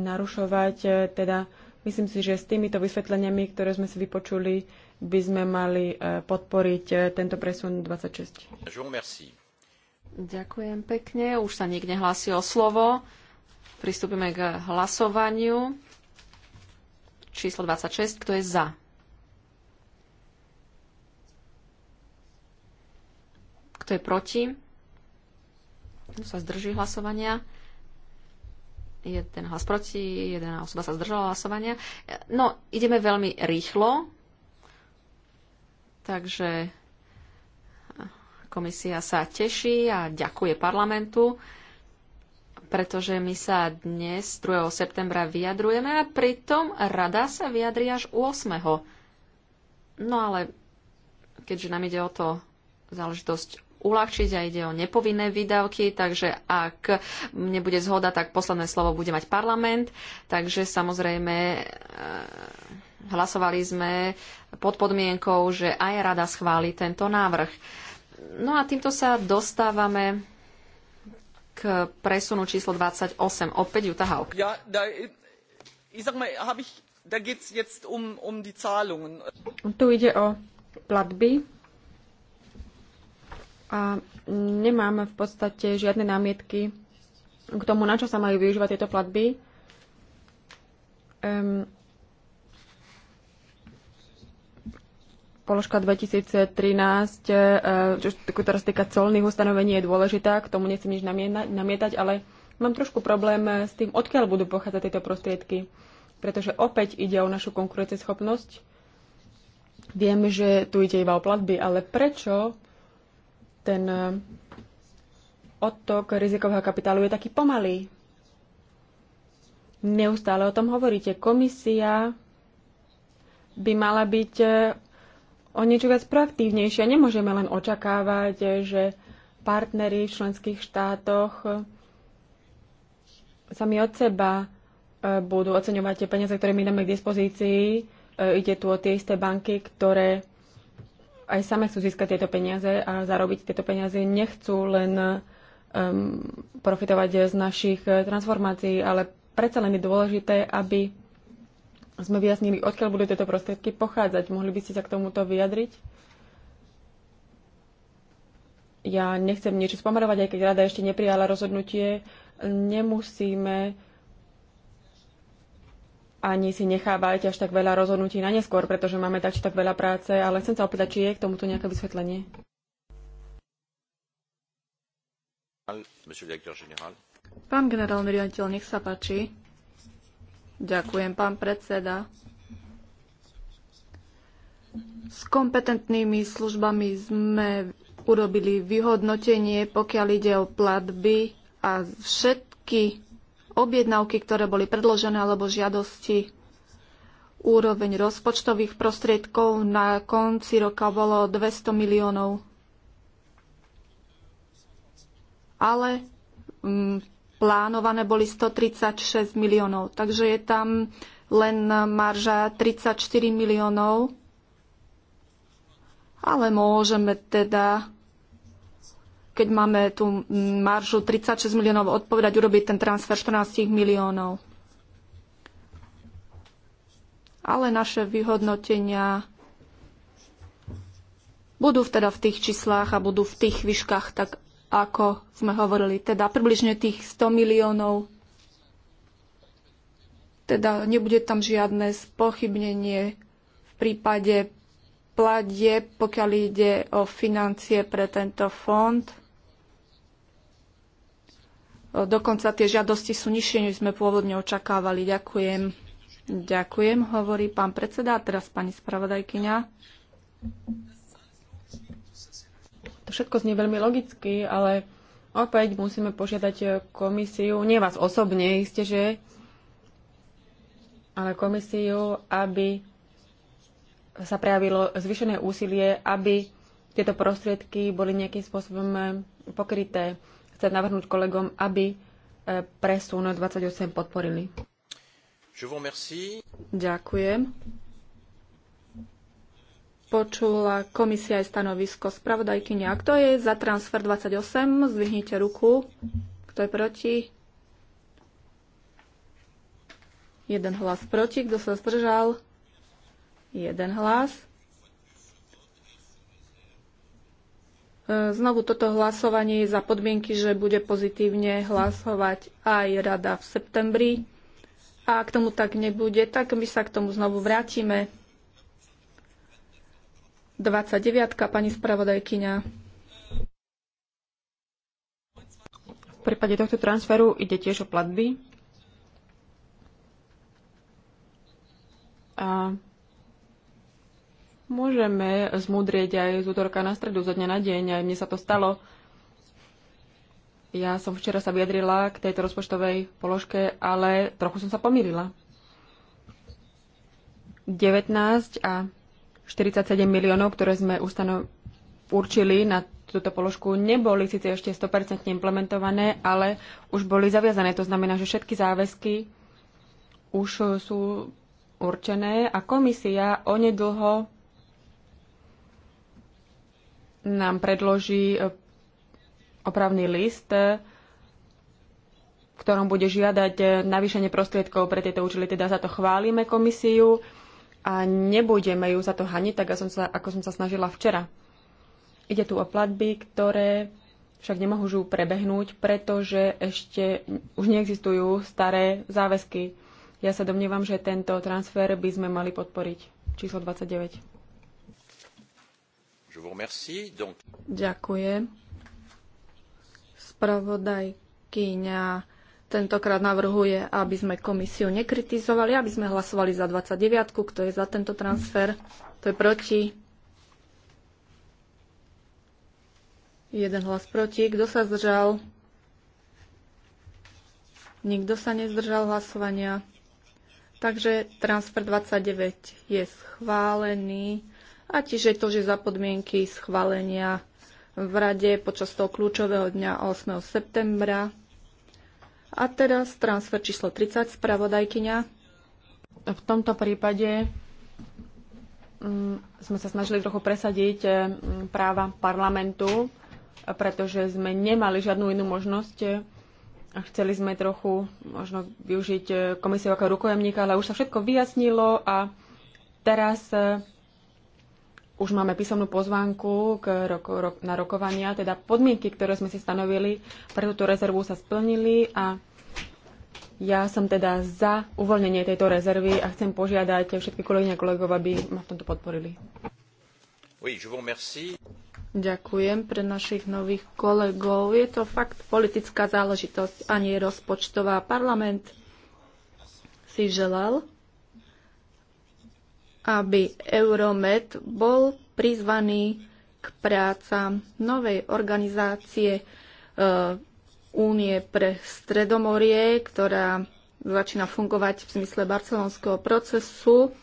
narušovať. Teda myslím si, že s týmito vysvetleniami, ktoré sme si vypočuli, by sme mali e, podporiť e, tento presun 26. Ďakujem pekne. Už sa nikde hlási o slovo. Pristúpime k hlasovaniu. Číslo 26. Kto je za? Kto je proti? Kto sa zdrží hlasovania? Jeden hlas proti, jedna osoba sa zdržala hlasovania. No, ideme veľmi rýchlo Takže komisia sa teší a ďakuje parlamentu, pretože my sa dnes 2. septembra vyjadrujeme a pritom rada sa vyjadri až 8. No ale keďže nám ide o to záležitosť uľahčiť a ide o nepovinné výdavky, takže ak nebude zhoda, tak posledné slovo bude mať parlament. Takže samozrejme Hlasovali sme pod podmienkou, že aj rada schváli tento návrh. No a týmto sa dostávame k presunu číslo 28. Opäť Jutta Haug. Ja, da, ich sag mal, hab ich, da geht's jetzt um, um die Zahlungen. Tu ide o platby. A nemám v podstate žiadne námietky k tomu, na čo sa majú využívať tieto platby. Um, Položka 2013, e, čo teraz týka colných ustanovení, je dôležitá, k tomu nechcem nič namietať, ale mám trošku problém s tým, odkiaľ budú pochádzať tieto prostriedky, pretože opäť ide o našu konkurenceschopnosť. Viem, že tu ide iba o platby, ale prečo ten e, odtok rizikového kapitálu je taký pomalý? Neustále o tom hovoríte. Komisia by mala byť e, o niečo viac proaktívnejšie. Nemôžeme len očakávať, že partnery v členských štátoch eh, sami od seba eh, budú oceňovať tie peniaze, ktoré my dáme k dispozícii. Eh, ide tu o tie isté banky, ktoré aj same chcú získať tieto peniaze a zarobiť tieto peniaze. Nechcú len um, profitovať z našich transformácií, ale predsa len je dôležité, aby sme vyjasnili, odkiaľ budú tieto prostriedky pochádzať. Mohli by ste sa k tomuto vyjadriť? Ja nechcem niečo spomenovať, aj keď rada ešte neprijala rozhodnutie. Nemusíme ani si nechávať až tak veľa rozhodnutí na neskôr, pretože máme tak či tak veľa práce, ale chcem sa opýtať, či je k tomuto nejaké vysvetlenie. Pán generálny riaditeľ, nech sa páči. Ďakujem, pán predseda. S kompetentnými službami sme urobili vyhodnotenie, pokiaľ ide o platby a všetky objednávky, ktoré boli predložené alebo žiadosti úroveň rozpočtových prostriedkov na konci roka bolo 200 miliónov. Ale mm, plánované boli 136 miliónov. Takže je tam len marža 34 miliónov. Ale môžeme teda, keď máme tú maržu 36 miliónov, odpovedať, urobiť ten transfer 14 miliónov. Ale naše vyhodnotenia budú teda v tých číslach a budú v tých výškach, tak ako sme hovorili, teda približne tých 100 miliónov. Teda nebude tam žiadne spochybnenie v prípade platie, pokiaľ ide o financie pre tento fond. Dokonca tie žiadosti sú nižšie, než sme pôvodne očakávali. Ďakujem. Ďakujem, hovorí pán predseda. A teraz pani spravodajkyňa. To všetko znie veľmi logicky, ale opäť musíme požiadať komisiu, nie vás osobne, iste, že, ale komisiu, aby sa prejavilo zvyšené úsilie, aby tieto prostriedky boli nejakým spôsobom eh, pokryté. Chcem navrhnúť kolegom, aby eh, presun 28 podporili. Ďakujem počula komisia aj stanovisko spravodajkyne. A kto je za transfer 28? Zvihnite ruku. Kto je proti? Jeden hlas proti. Kto sa zdržal? Jeden hlas. E, znovu toto hlasovanie je za podmienky, že bude pozitívne hlasovať aj rada v septembri. A ak tomu tak nebude, tak my sa k tomu znovu vrátime. 29. pani spravodajkyňa. V prípade tohto transferu ide tiež o platby. A môžeme zmudrieť aj z útorka na stredu, zo dňa na deň. Aj mne sa to stalo. Ja som včera sa vyjadrila k tejto rozpočtovej položke, ale trochu som sa pomýlila. 19 a 47 miliónov, ktoré sme určili na túto položku, neboli síce ešte 100% implementované, ale už boli zaviazané. To znamená, že všetky záväzky už sú určené a komisia onedlho nám predloží e, opravný list, e, v ktorom bude žiadať e, navýšenie prostriedkov pre tieto účely. Teda za to chválime komisiu a nebudeme ju za to haniť, tak ako som sa, ako som sa snažila včera. Ide tu o platby, ktoré však nemohú prebehnúť, pretože ešte už neexistujú staré záväzky. Ja sa domnievam, že tento transfer by sme mali podporiť. Číslo 29. Je vous remercie, donc... Ďakujem. Spravodajkyňa Tentokrát navrhuje, aby sme komisiu nekritizovali, aby sme hlasovali za 29, kto je za tento transfer, kto je proti. Jeden hlas proti. Kto sa zdržal? Nikto sa nezdržal hlasovania. Takže transfer 29 je schválený a tiež je to, že za podmienky schválenia v Rade počas toho kľúčového dňa 8. septembra a teraz transfer číslo 30, spravodajkyňa. V tomto prípade mm, sme sa snažili trochu presadiť eh, mm, práva parlamentu, pretože sme nemali žiadnu inú možnosť a chceli sme trochu možno využiť eh, komisiu ako rukojemníka, ale už sa všetko vyjasnilo a teraz eh, už máme písomnú pozvánku k roko, ro, na rokovania, teda podmienky, ktoré sme si stanovili pre túto rezervu sa splnili a ja som teda za uvoľnenie tejto rezervy a chcem požiadať všetky kolegyne a kolegov, aby ma v tomto podporili. Oui, je vous remercie. Ďakujem pre našich nových kolegov. Je to fakt politická záležitosť a nie rozpočtová. Parlament si želal, aby Euromed bol prizvaný k prácam novej organizácie e, Únie pre Stredomorie, ktorá začína fungovať v zmysle barcelonského procesu.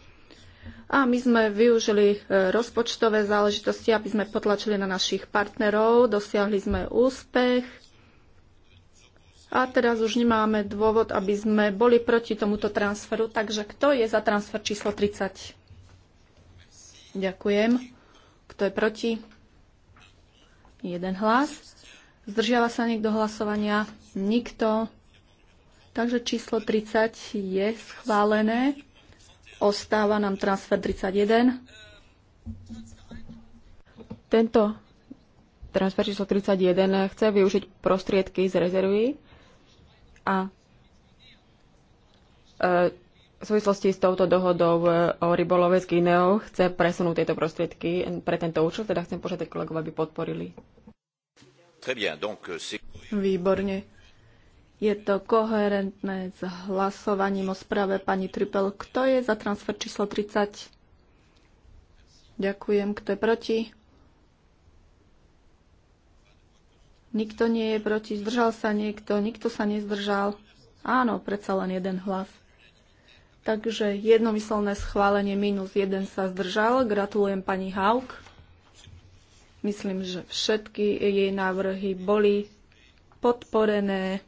A my sme využili e, rozpočtové záležitosti, aby sme potlačili na našich partnerov, dosiahli sme úspech. A teraz už nemáme dôvod, aby sme boli proti tomuto transferu. Takže kto je za transfer číslo 30? Ďakujem. Kto je proti? Jeden hlas. Zdržiava sa niekto hlasovania? Nikto. Takže číslo 30 je schválené. Ostáva nám transfer 31. Tento transfer číslo 31 chce využiť prostriedky z rezervy a e, v súvislosti s touto dohodou e, o rybolove s Gineou chce presunúť tieto prostriedky pre tento účel, teda chcem požiadať kolegov, aby podporili. Euh, Výborne. Je to koherentné s hlasovaním o správe pani Tripel. Kto je za transfer číslo 30? Ďakujem. Kto je proti? Nikto nie je proti. Zdržal sa niekto. Nikto sa nezdržal. Áno, predsa len jeden hlas. Takže jednomyselné schválenie minus 1 sa zdržal. Gratulujem pani Hauk. Myslím, že všetky jej návrhy boli podporené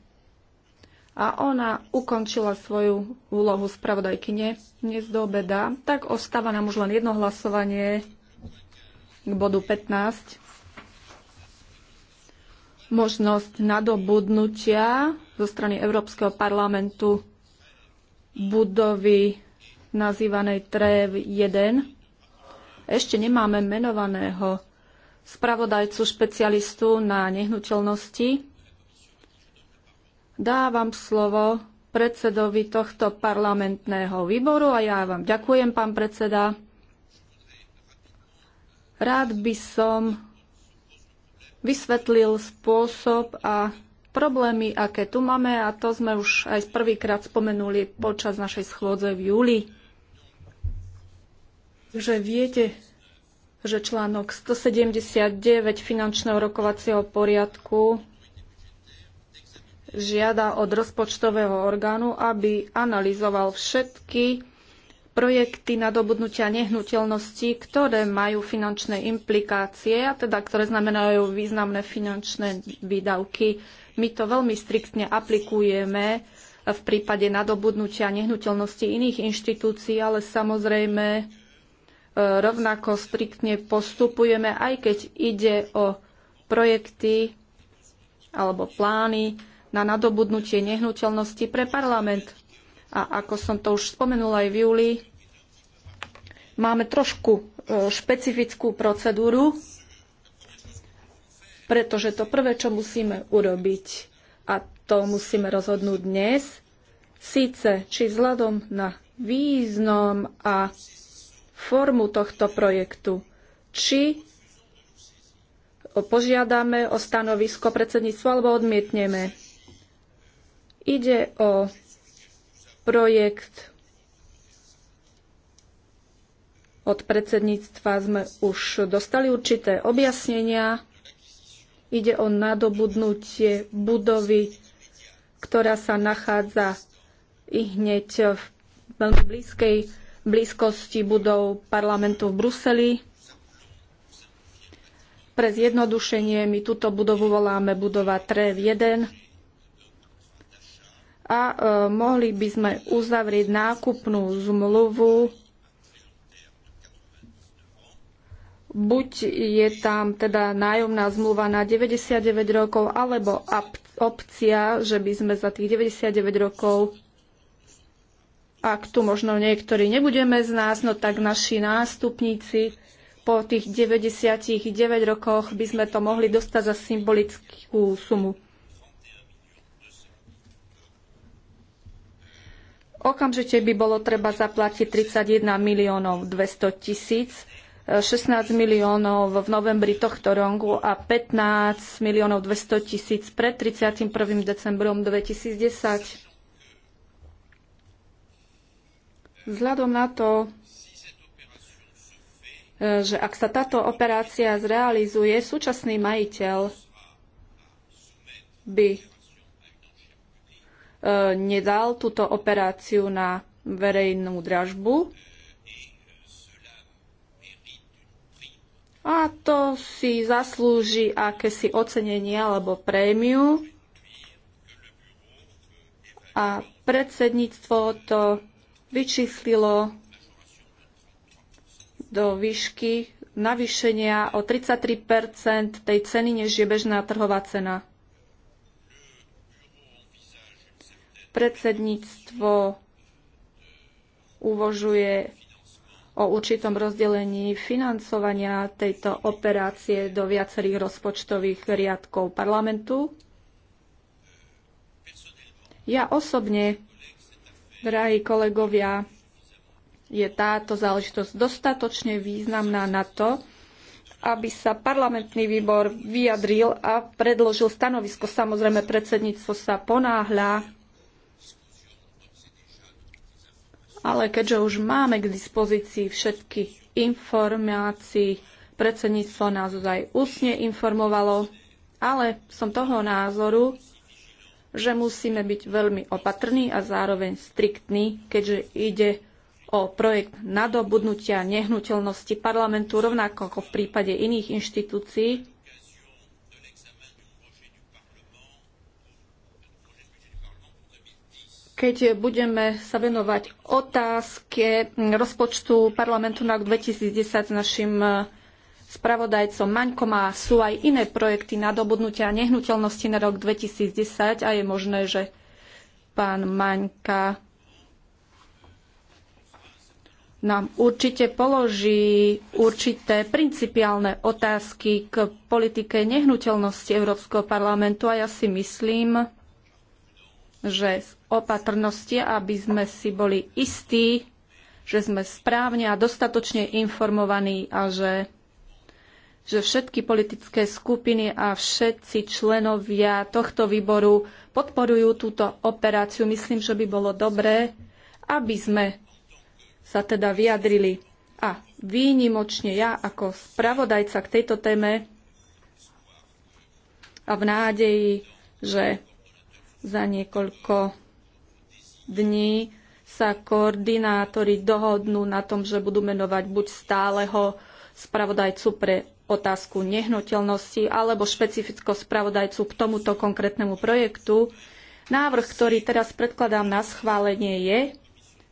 a ona ukončila svoju úlohu spravodajkyne dnes do obeda. Tak ostáva nám už len jedno hlasovanie k bodu 15 možnosť nadobudnutia zo strany Európskeho parlamentu budovy nazývanej TREV 1. Ešte nemáme menovaného spravodajcu špecialistu na nehnuteľnosti. Dávam slovo predsedovi tohto parlamentného výboru a ja vám ďakujem, pán predseda. Rád by som vysvetlil spôsob a problémy, aké tu máme a to sme už aj prvýkrát spomenuli počas našej schôdze v júli. Že viete, že článok 179 finančného rokovacieho poriadku žiada od rozpočtového orgánu, aby analyzoval všetky projekty nadobudnutia nehnuteľností, ktoré majú finančné implikácie, a teda ktoré znamenajú významné finančné výdavky. My to veľmi striktne aplikujeme v prípade nadobudnutia nehnuteľnosti iných inštitúcií, ale samozrejme e, rovnako striktne postupujeme, aj keď ide o projekty alebo plány na nadobudnutie nehnuteľnosti pre parlament. A ako som to už spomenula aj v júli, máme trošku e, špecifickú procedúru, pretože to prvé, čo musíme urobiť, a to musíme rozhodnúť dnes, síce či vzhľadom na význam a formu tohto projektu, či požiadame o stanovisko predsedníctva alebo odmietneme. Ide o projekt. Od predsedníctva sme už dostali určité objasnenia. Ide o nadobudnutie budovy, ktorá sa nachádza i hneď v veľmi blízkej blízkosti budov parlamentu v Bruseli. Pre zjednodušenie my túto budovu voláme budova TREV 1 a e, mohli by sme uzavrieť nákupnú zmluvu. Buď je tam teda nájomná zmluva na 99 rokov, alebo opcia, že by sme za tých 99 rokov ak tu možno niektorí nebudeme z nás, no tak naši nástupníci po tých 99 rokoch by sme to mohli dostať za symbolickú sumu. Okamžite by bolo treba zaplatiť 31 miliónov 200 tisíc, 16 eh, miliónov v novembri tohto roku a 15 miliónov 200 tisíc pred 31. decembrom 2010. Vzhľadom na to, eh, že ak sa táto operácia zrealizuje, súčasný majiteľ by E, nedal túto operáciu na verejnú dražbu. A to si zaslúži akési ocenenie alebo prémiu. A predsedníctvo to vyčíslilo do výšky navýšenia o 33 tej ceny, než je bežná trhová cena. Predsedníctvo uvažuje o určitom rozdelení financovania tejto operácie do viacerých rozpočtových riadkov parlamentu. Ja osobne, drahí kolegovia, je táto záležitosť dostatočne významná na to, aby sa parlamentný výbor vyjadril a predložil stanovisko. Samozrejme, predsedníctvo sa ponáhľa ale keďže už máme k dispozícii všetky informácií, predsedníctvo nás aj ústne informovalo, ale som toho názoru, že musíme byť veľmi opatrní a zároveň striktní, keďže ide o projekt nadobudnutia nehnuteľnosti parlamentu, rovnako ako v prípade iných inštitúcií, keď budeme sa venovať otázke rozpočtu parlamentu na rok 2010 s našim e, spravodajcom Maňkom a sú aj iné projekty na dobudnutia nehnuteľnosti na rok 2010 a je možné, že pán Maňka nám určite položí určité principiálne otázky k politike nehnuteľnosti Európskeho parlamentu a ja si myslím, že z opatrnosti, aby sme si boli istí, že sme správne a dostatočne informovaní a že, že všetky politické skupiny a všetci členovia tohto výboru podporujú túto operáciu. Myslím, že by bolo dobré, aby sme sa teda vyjadrili. A výnimočne ja ako spravodajca k tejto téme a v nádeji, že za niekoľko dní sa koordinátori dohodnú na tom, že budú menovať buď stáleho spravodajcu pre otázku nehnuteľnosti alebo špecifického spravodajcu k tomuto konkrétnemu projektu. Návrh, ktorý teraz predkladám na schválenie, je,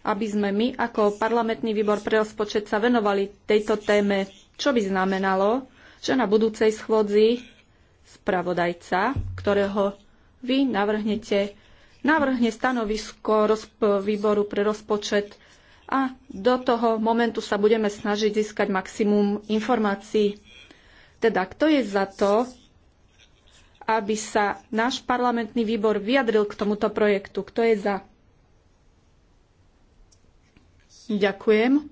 aby sme my ako parlamentný výbor pre rozpočet sa venovali tejto téme, čo by znamenalo, že na budúcej schôdzi spravodajca, ktorého vy navrhnete, navrhne stanovisko výboru pre rozpočet a do toho momentu sa budeme snažiť získať maximum informácií. Teda, kto je za to, aby sa náš parlamentný výbor vyjadril k tomuto projektu? Kto je za? Ďakujem.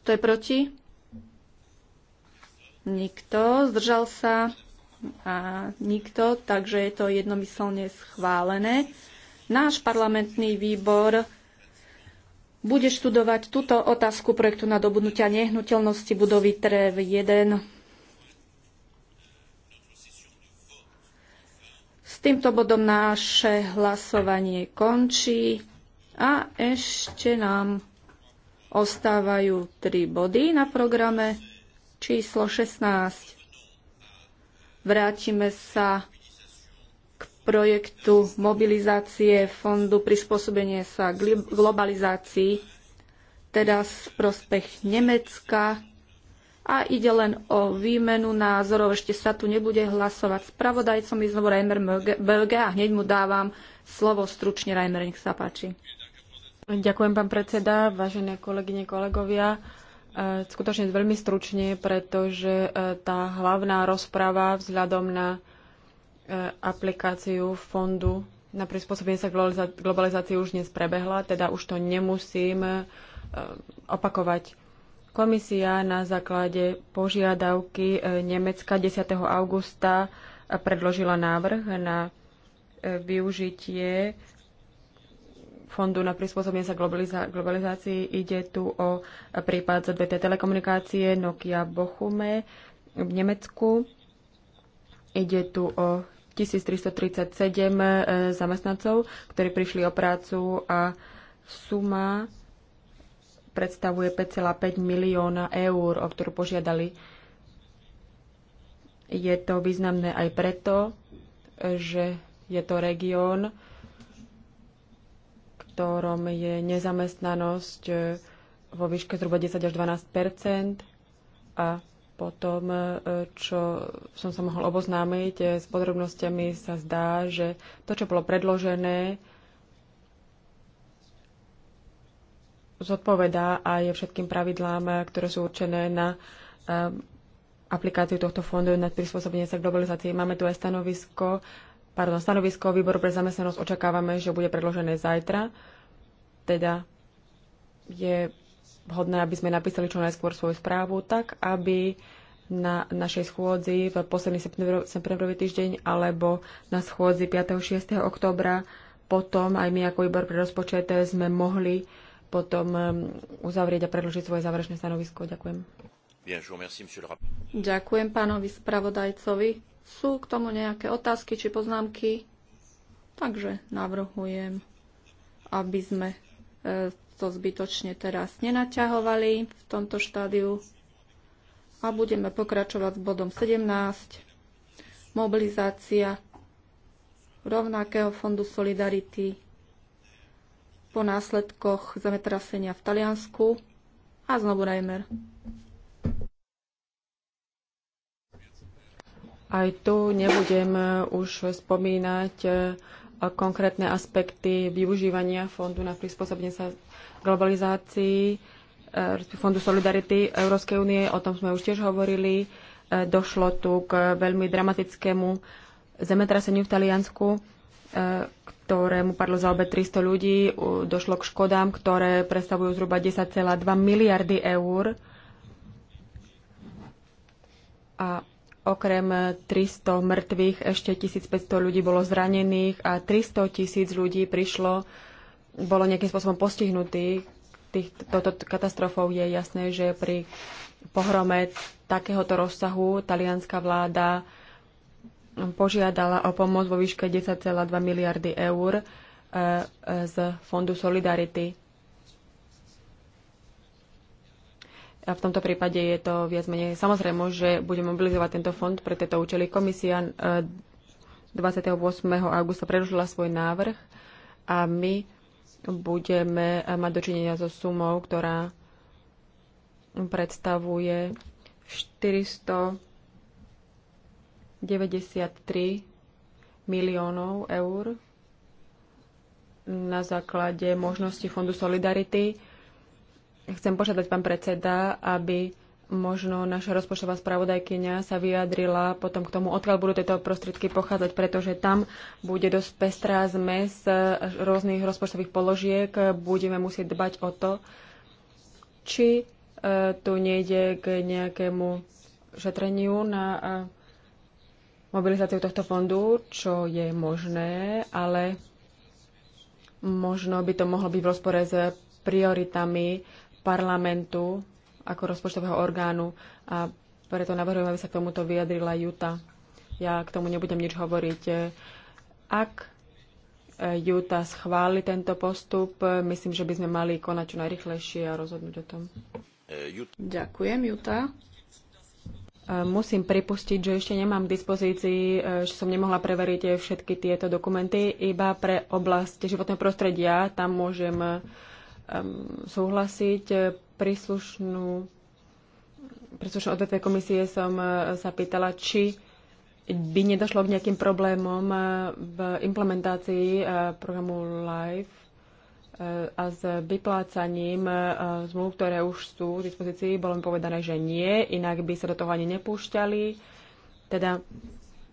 Kto je proti? Nikto. Zdržal sa? a nikto, takže je to jednomyselne schválené. Náš parlamentný výbor bude študovať túto otázku projektu na dobudnutia nehnuteľnosti budovy TREV 1. S týmto bodom naše hlasovanie končí a ešte nám ostávajú tri body na programe číslo 16. Vrátime sa k projektu mobilizácie fondu prispôsobenie sa globalizácii, teda z prospech Nemecka. A ide len o výmenu názorov. Ešte sa tu nebude hlasovať. Spravodajcom je znovu Reimer Belge a hneď mu dávam slovo stručne. Reimer, nech sa páči. Ďakujem, pán predseda, vážené kolegyne, kolegovia. E, skutočne veľmi stručne, pretože e, tá hlavná rozprava vzhľadom na e, aplikáciu fondu na prispôsobenie sa globalizácii už dnes prebehla, teda už to nemusím opakovať. Komisia na základe požiadavky Nemecka 10. augusta predložila návrh na využitie fondu na prispôsobenie sa globalizácii. Ide tu o prípad ZBT telekomunikácie Nokia Bochume v Nemecku. Ide tu o 1337 e, zamestnancov, ktorí prišli o prácu a suma predstavuje 5,5 milióna eur, o ktorú požiadali. Je to významné aj preto, že je to región, ktorom je nezamestnanosť e, vo výške zhruba 10 až 12 a potom, e, čo som sa mohol oboznámiť e, s podrobnosťami, sa zdá, že to, čo bolo predložené, zodpovedá aj všetkým pravidlám, ktoré sú určené na aplikáciu tohto fondu na prispôsobenie sa globalizácii. Máme tu aj stanovisko pardon, stanovisko výboru pre zamestnanosť očakávame, že bude predložené zajtra. Teda je vhodné, aby sme napísali čo najskôr svoju správu, tak aby na našej schôdzi v posledný septembrový týždeň alebo na schôdzi 5. 6. oktobra potom aj my ako výbor pre rozpočet sme mohli potom um, uzavrieť a predložiť svoje záverečné stanovisko. Ďakujem. Ďakujem pánovi spravodajcovi. Sú k tomu nejaké otázky či poznámky? Takže navrhujem, aby sme e, to zbytočne teraz nenaťahovali v tomto štádiu a budeme pokračovať s bodom 17. Mobilizácia rovnakého fondu Solidarity po následkoch zemetrasenia v Taliansku a znovu Reimer. Aj tu nebudem eh, už spomínať eh, konkrétne aspekty využívania Fondu na prispôsobenie sa globalizácii, eh, Fondu Solidarity Európskej únie, o tom sme už tiež hovorili. Došlo tu k veľmi dramatickému zemetraseniu v Taliansku, ktorému padlo za obe 300 ľudí. Došlo k škodám, ktoré predstavujú zhruba 10,2 miliardy eur. A Okrem 300 mŕtvych ešte 1500 ľudí bolo zranených a 300 tisíc ľudí prišlo, bolo nejakým spôsobom postihnutých. toto katastrofou je jasné, že pri pohrome takéhoto rozsahu talianská vláda požiadala o pomoc vo výške 10,2 miliardy eur eh, z Fondu Solidarity. A v tomto prípade je to viac menej samozrejme, že bude mobilizovať tento fond pre tieto účely. Komisia 28. E, augusta predložila svoj návrh a my budeme e, mať dočinenia so sumou, ktorá predstavuje 493 miliónov eur na základe možnosti Fondu Solidarity Chcem požiadať pán predseda, aby možno naša rozpočtová spravodajkyňa sa vyjadrila potom k tomu, odkiaľ budú tieto prostriedky pochádzať, pretože tam bude dosť pestrá zmes rôznych rozpočtových položiek. Budeme musieť dbať o to, či e, tu nejde k nejakému šetreniu na e, mobilizáciu tohto fondu, čo je možné, ale možno by to mohlo byť v rozpore s prioritami parlamentu ako rozpočtového orgánu a preto navrhujem, aby sa k tomuto vyjadrila Juta. Ja k tomu nebudem nič hovoriť. Ak e, Juta schváli tento postup, myslím, že by sme mali konať čo najrychlejšie a rozhodnúť o tom. E, Ďakujem, Juta. E, musím pripustiť, že ešte nemám k dispozícii, že som nemohla preveriť všetky tieto dokumenty, iba pre oblasti životného prostredia. Tam môžem Um, súhlasiť. Príslušnú, príslušné odvetve komisie som uh, sa pýtala, či by nedošlo k nejakým problémom uh, v implementácii uh, programu LIFE a s vyplácaním zmluv, ktoré už sú v dispozícii, bolo mi povedané, že nie, inak by sa do toho ani nepúšťali. Teda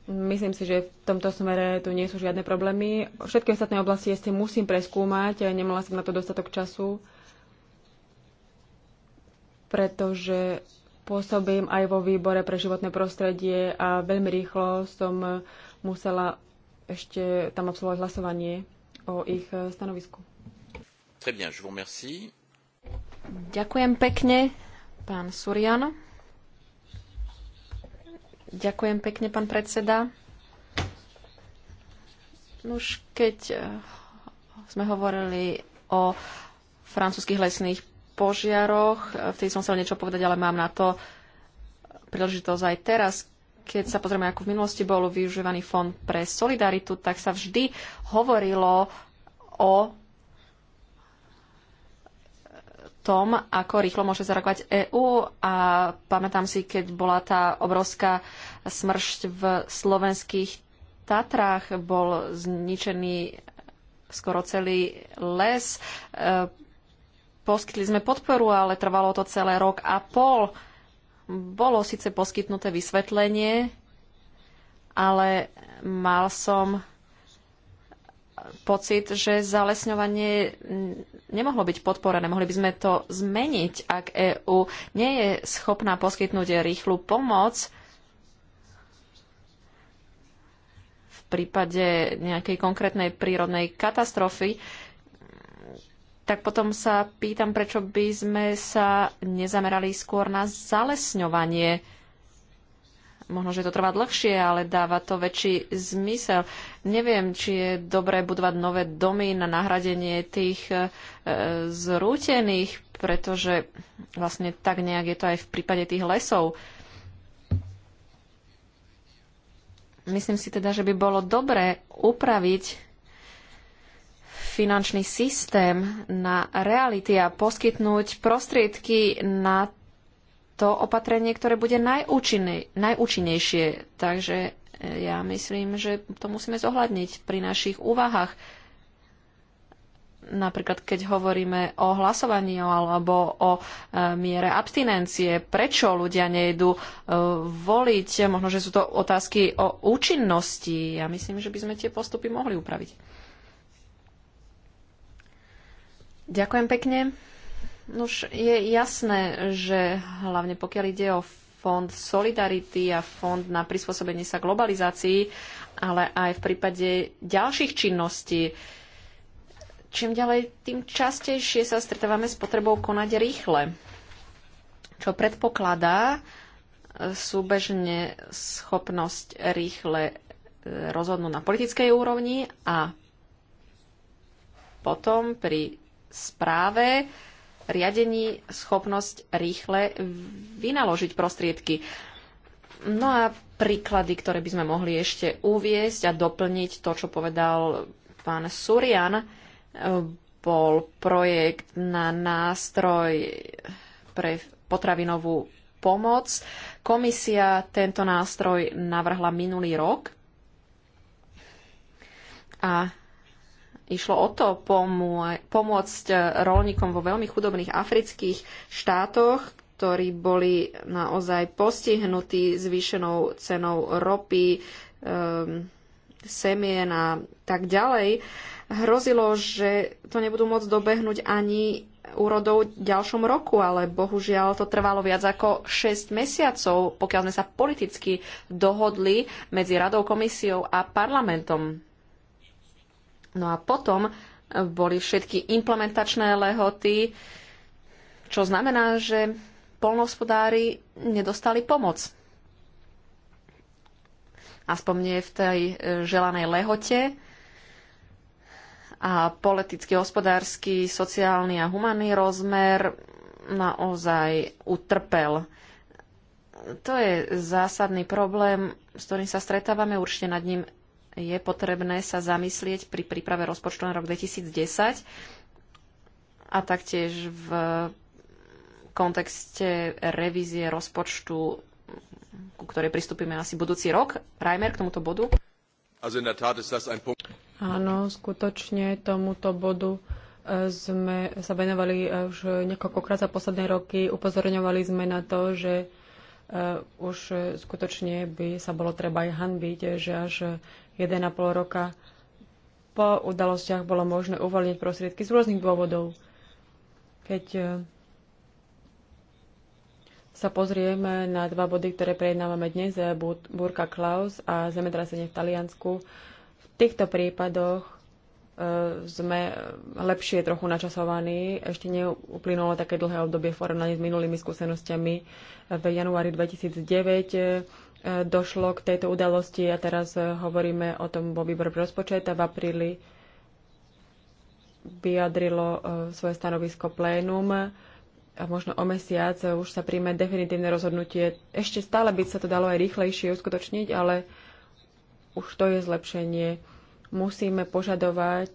Myslím si, že v tomto smere tu nie sú žiadne problémy. Všetky ostatné oblasti ešte musím preskúmať, nemala som na to dostatok času, pretože pôsobím aj vo výbore pre životné prostredie a veľmi rýchlo som musela ešte tam absolvovať hlasovanie o ich stanovisku. Très bien, je vous remercie. Ďakujem pekne, pán Surian. Ďakujem pekne, pán predseda. Už keď eh, sme hovorili o francúzských lesných požiaroch, eh, vtedy som chcel niečo povedať, ale mám na to príležitosť aj teraz. Keď sa pozrieme, ako v minulosti bol využívaný fond pre solidaritu, tak sa vždy hovorilo o tom, ako rýchlo môže zareagovať EÚ a pamätám si, keď bola tá obrovská smršť v slovenských Tatrách, bol zničený skoro celý les. E, poskytli sme podporu, ale trvalo to celé rok a pol. Bolo síce poskytnuté vysvetlenie, ale mal som pocit, že zalesňovanie nemohlo byť podporené. Mohli by sme to zmeniť, ak EÚ nie je schopná poskytnúť rýchlu pomoc v prípade nejakej konkrétnej prírodnej katastrofy, tak potom sa pýtam, prečo by sme sa nezamerali skôr na zalesňovanie Možno, že to trvá dlhšie, ale dáva to väčší zmysel. Neviem, či je dobré budovať nové domy na nahradenie tých e, zrútených, pretože vlastne tak nejak je to aj v prípade tých lesov. Myslím si teda, že by bolo dobré upraviť finančný systém na reality a poskytnúť prostriedky na to opatrenie, ktoré bude najúčinnejšie. Takže e, ja myslím, že to musíme zohľadniť pri našich úvahách. Napríklad, keď hovoríme o hlasovaní alebo o e, miere abstinencie, prečo ľudia nejdu e, voliť, možno, že sú to otázky o účinnosti. Ja myslím, že by sme tie postupy mohli upraviť. Ďakujem pekne. No Už je jasné, že hlavne pokiaľ ide o fond Solidarity a fond na prispôsobenie sa globalizácii, ale aj v prípade ďalších činností. Čím ďalej, tým častejšie sa stretávame s potrebou konať rýchle, čo predpokladá e, súbežne schopnosť rýchle e, rozhodnúť na politickej úrovni a potom pri správe riadení schopnosť rýchle vynaložiť prostriedky. No a príklady, ktoré by sme mohli ešte uviezť a doplniť to, čo povedal pán Surian, eh, bol projekt na nástroj pre potravinovú pomoc. Komisia tento nástroj navrhla minulý rok a Išlo o to pomô- pomôcť eh, rolníkom vo veľmi chudobných afrických štátoch, ktorí boli naozaj postihnutí zvýšenou cenou ropy, um, semien a tak ďalej. Hrozilo, že to nebudú môcť dobehnúť ani úrodou v ďalšom roku, ale bohužiaľ to trvalo viac ako 6 mesiacov, pokiaľ sme sa politicky dohodli medzi Radou, komisiou a parlamentom. No a potom e, boli všetky implementačné lehoty, čo znamená, že polnohospodári nedostali pomoc. Aspoň nie v tej e, želanej lehote. A politický, hospodársky, sociálny a humanný rozmer naozaj utrpel. To je zásadný problém, s ktorým sa stretávame, určite nad ním je potrebné sa zamyslieť pri príprave rozpočtu na rok 2010 a taktiež v kontexte revízie rozpočtu, ku ktorej pristúpime asi budúci rok. Reimer, k tomuto bodu? Áno, skutočne tomuto bodu e, sme sa venovali e, už niekoľkokrát za posledné roky. Upozorňovali sme na to, že e, už skutočne by sa bolo treba aj hanbiť, že až 1,5 roka po udalostiach bolo možné uvoľniť prostriedky z rôznych dôvodov. Keď e, sa pozrieme na dva body, ktoré prejednávame dnes, e, Burka Klaus a zemetrasenie v Taliansku, v týchto prípadoch e, sme lepšie trochu načasovaní. Ešte neuplynulo také dlhé obdobie v porovnaní s minulými skúsenostiami. V januári 2009 E, došlo k tejto udalosti a teraz e, hovoríme o tom vo výbor rozpočet a v apríli vyjadrilo e, svoje stanovisko plénum a možno o mesiac už sa príjme definitívne rozhodnutie. Ešte stále by sa to dalo aj rýchlejšie uskutočniť, ale už to je zlepšenie. Musíme požadovať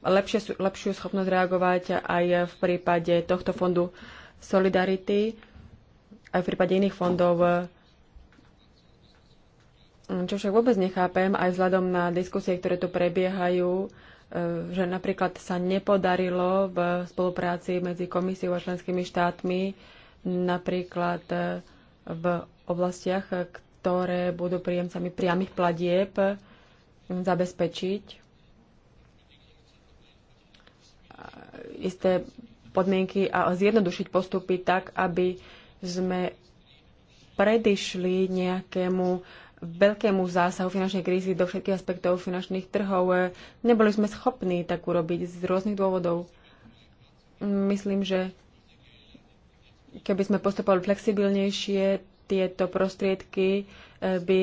lepšie, lepšiu schopnosť reagovať aj v prípade tohto fondu Solidarity, aj v prípade iných fondov čo však vôbec nechápem, aj vzhľadom na diskusie, ktoré tu prebiehajú, e, že napríklad sa nepodarilo v spolupráci medzi komisiou a členskými štátmi napríklad e, v oblastiach, ktoré budú príjemcami priamých platieb zabezpečiť e, isté podmienky a zjednodušiť postupy tak, aby sme predišli nejakému veľkému zásahu finančnej krízy do všetkých aspektov finančných trhov. E, neboli sme schopní tak urobiť z rôznych dôvodov. Myslím, že keby sme postupovali flexibilnejšie, tieto prostriedky e, by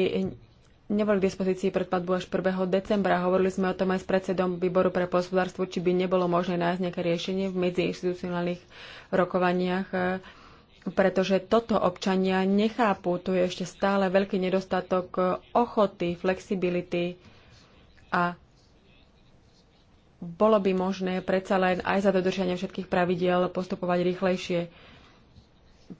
neboli k dispozícii pred platbu až 1. decembra. Hovorili sme o tom aj s predsedom výboru pre pospodárstvo, či by nebolo možné nájsť nejaké riešenie v medziinstitucionálnych rokovaniach e, pretože toto občania nechápu. Tu je ešte stále veľký nedostatok ochoty, flexibility a bolo by možné predsa len aj za dodržanie všetkých pravidiel postupovať rýchlejšie,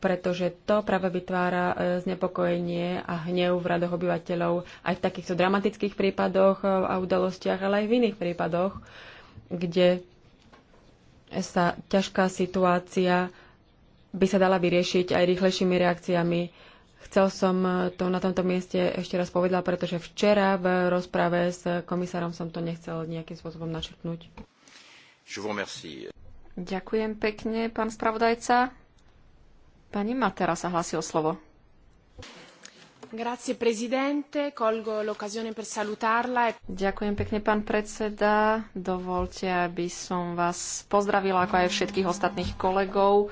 pretože to práve vytvára e, znepokojenie a hnev v radoch obyvateľov aj v takýchto dramatických prípadoch e, a udalostiach, ale aj v iných prípadoch, kde sa ťažká situácia by sa dala vyriešiť aj rýchlejšími reakciami. Chcel som to na tomto mieste ešte raz povedať, pretože včera v rozprave s komisárom som to nechcel nejakým spôsobom načrtnúť. Ďakujem pekne, pán spravodajca. Pani Matera sa hlási o slovo. Grazie, e- Ďakujem pekne, pán predseda. Dovolte, aby som vás pozdravila, ako aj všetkých ostatných kolegov.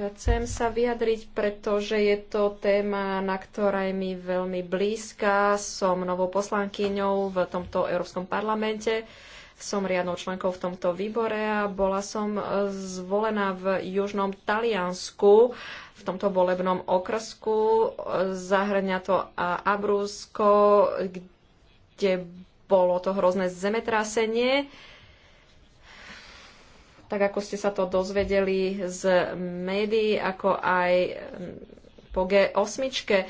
Chcem sa vyjadriť, pretože je to téma, na ktorej mi veľmi blízka. Som novou poslankyňou v tomto Európskom parlamente. Som riadnou členkou v tomto výbore a bola som e, zvolená v Južnom Taliansku v tomto volebnom okrsku. Zahrňa to Abrusko, kde bolo to hrozné zemetrasenie tak ako ste sa to dozvedeli z médií, ako aj mm, po G8. E,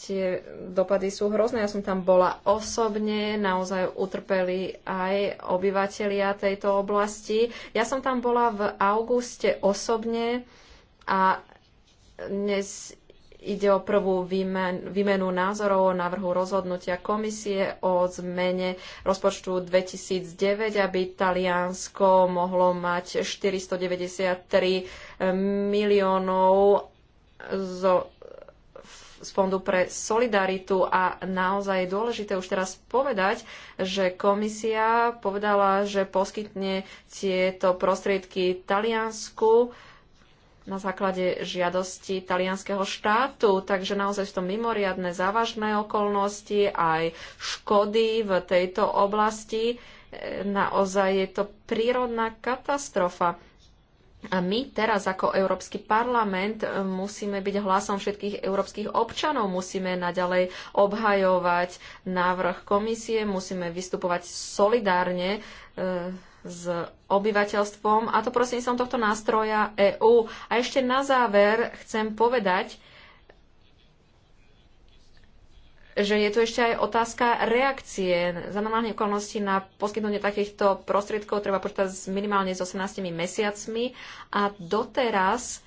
tie dopady sú hrozné. Ja som tam bola osobne, naozaj utrpeli aj obyvatelia tejto oblasti. Ja som tam bola v auguste osobne a dnes Ide o prvú výmen, výmenu názorov o návrhu rozhodnutia komisie o zmene rozpočtu 2009, aby Taliansko mohlo mať 493 eh, miliónov zo, z Fondu pre solidaritu a naozaj je dôležité už teraz povedať, že komisia povedala, že poskytne tieto prostriedky Taliansku na základe žiadosti talianského štátu, takže naozaj sú to mimoriadne závažné okolnosti, aj škody v tejto oblasti. E, naozaj je to prírodná katastrofa. A my teraz ako Európsky parlament musíme byť hlasom všetkých európskych občanov, musíme naďalej obhajovať návrh komisie, musíme vystupovať solidárne e, s obyvateľstvom a to prosím som tohto nástroja EÚ. A ešte na záver chcem povedať, že je tu ešte aj otázka reakcie. Za normálne okolnosti na poskytnutie takýchto prostriedkov treba počítať s minimálne s 18 mesiacmi a doteraz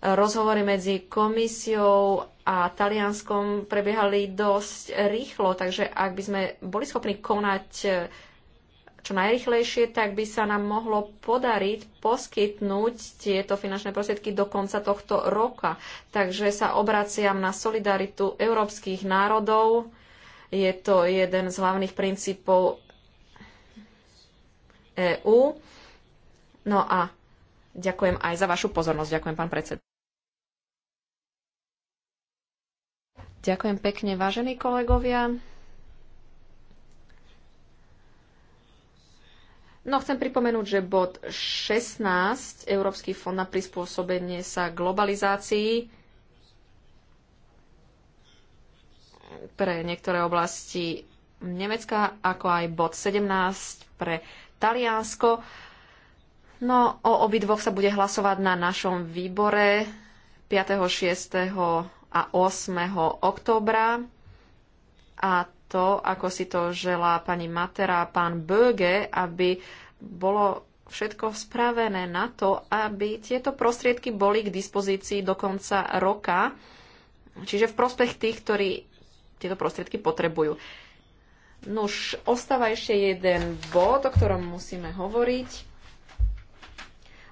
rozhovory medzi komisiou a Talianskom prebiehali dosť rýchlo, takže ak by sme boli schopní konať čo najrychlejšie, tak by sa nám mohlo podariť poskytnúť tieto finančné prostriedky do konca tohto roka. Takže sa obraciam na solidaritu európskych národov. Je to jeden z hlavných princípov EÚ. No a ďakujem aj za vašu pozornosť. Ďakujem, pán predseda. Ďakujem pekne, vážení kolegovia. No chcem pripomenúť, že bod 16, Európsky fond na prispôsobenie sa globalizácii, pre niektoré oblasti Nemecka, ako aj bod 17 pre Taliansko. No, o obidvoch sa bude hlasovať na našom výbore 5., 6. a 8. októbra. A to, ako si to želá pani Matera a pán Böge, aby bolo všetko spravené na to, aby tieto prostriedky boli k dispozícii do konca roka, čiže v prospech tých, ktorí tieto prostriedky potrebujú. Nuž, ostáva ešte jeden bod, o ktorom musíme hovoriť.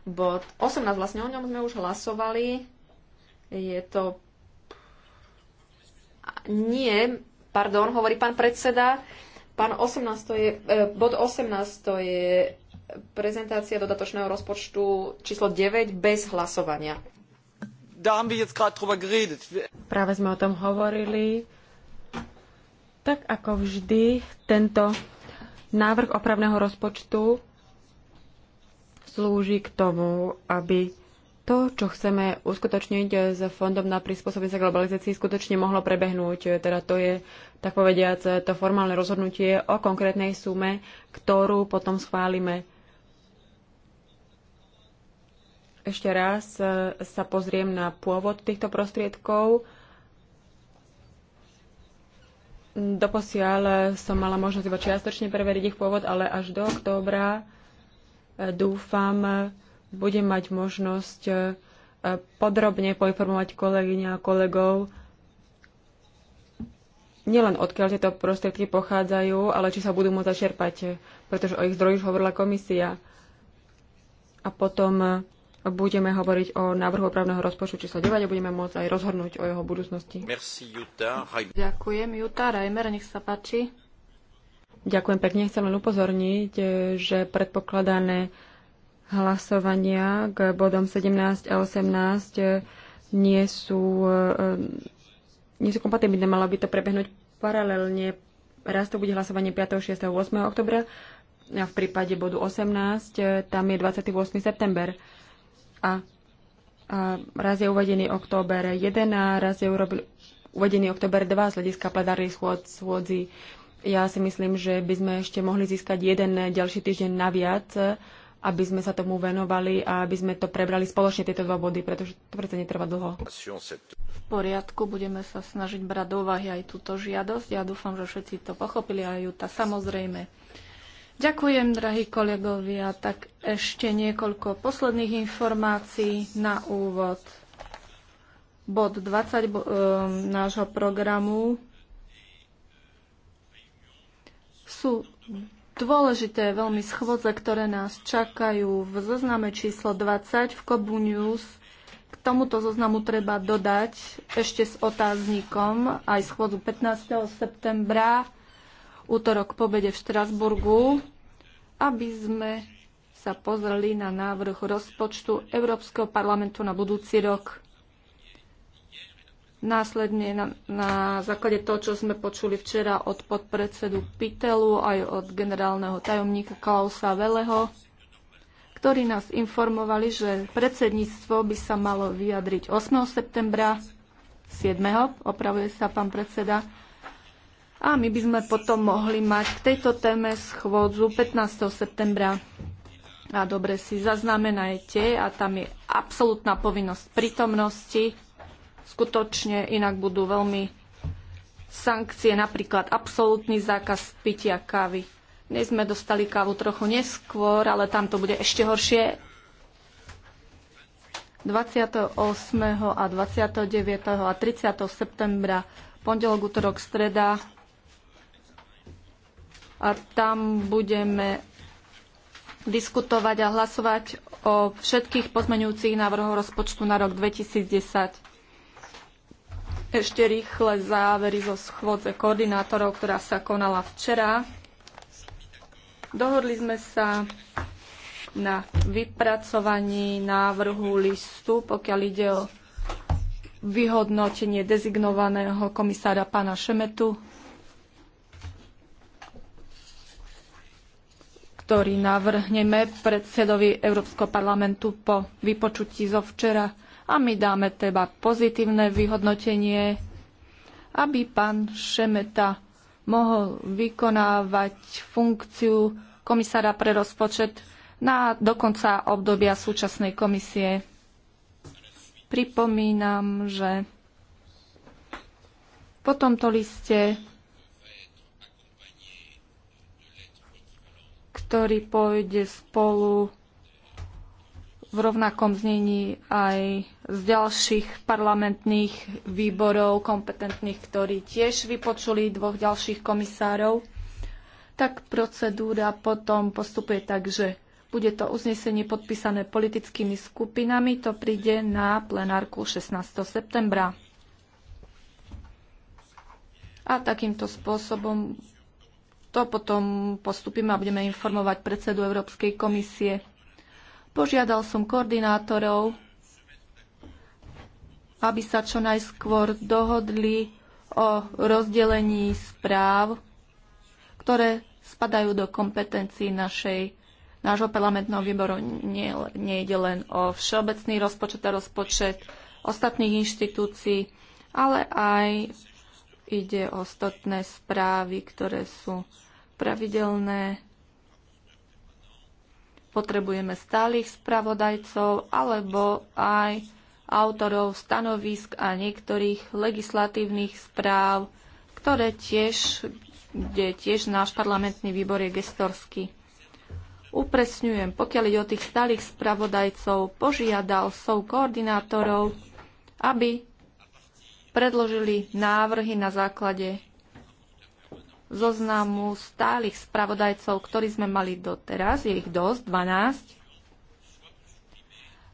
Bod 18, vlastne o ňom sme už hlasovali. Je to nie Pardon, hovorí pán predseda. Pán 18 to je, e, bod 18 to je prezentácia dodatočného rozpočtu číslo 9 bez hlasovania. Práve sme o tom hovorili. Tak ako vždy, tento návrh opravného rozpočtu slúži k tomu, aby to, čo chceme uskutočniť s Fondom na prispôsobenie sa globalizácii, skutočne mohlo prebehnúť. Teda to je, tak povediac, to formálne rozhodnutie o konkrétnej sume, ktorú potom schválime. Ešte raz e, sa pozriem na pôvod týchto prostriedkov. Doposiaľ som mala možnosť iba čiastočne preveriť ich pôvod, ale až do októbra e, dúfam, budem mať možnosť e, podrobne poinformovať kolegyne a kolegov, nielen odkiaľ tieto prostriedky pochádzajú, ale či sa budú môcť začerpať, e, pretože o ich zdroji už hovorila komisia. A potom e, budeme hovoriť o návrhu opravného rozpočtu číslo 9 a budeme môcť aj rozhodnúť o jeho budúcnosti. Merci, Juta. Ďakujem, Juta. Reimer, nech sa páči. Ďakujem pekne. Chcem len upozorniť, že predpokladané hlasovania k bodom 17 a 18 eh, nie sú, eh, nie sú kompatibilné. Malo by to prebehnúť paralelne. Raz to bude hlasovanie 5., 6., 8. oktobra a v prípade bodu 18 eh, tam je 28. september. A, a raz je uvedený október 1 a raz je urobil, uvedený október 2 z hľadiska plenárnych schôd, schôdzi. Ja si myslím, že by sme ešte mohli získať jeden ďalší týždeň naviac, aby sme sa tomu venovali a aby sme to prebrali spoločne tieto dva body, pretože to predsa netrvá dlho. V poriadku, budeme sa snažiť brať do úvahy aj túto žiadosť. Ja dúfam, že všetci to pochopili a ju tá samozrejme. Ďakujem, drahí kolegovia. Tak ešte niekoľko posledných informácií na úvod. Bod 20 ehm, nášho programu sú dôležité veľmi schôdze, ktoré nás čakajú v zozname číslo 20 v Kobu News. K tomuto zoznamu treba dodať ešte s otáznikom aj schôdzu 15. septembra, útorok po obede v Štrasburgu, aby sme sa pozreli na návrh rozpočtu Európskeho parlamentu na budúci rok. Následne na, na základe toho, čo sme počuli včera od podpredsedu Pitelu aj od generálneho tajomníka Klausa Veleho, ktorí nás informovali, že predsedníctvo by sa malo vyjadriť 8. septembra, 7. opravuje sa pán predseda, a my by sme potom mohli mať k tejto téme schôdzu 15. septembra. A dobre si zaznamenajte, a tam je absolútna povinnosť prítomnosti Skutočne inak budú veľmi sankcie, napríklad absolútny zákaz pitia kávy. Dnes sme dostali kávu trochu neskôr, ale tam to bude ešte horšie. 28. a 29. a 30. septembra, pondelok, útorok, streda. A tam budeme diskutovať a hlasovať o všetkých pozmeňujúcich návrhoch rozpočtu na rok 2010. Ešte rýchle závery zo schôdze koordinátorov, ktorá sa konala včera. Dohodli sme sa na vypracovaní návrhu listu, pokiaľ ide o vyhodnotenie dezignovaného komisára pána Šemetu, ktorý navrhneme predsedovi Európskeho parlamentu po vypočutí zo včera a my dáme teba pozitívne vyhodnotenie, aby pán Šemeta mohol vykonávať funkciu komisára pre rozpočet na dokonca obdobia súčasnej komisie. Pripomínam, že po tomto liste ktorý pôjde spolu v rovnakom znení aj z ďalších parlamentných výborov kompetentných, ktorí tiež vypočuli dvoch ďalších komisárov, tak procedúra potom postupuje tak, že bude to uznesenie podpísané politickými skupinami, to príde na plenárku 16. septembra. A takýmto spôsobom to potom postupíme a budeme informovať predsedu Európskej komisie. Požiadal som koordinátorov aby sa čo najskôr dohodli o rozdelení správ, ktoré spadajú do kompetencií našej, nášho parlamentného výboru. Nie, nejde len o všeobecný rozpočet a rozpočet ostatných inštitúcií, ale aj ide o ostatné správy, ktoré sú pravidelné. Potrebujeme stálych spravodajcov alebo aj autorov stanovisk a niektorých legislatívnych správ, ktoré tiež, kde tiež náš parlamentný výbor je gestorský. Upresňujem, pokiaľ ide o tých stálych spravodajcov, požiadal som koordinátorov, aby predložili návrhy na základe zoznamu stálych spravodajcov, ktorí sme mali doteraz, je ich dosť, 12.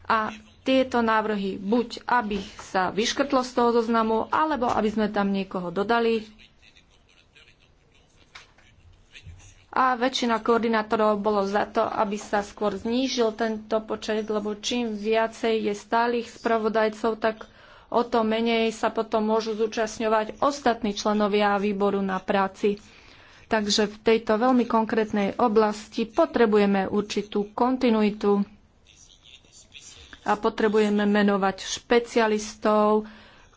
A tieto návrhy buď, aby sa vyškrtlo z toho zoznamu, alebo aby sme tam niekoho dodali. A väčšina koordinátorov bolo za to, aby sa skôr znížil tento počet, lebo čím viacej je stálych spravodajcov, tak o to menej sa potom môžu zúčastňovať ostatní členovia výboru na práci. Takže v tejto veľmi konkrétnej oblasti potrebujeme určitú kontinuitu a potrebujeme menovať špecialistov,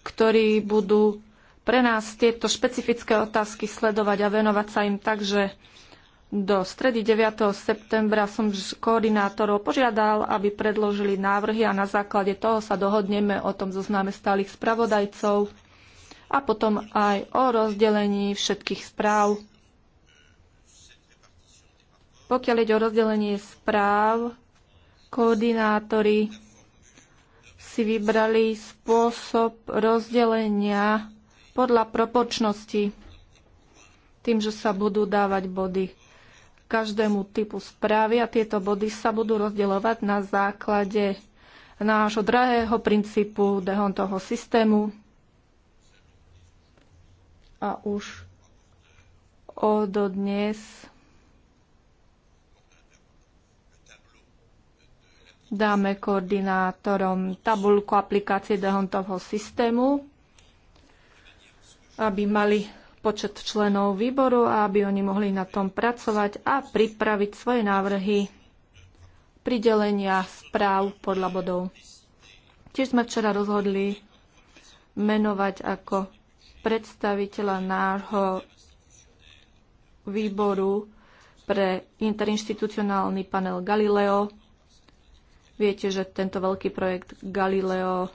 ktorí budú pre nás tieto špecifické otázky sledovať a venovať sa im tak, že do stredy 9. septembra som koordinátorov požiadal, aby predložili návrhy a na základe toho sa dohodneme o tom zozname stálych spravodajcov a potom aj o rozdelení všetkých správ. Pokiaľ ide o rozdelenie správ, koordinátori si vybrali spôsob rozdelenia podľa propočnosti, tým, že sa budú dávať body každému typu správy a tieto body sa budú rozdeľovať na základe nášho drahého princípu dehontoho systému. A už od dnes dáme koordinátorom tabulku aplikácie Dehontovho systému, aby mali počet členov výboru a aby oni mohli na tom pracovať a pripraviť svoje návrhy pridelenia správ podľa bodov. Tiež sme včera rozhodli menovať ako predstaviteľa nášho výboru pre interinstitucionálny panel Galileo Viete, že tento veľký projekt Galileo,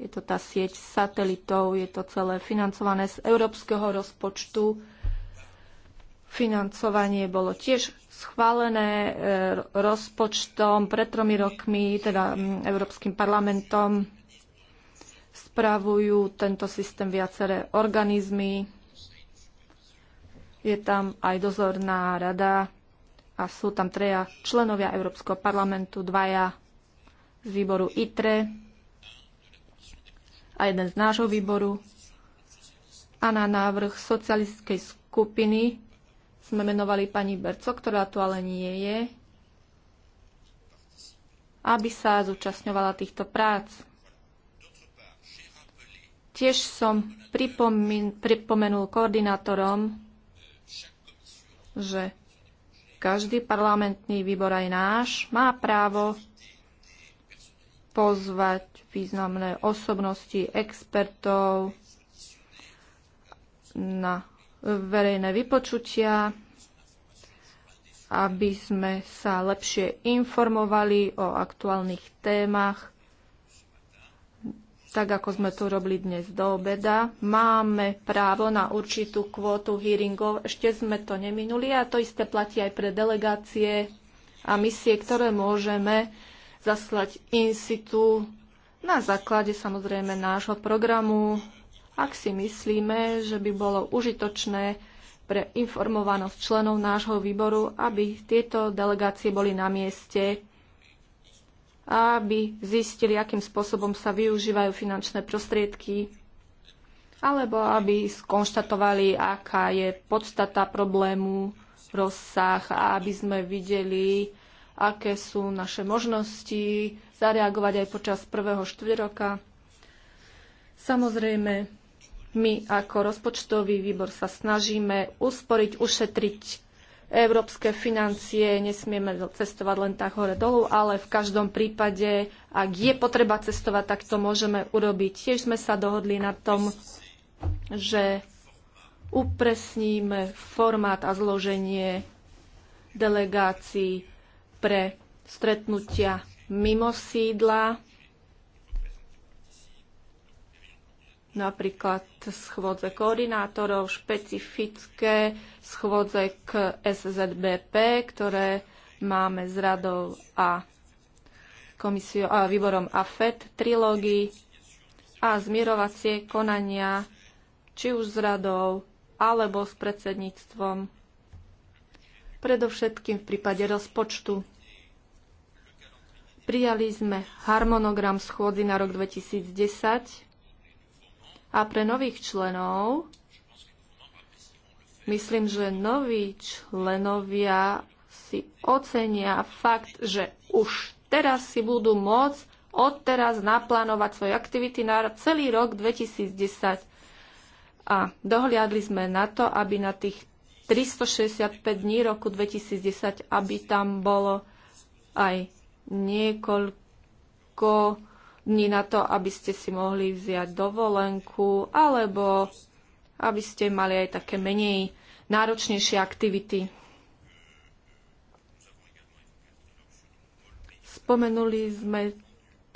je to tá sieť satelitov, je to celé financované z európskeho rozpočtu. Financovanie bolo tiež schválené e, rozpočtom pred tromi rokmi, teda Európskym parlamentom. Spravujú tento systém viaceré organizmy. Je tam aj dozorná rada a sú tam treja členovia Európskeho parlamentu, dvaja z výboru ITRE a jeden z nášho výboru. A na návrh socialistickej skupiny sme menovali pani Berco, ktorá tu ale nie je, aby sa zúčastňovala týchto prác. Tiež som pripomenul koordinátorom, že každý parlamentný výbor aj náš má právo pozvať významné osobnosti, expertov na verejné vypočutia, aby sme sa lepšie informovali o aktuálnych témach tak ako sme tu robili dnes do obeda, máme právo na určitú kvótu hearingov. Ešte sme to neminuli a to isté platí aj pre delegácie a misie, ktoré môžeme zaslať in situ na základe samozrejme nášho programu, ak si myslíme, že by bolo užitočné pre informovanosť členov nášho výboru, aby tieto delegácie boli na mieste aby zistili, akým spôsobom sa využívajú finančné prostriedky, alebo aby skonštatovali, aká je podstata problému, rozsah a aby sme videli, aké sú naše možnosti zareagovať aj počas prvého štvrťroka. Samozrejme, my ako rozpočtový výbor sa snažíme usporiť, ušetriť európske financie nesmieme cestovať len tak hore dolu, ale v každom prípade, ak je potreba cestovať, tak to môžeme urobiť. Tiež sme sa dohodli na tom, že upresníme formát a zloženie delegácií pre stretnutia mimo sídla napríklad schôdze koordinátorov, špecifické schôdze k SZBP, ktoré máme s radou a, komisiou, a výborom AFED, trilógy a zmierovacie konania, či už s radou alebo s predsedníctvom, predovšetkým v prípade rozpočtu. Prijali sme harmonogram schôdzy na rok 2010 a pre nových členov, myslím, že noví členovia si ocenia fakt, že už teraz si budú môcť odteraz naplánovať svoje aktivity na celý rok 2010. A dohliadli sme na to, aby na tých 365 dní roku 2010, aby tam bolo aj niekoľko dní na to, aby ste si mohli vziať dovolenku alebo aby ste mali aj také menej náročnejšie aktivity. Spomenuli sme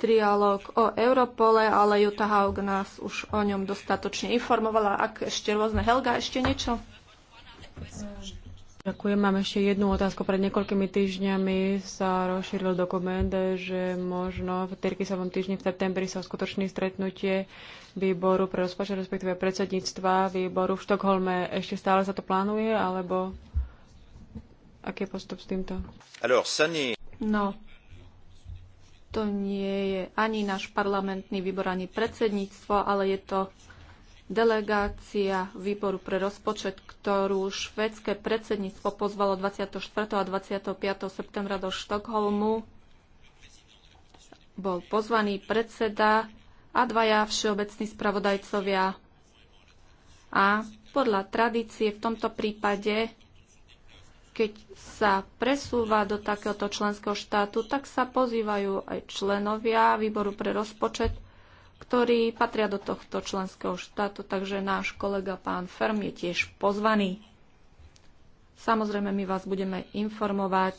trialóg o Europole, ale Jutta Haug nás už o ňom dostatočne informovala. Ak ešte rôzne. Helga, ešte niečo? Ehm, Ďakujem. Mám ešte jednu otázku. Pred niekoľkými týždňami sa rozšíril dokument, že možno v Tyrkisovom týždni v septembri sa skutoční stretnutie výboru pre rozpočet, respektíve predsedníctva výboru v Štokholme. Ešte stále sa to plánuje, alebo aký je postup s týmto? No, to nie je ani náš parlamentný výbor, ani predsedníctvo, ale je to Delegácia výboru pre rozpočet, ktorú švédske predsedníctvo pozvalo 24. a 25. septembra do Štokholmu, bol pozvaný predseda a dvaja všeobecní spravodajcovia. A podľa tradície v tomto prípade, keď sa presúva do takéhoto členského štátu, tak sa pozývajú aj členovia výboru pre rozpočet – ktorí patria do tohto členského štátu, takže náš kolega pán Ferm je tiež pozvaný. Samozrejme, my vás budeme informovať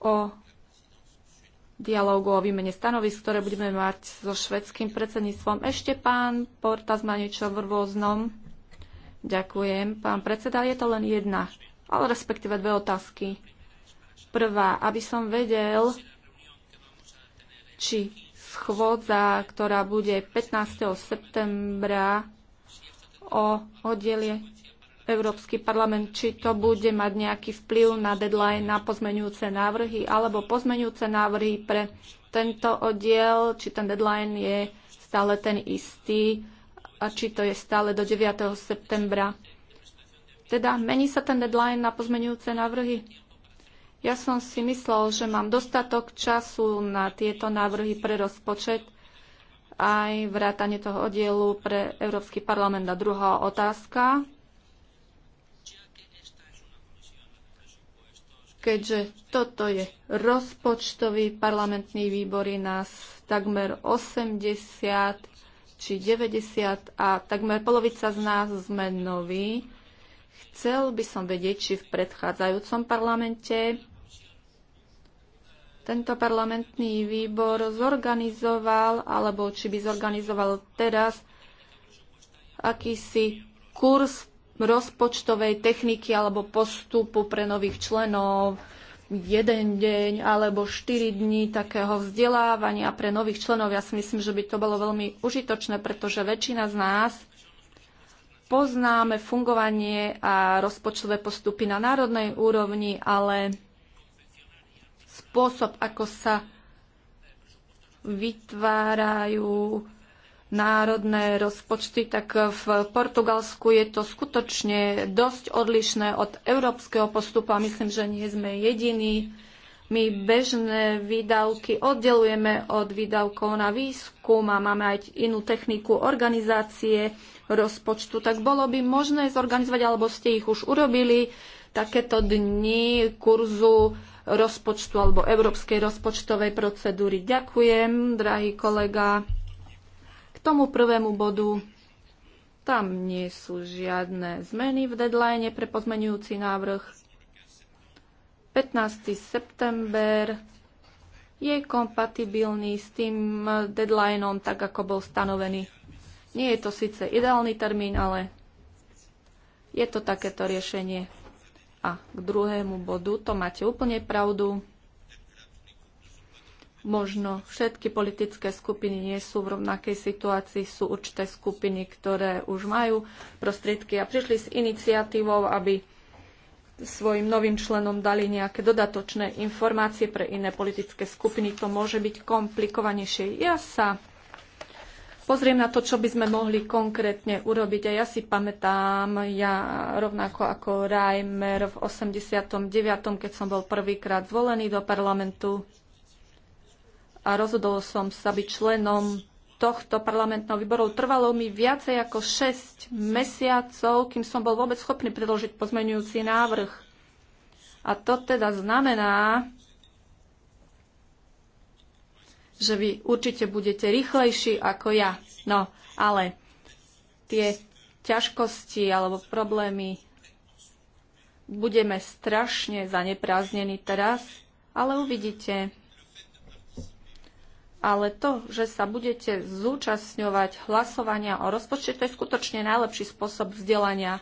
o dialógu o výmene stanovisk, ktoré budeme mať so švedským predsedníctvom. Ešte pán Portas má niečo v rôznom. Ďakujem. Pán predseda, je to len jedna, ale respektíve dve otázky. Prvá, aby som vedel, či schôdza, ktorá bude 15. septembra o oddelie Európsky parlament, či to bude mať nejaký vplyv na deadline na pozmeňujúce návrhy, alebo pozmeňujúce návrhy pre tento oddiel, či ten deadline je stále ten istý a či to je stále do 9. septembra. Teda mení sa ten deadline na pozmeňujúce návrhy? Ja som si myslel, že mám dostatok času na tieto návrhy pre rozpočet aj vrátanie toho oddielu pre Európsky parlament. A druhá otázka. Keďže toto je rozpočtový parlamentný výbor, nás takmer 80 či 90 a takmer polovica z nás sme noví, Chcel by som vedieť, či v predchádzajúcom parlamente tento parlamentný výbor zorganizoval, alebo či by zorganizoval teraz akýsi kurz rozpočtovej techniky alebo postupu pre nových členov, jeden deň alebo štyri dní takého vzdelávania pre nových členov. Ja si myslím, že by to bolo veľmi užitočné, pretože väčšina z nás poznáme fungovanie a rozpočtové postupy na národnej úrovni, ale spôsob, ako sa vytvárajú národné rozpočty, tak v Portugalsku je to skutočne dosť odlišné od európskeho postupu a myslím, že nie sme jediní. My bežné výdavky oddelujeme od výdavkov na výskum a máme aj inú techniku organizácie rozpočtu, tak bolo by možné zorganizovať, alebo ste ich už urobili, takéto dni kurzu rozpočtu alebo európskej rozpočtovej procedúry. Ďakujem, drahý kolega. K tomu prvému bodu tam nie sú žiadne zmeny v deadline pre pozmenujúci návrh. 15. september je kompatibilný s tým deadlineom, tak ako bol stanovený. Nie je to síce ideálny termín, ale je to takéto riešenie. A k druhému bodu, to máte úplne pravdu, možno všetky politické skupiny nie sú v rovnakej situácii, sú určité skupiny, ktoré už majú prostriedky a prišli s iniciatívou, aby svojim novým členom dali nejaké dodatočné informácie pre iné politické skupiny. To môže byť komplikovanejšie. Ja sa pozriem na to, čo by sme mohli konkrétne urobiť. A ja si pamätám, ja rovnako ako Reimer v 89., keď som bol prvýkrát zvolený do parlamentu a rozhodol som sa byť členom tohto parlamentného výboru. Trvalo mi viacej ako 6 mesiacov, kým som bol vôbec schopný predložiť pozmenujúci návrh. A to teda znamená, že vy určite budete rýchlejší ako ja. No, ale tie ťažkosti alebo problémy budeme strašne zanepráznení teraz, ale uvidíte ale to, že sa budete zúčastňovať hlasovania o rozpočte, to je skutočne najlepší spôsob vzdelania.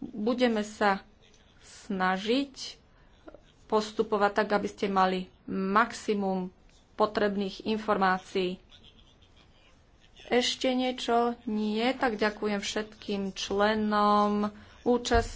Budeme sa snažiť postupovať tak, aby ste mali maximum potrebných informácií. Ešte niečo? Nie, tak ďakujem všetkým členom, účastníkom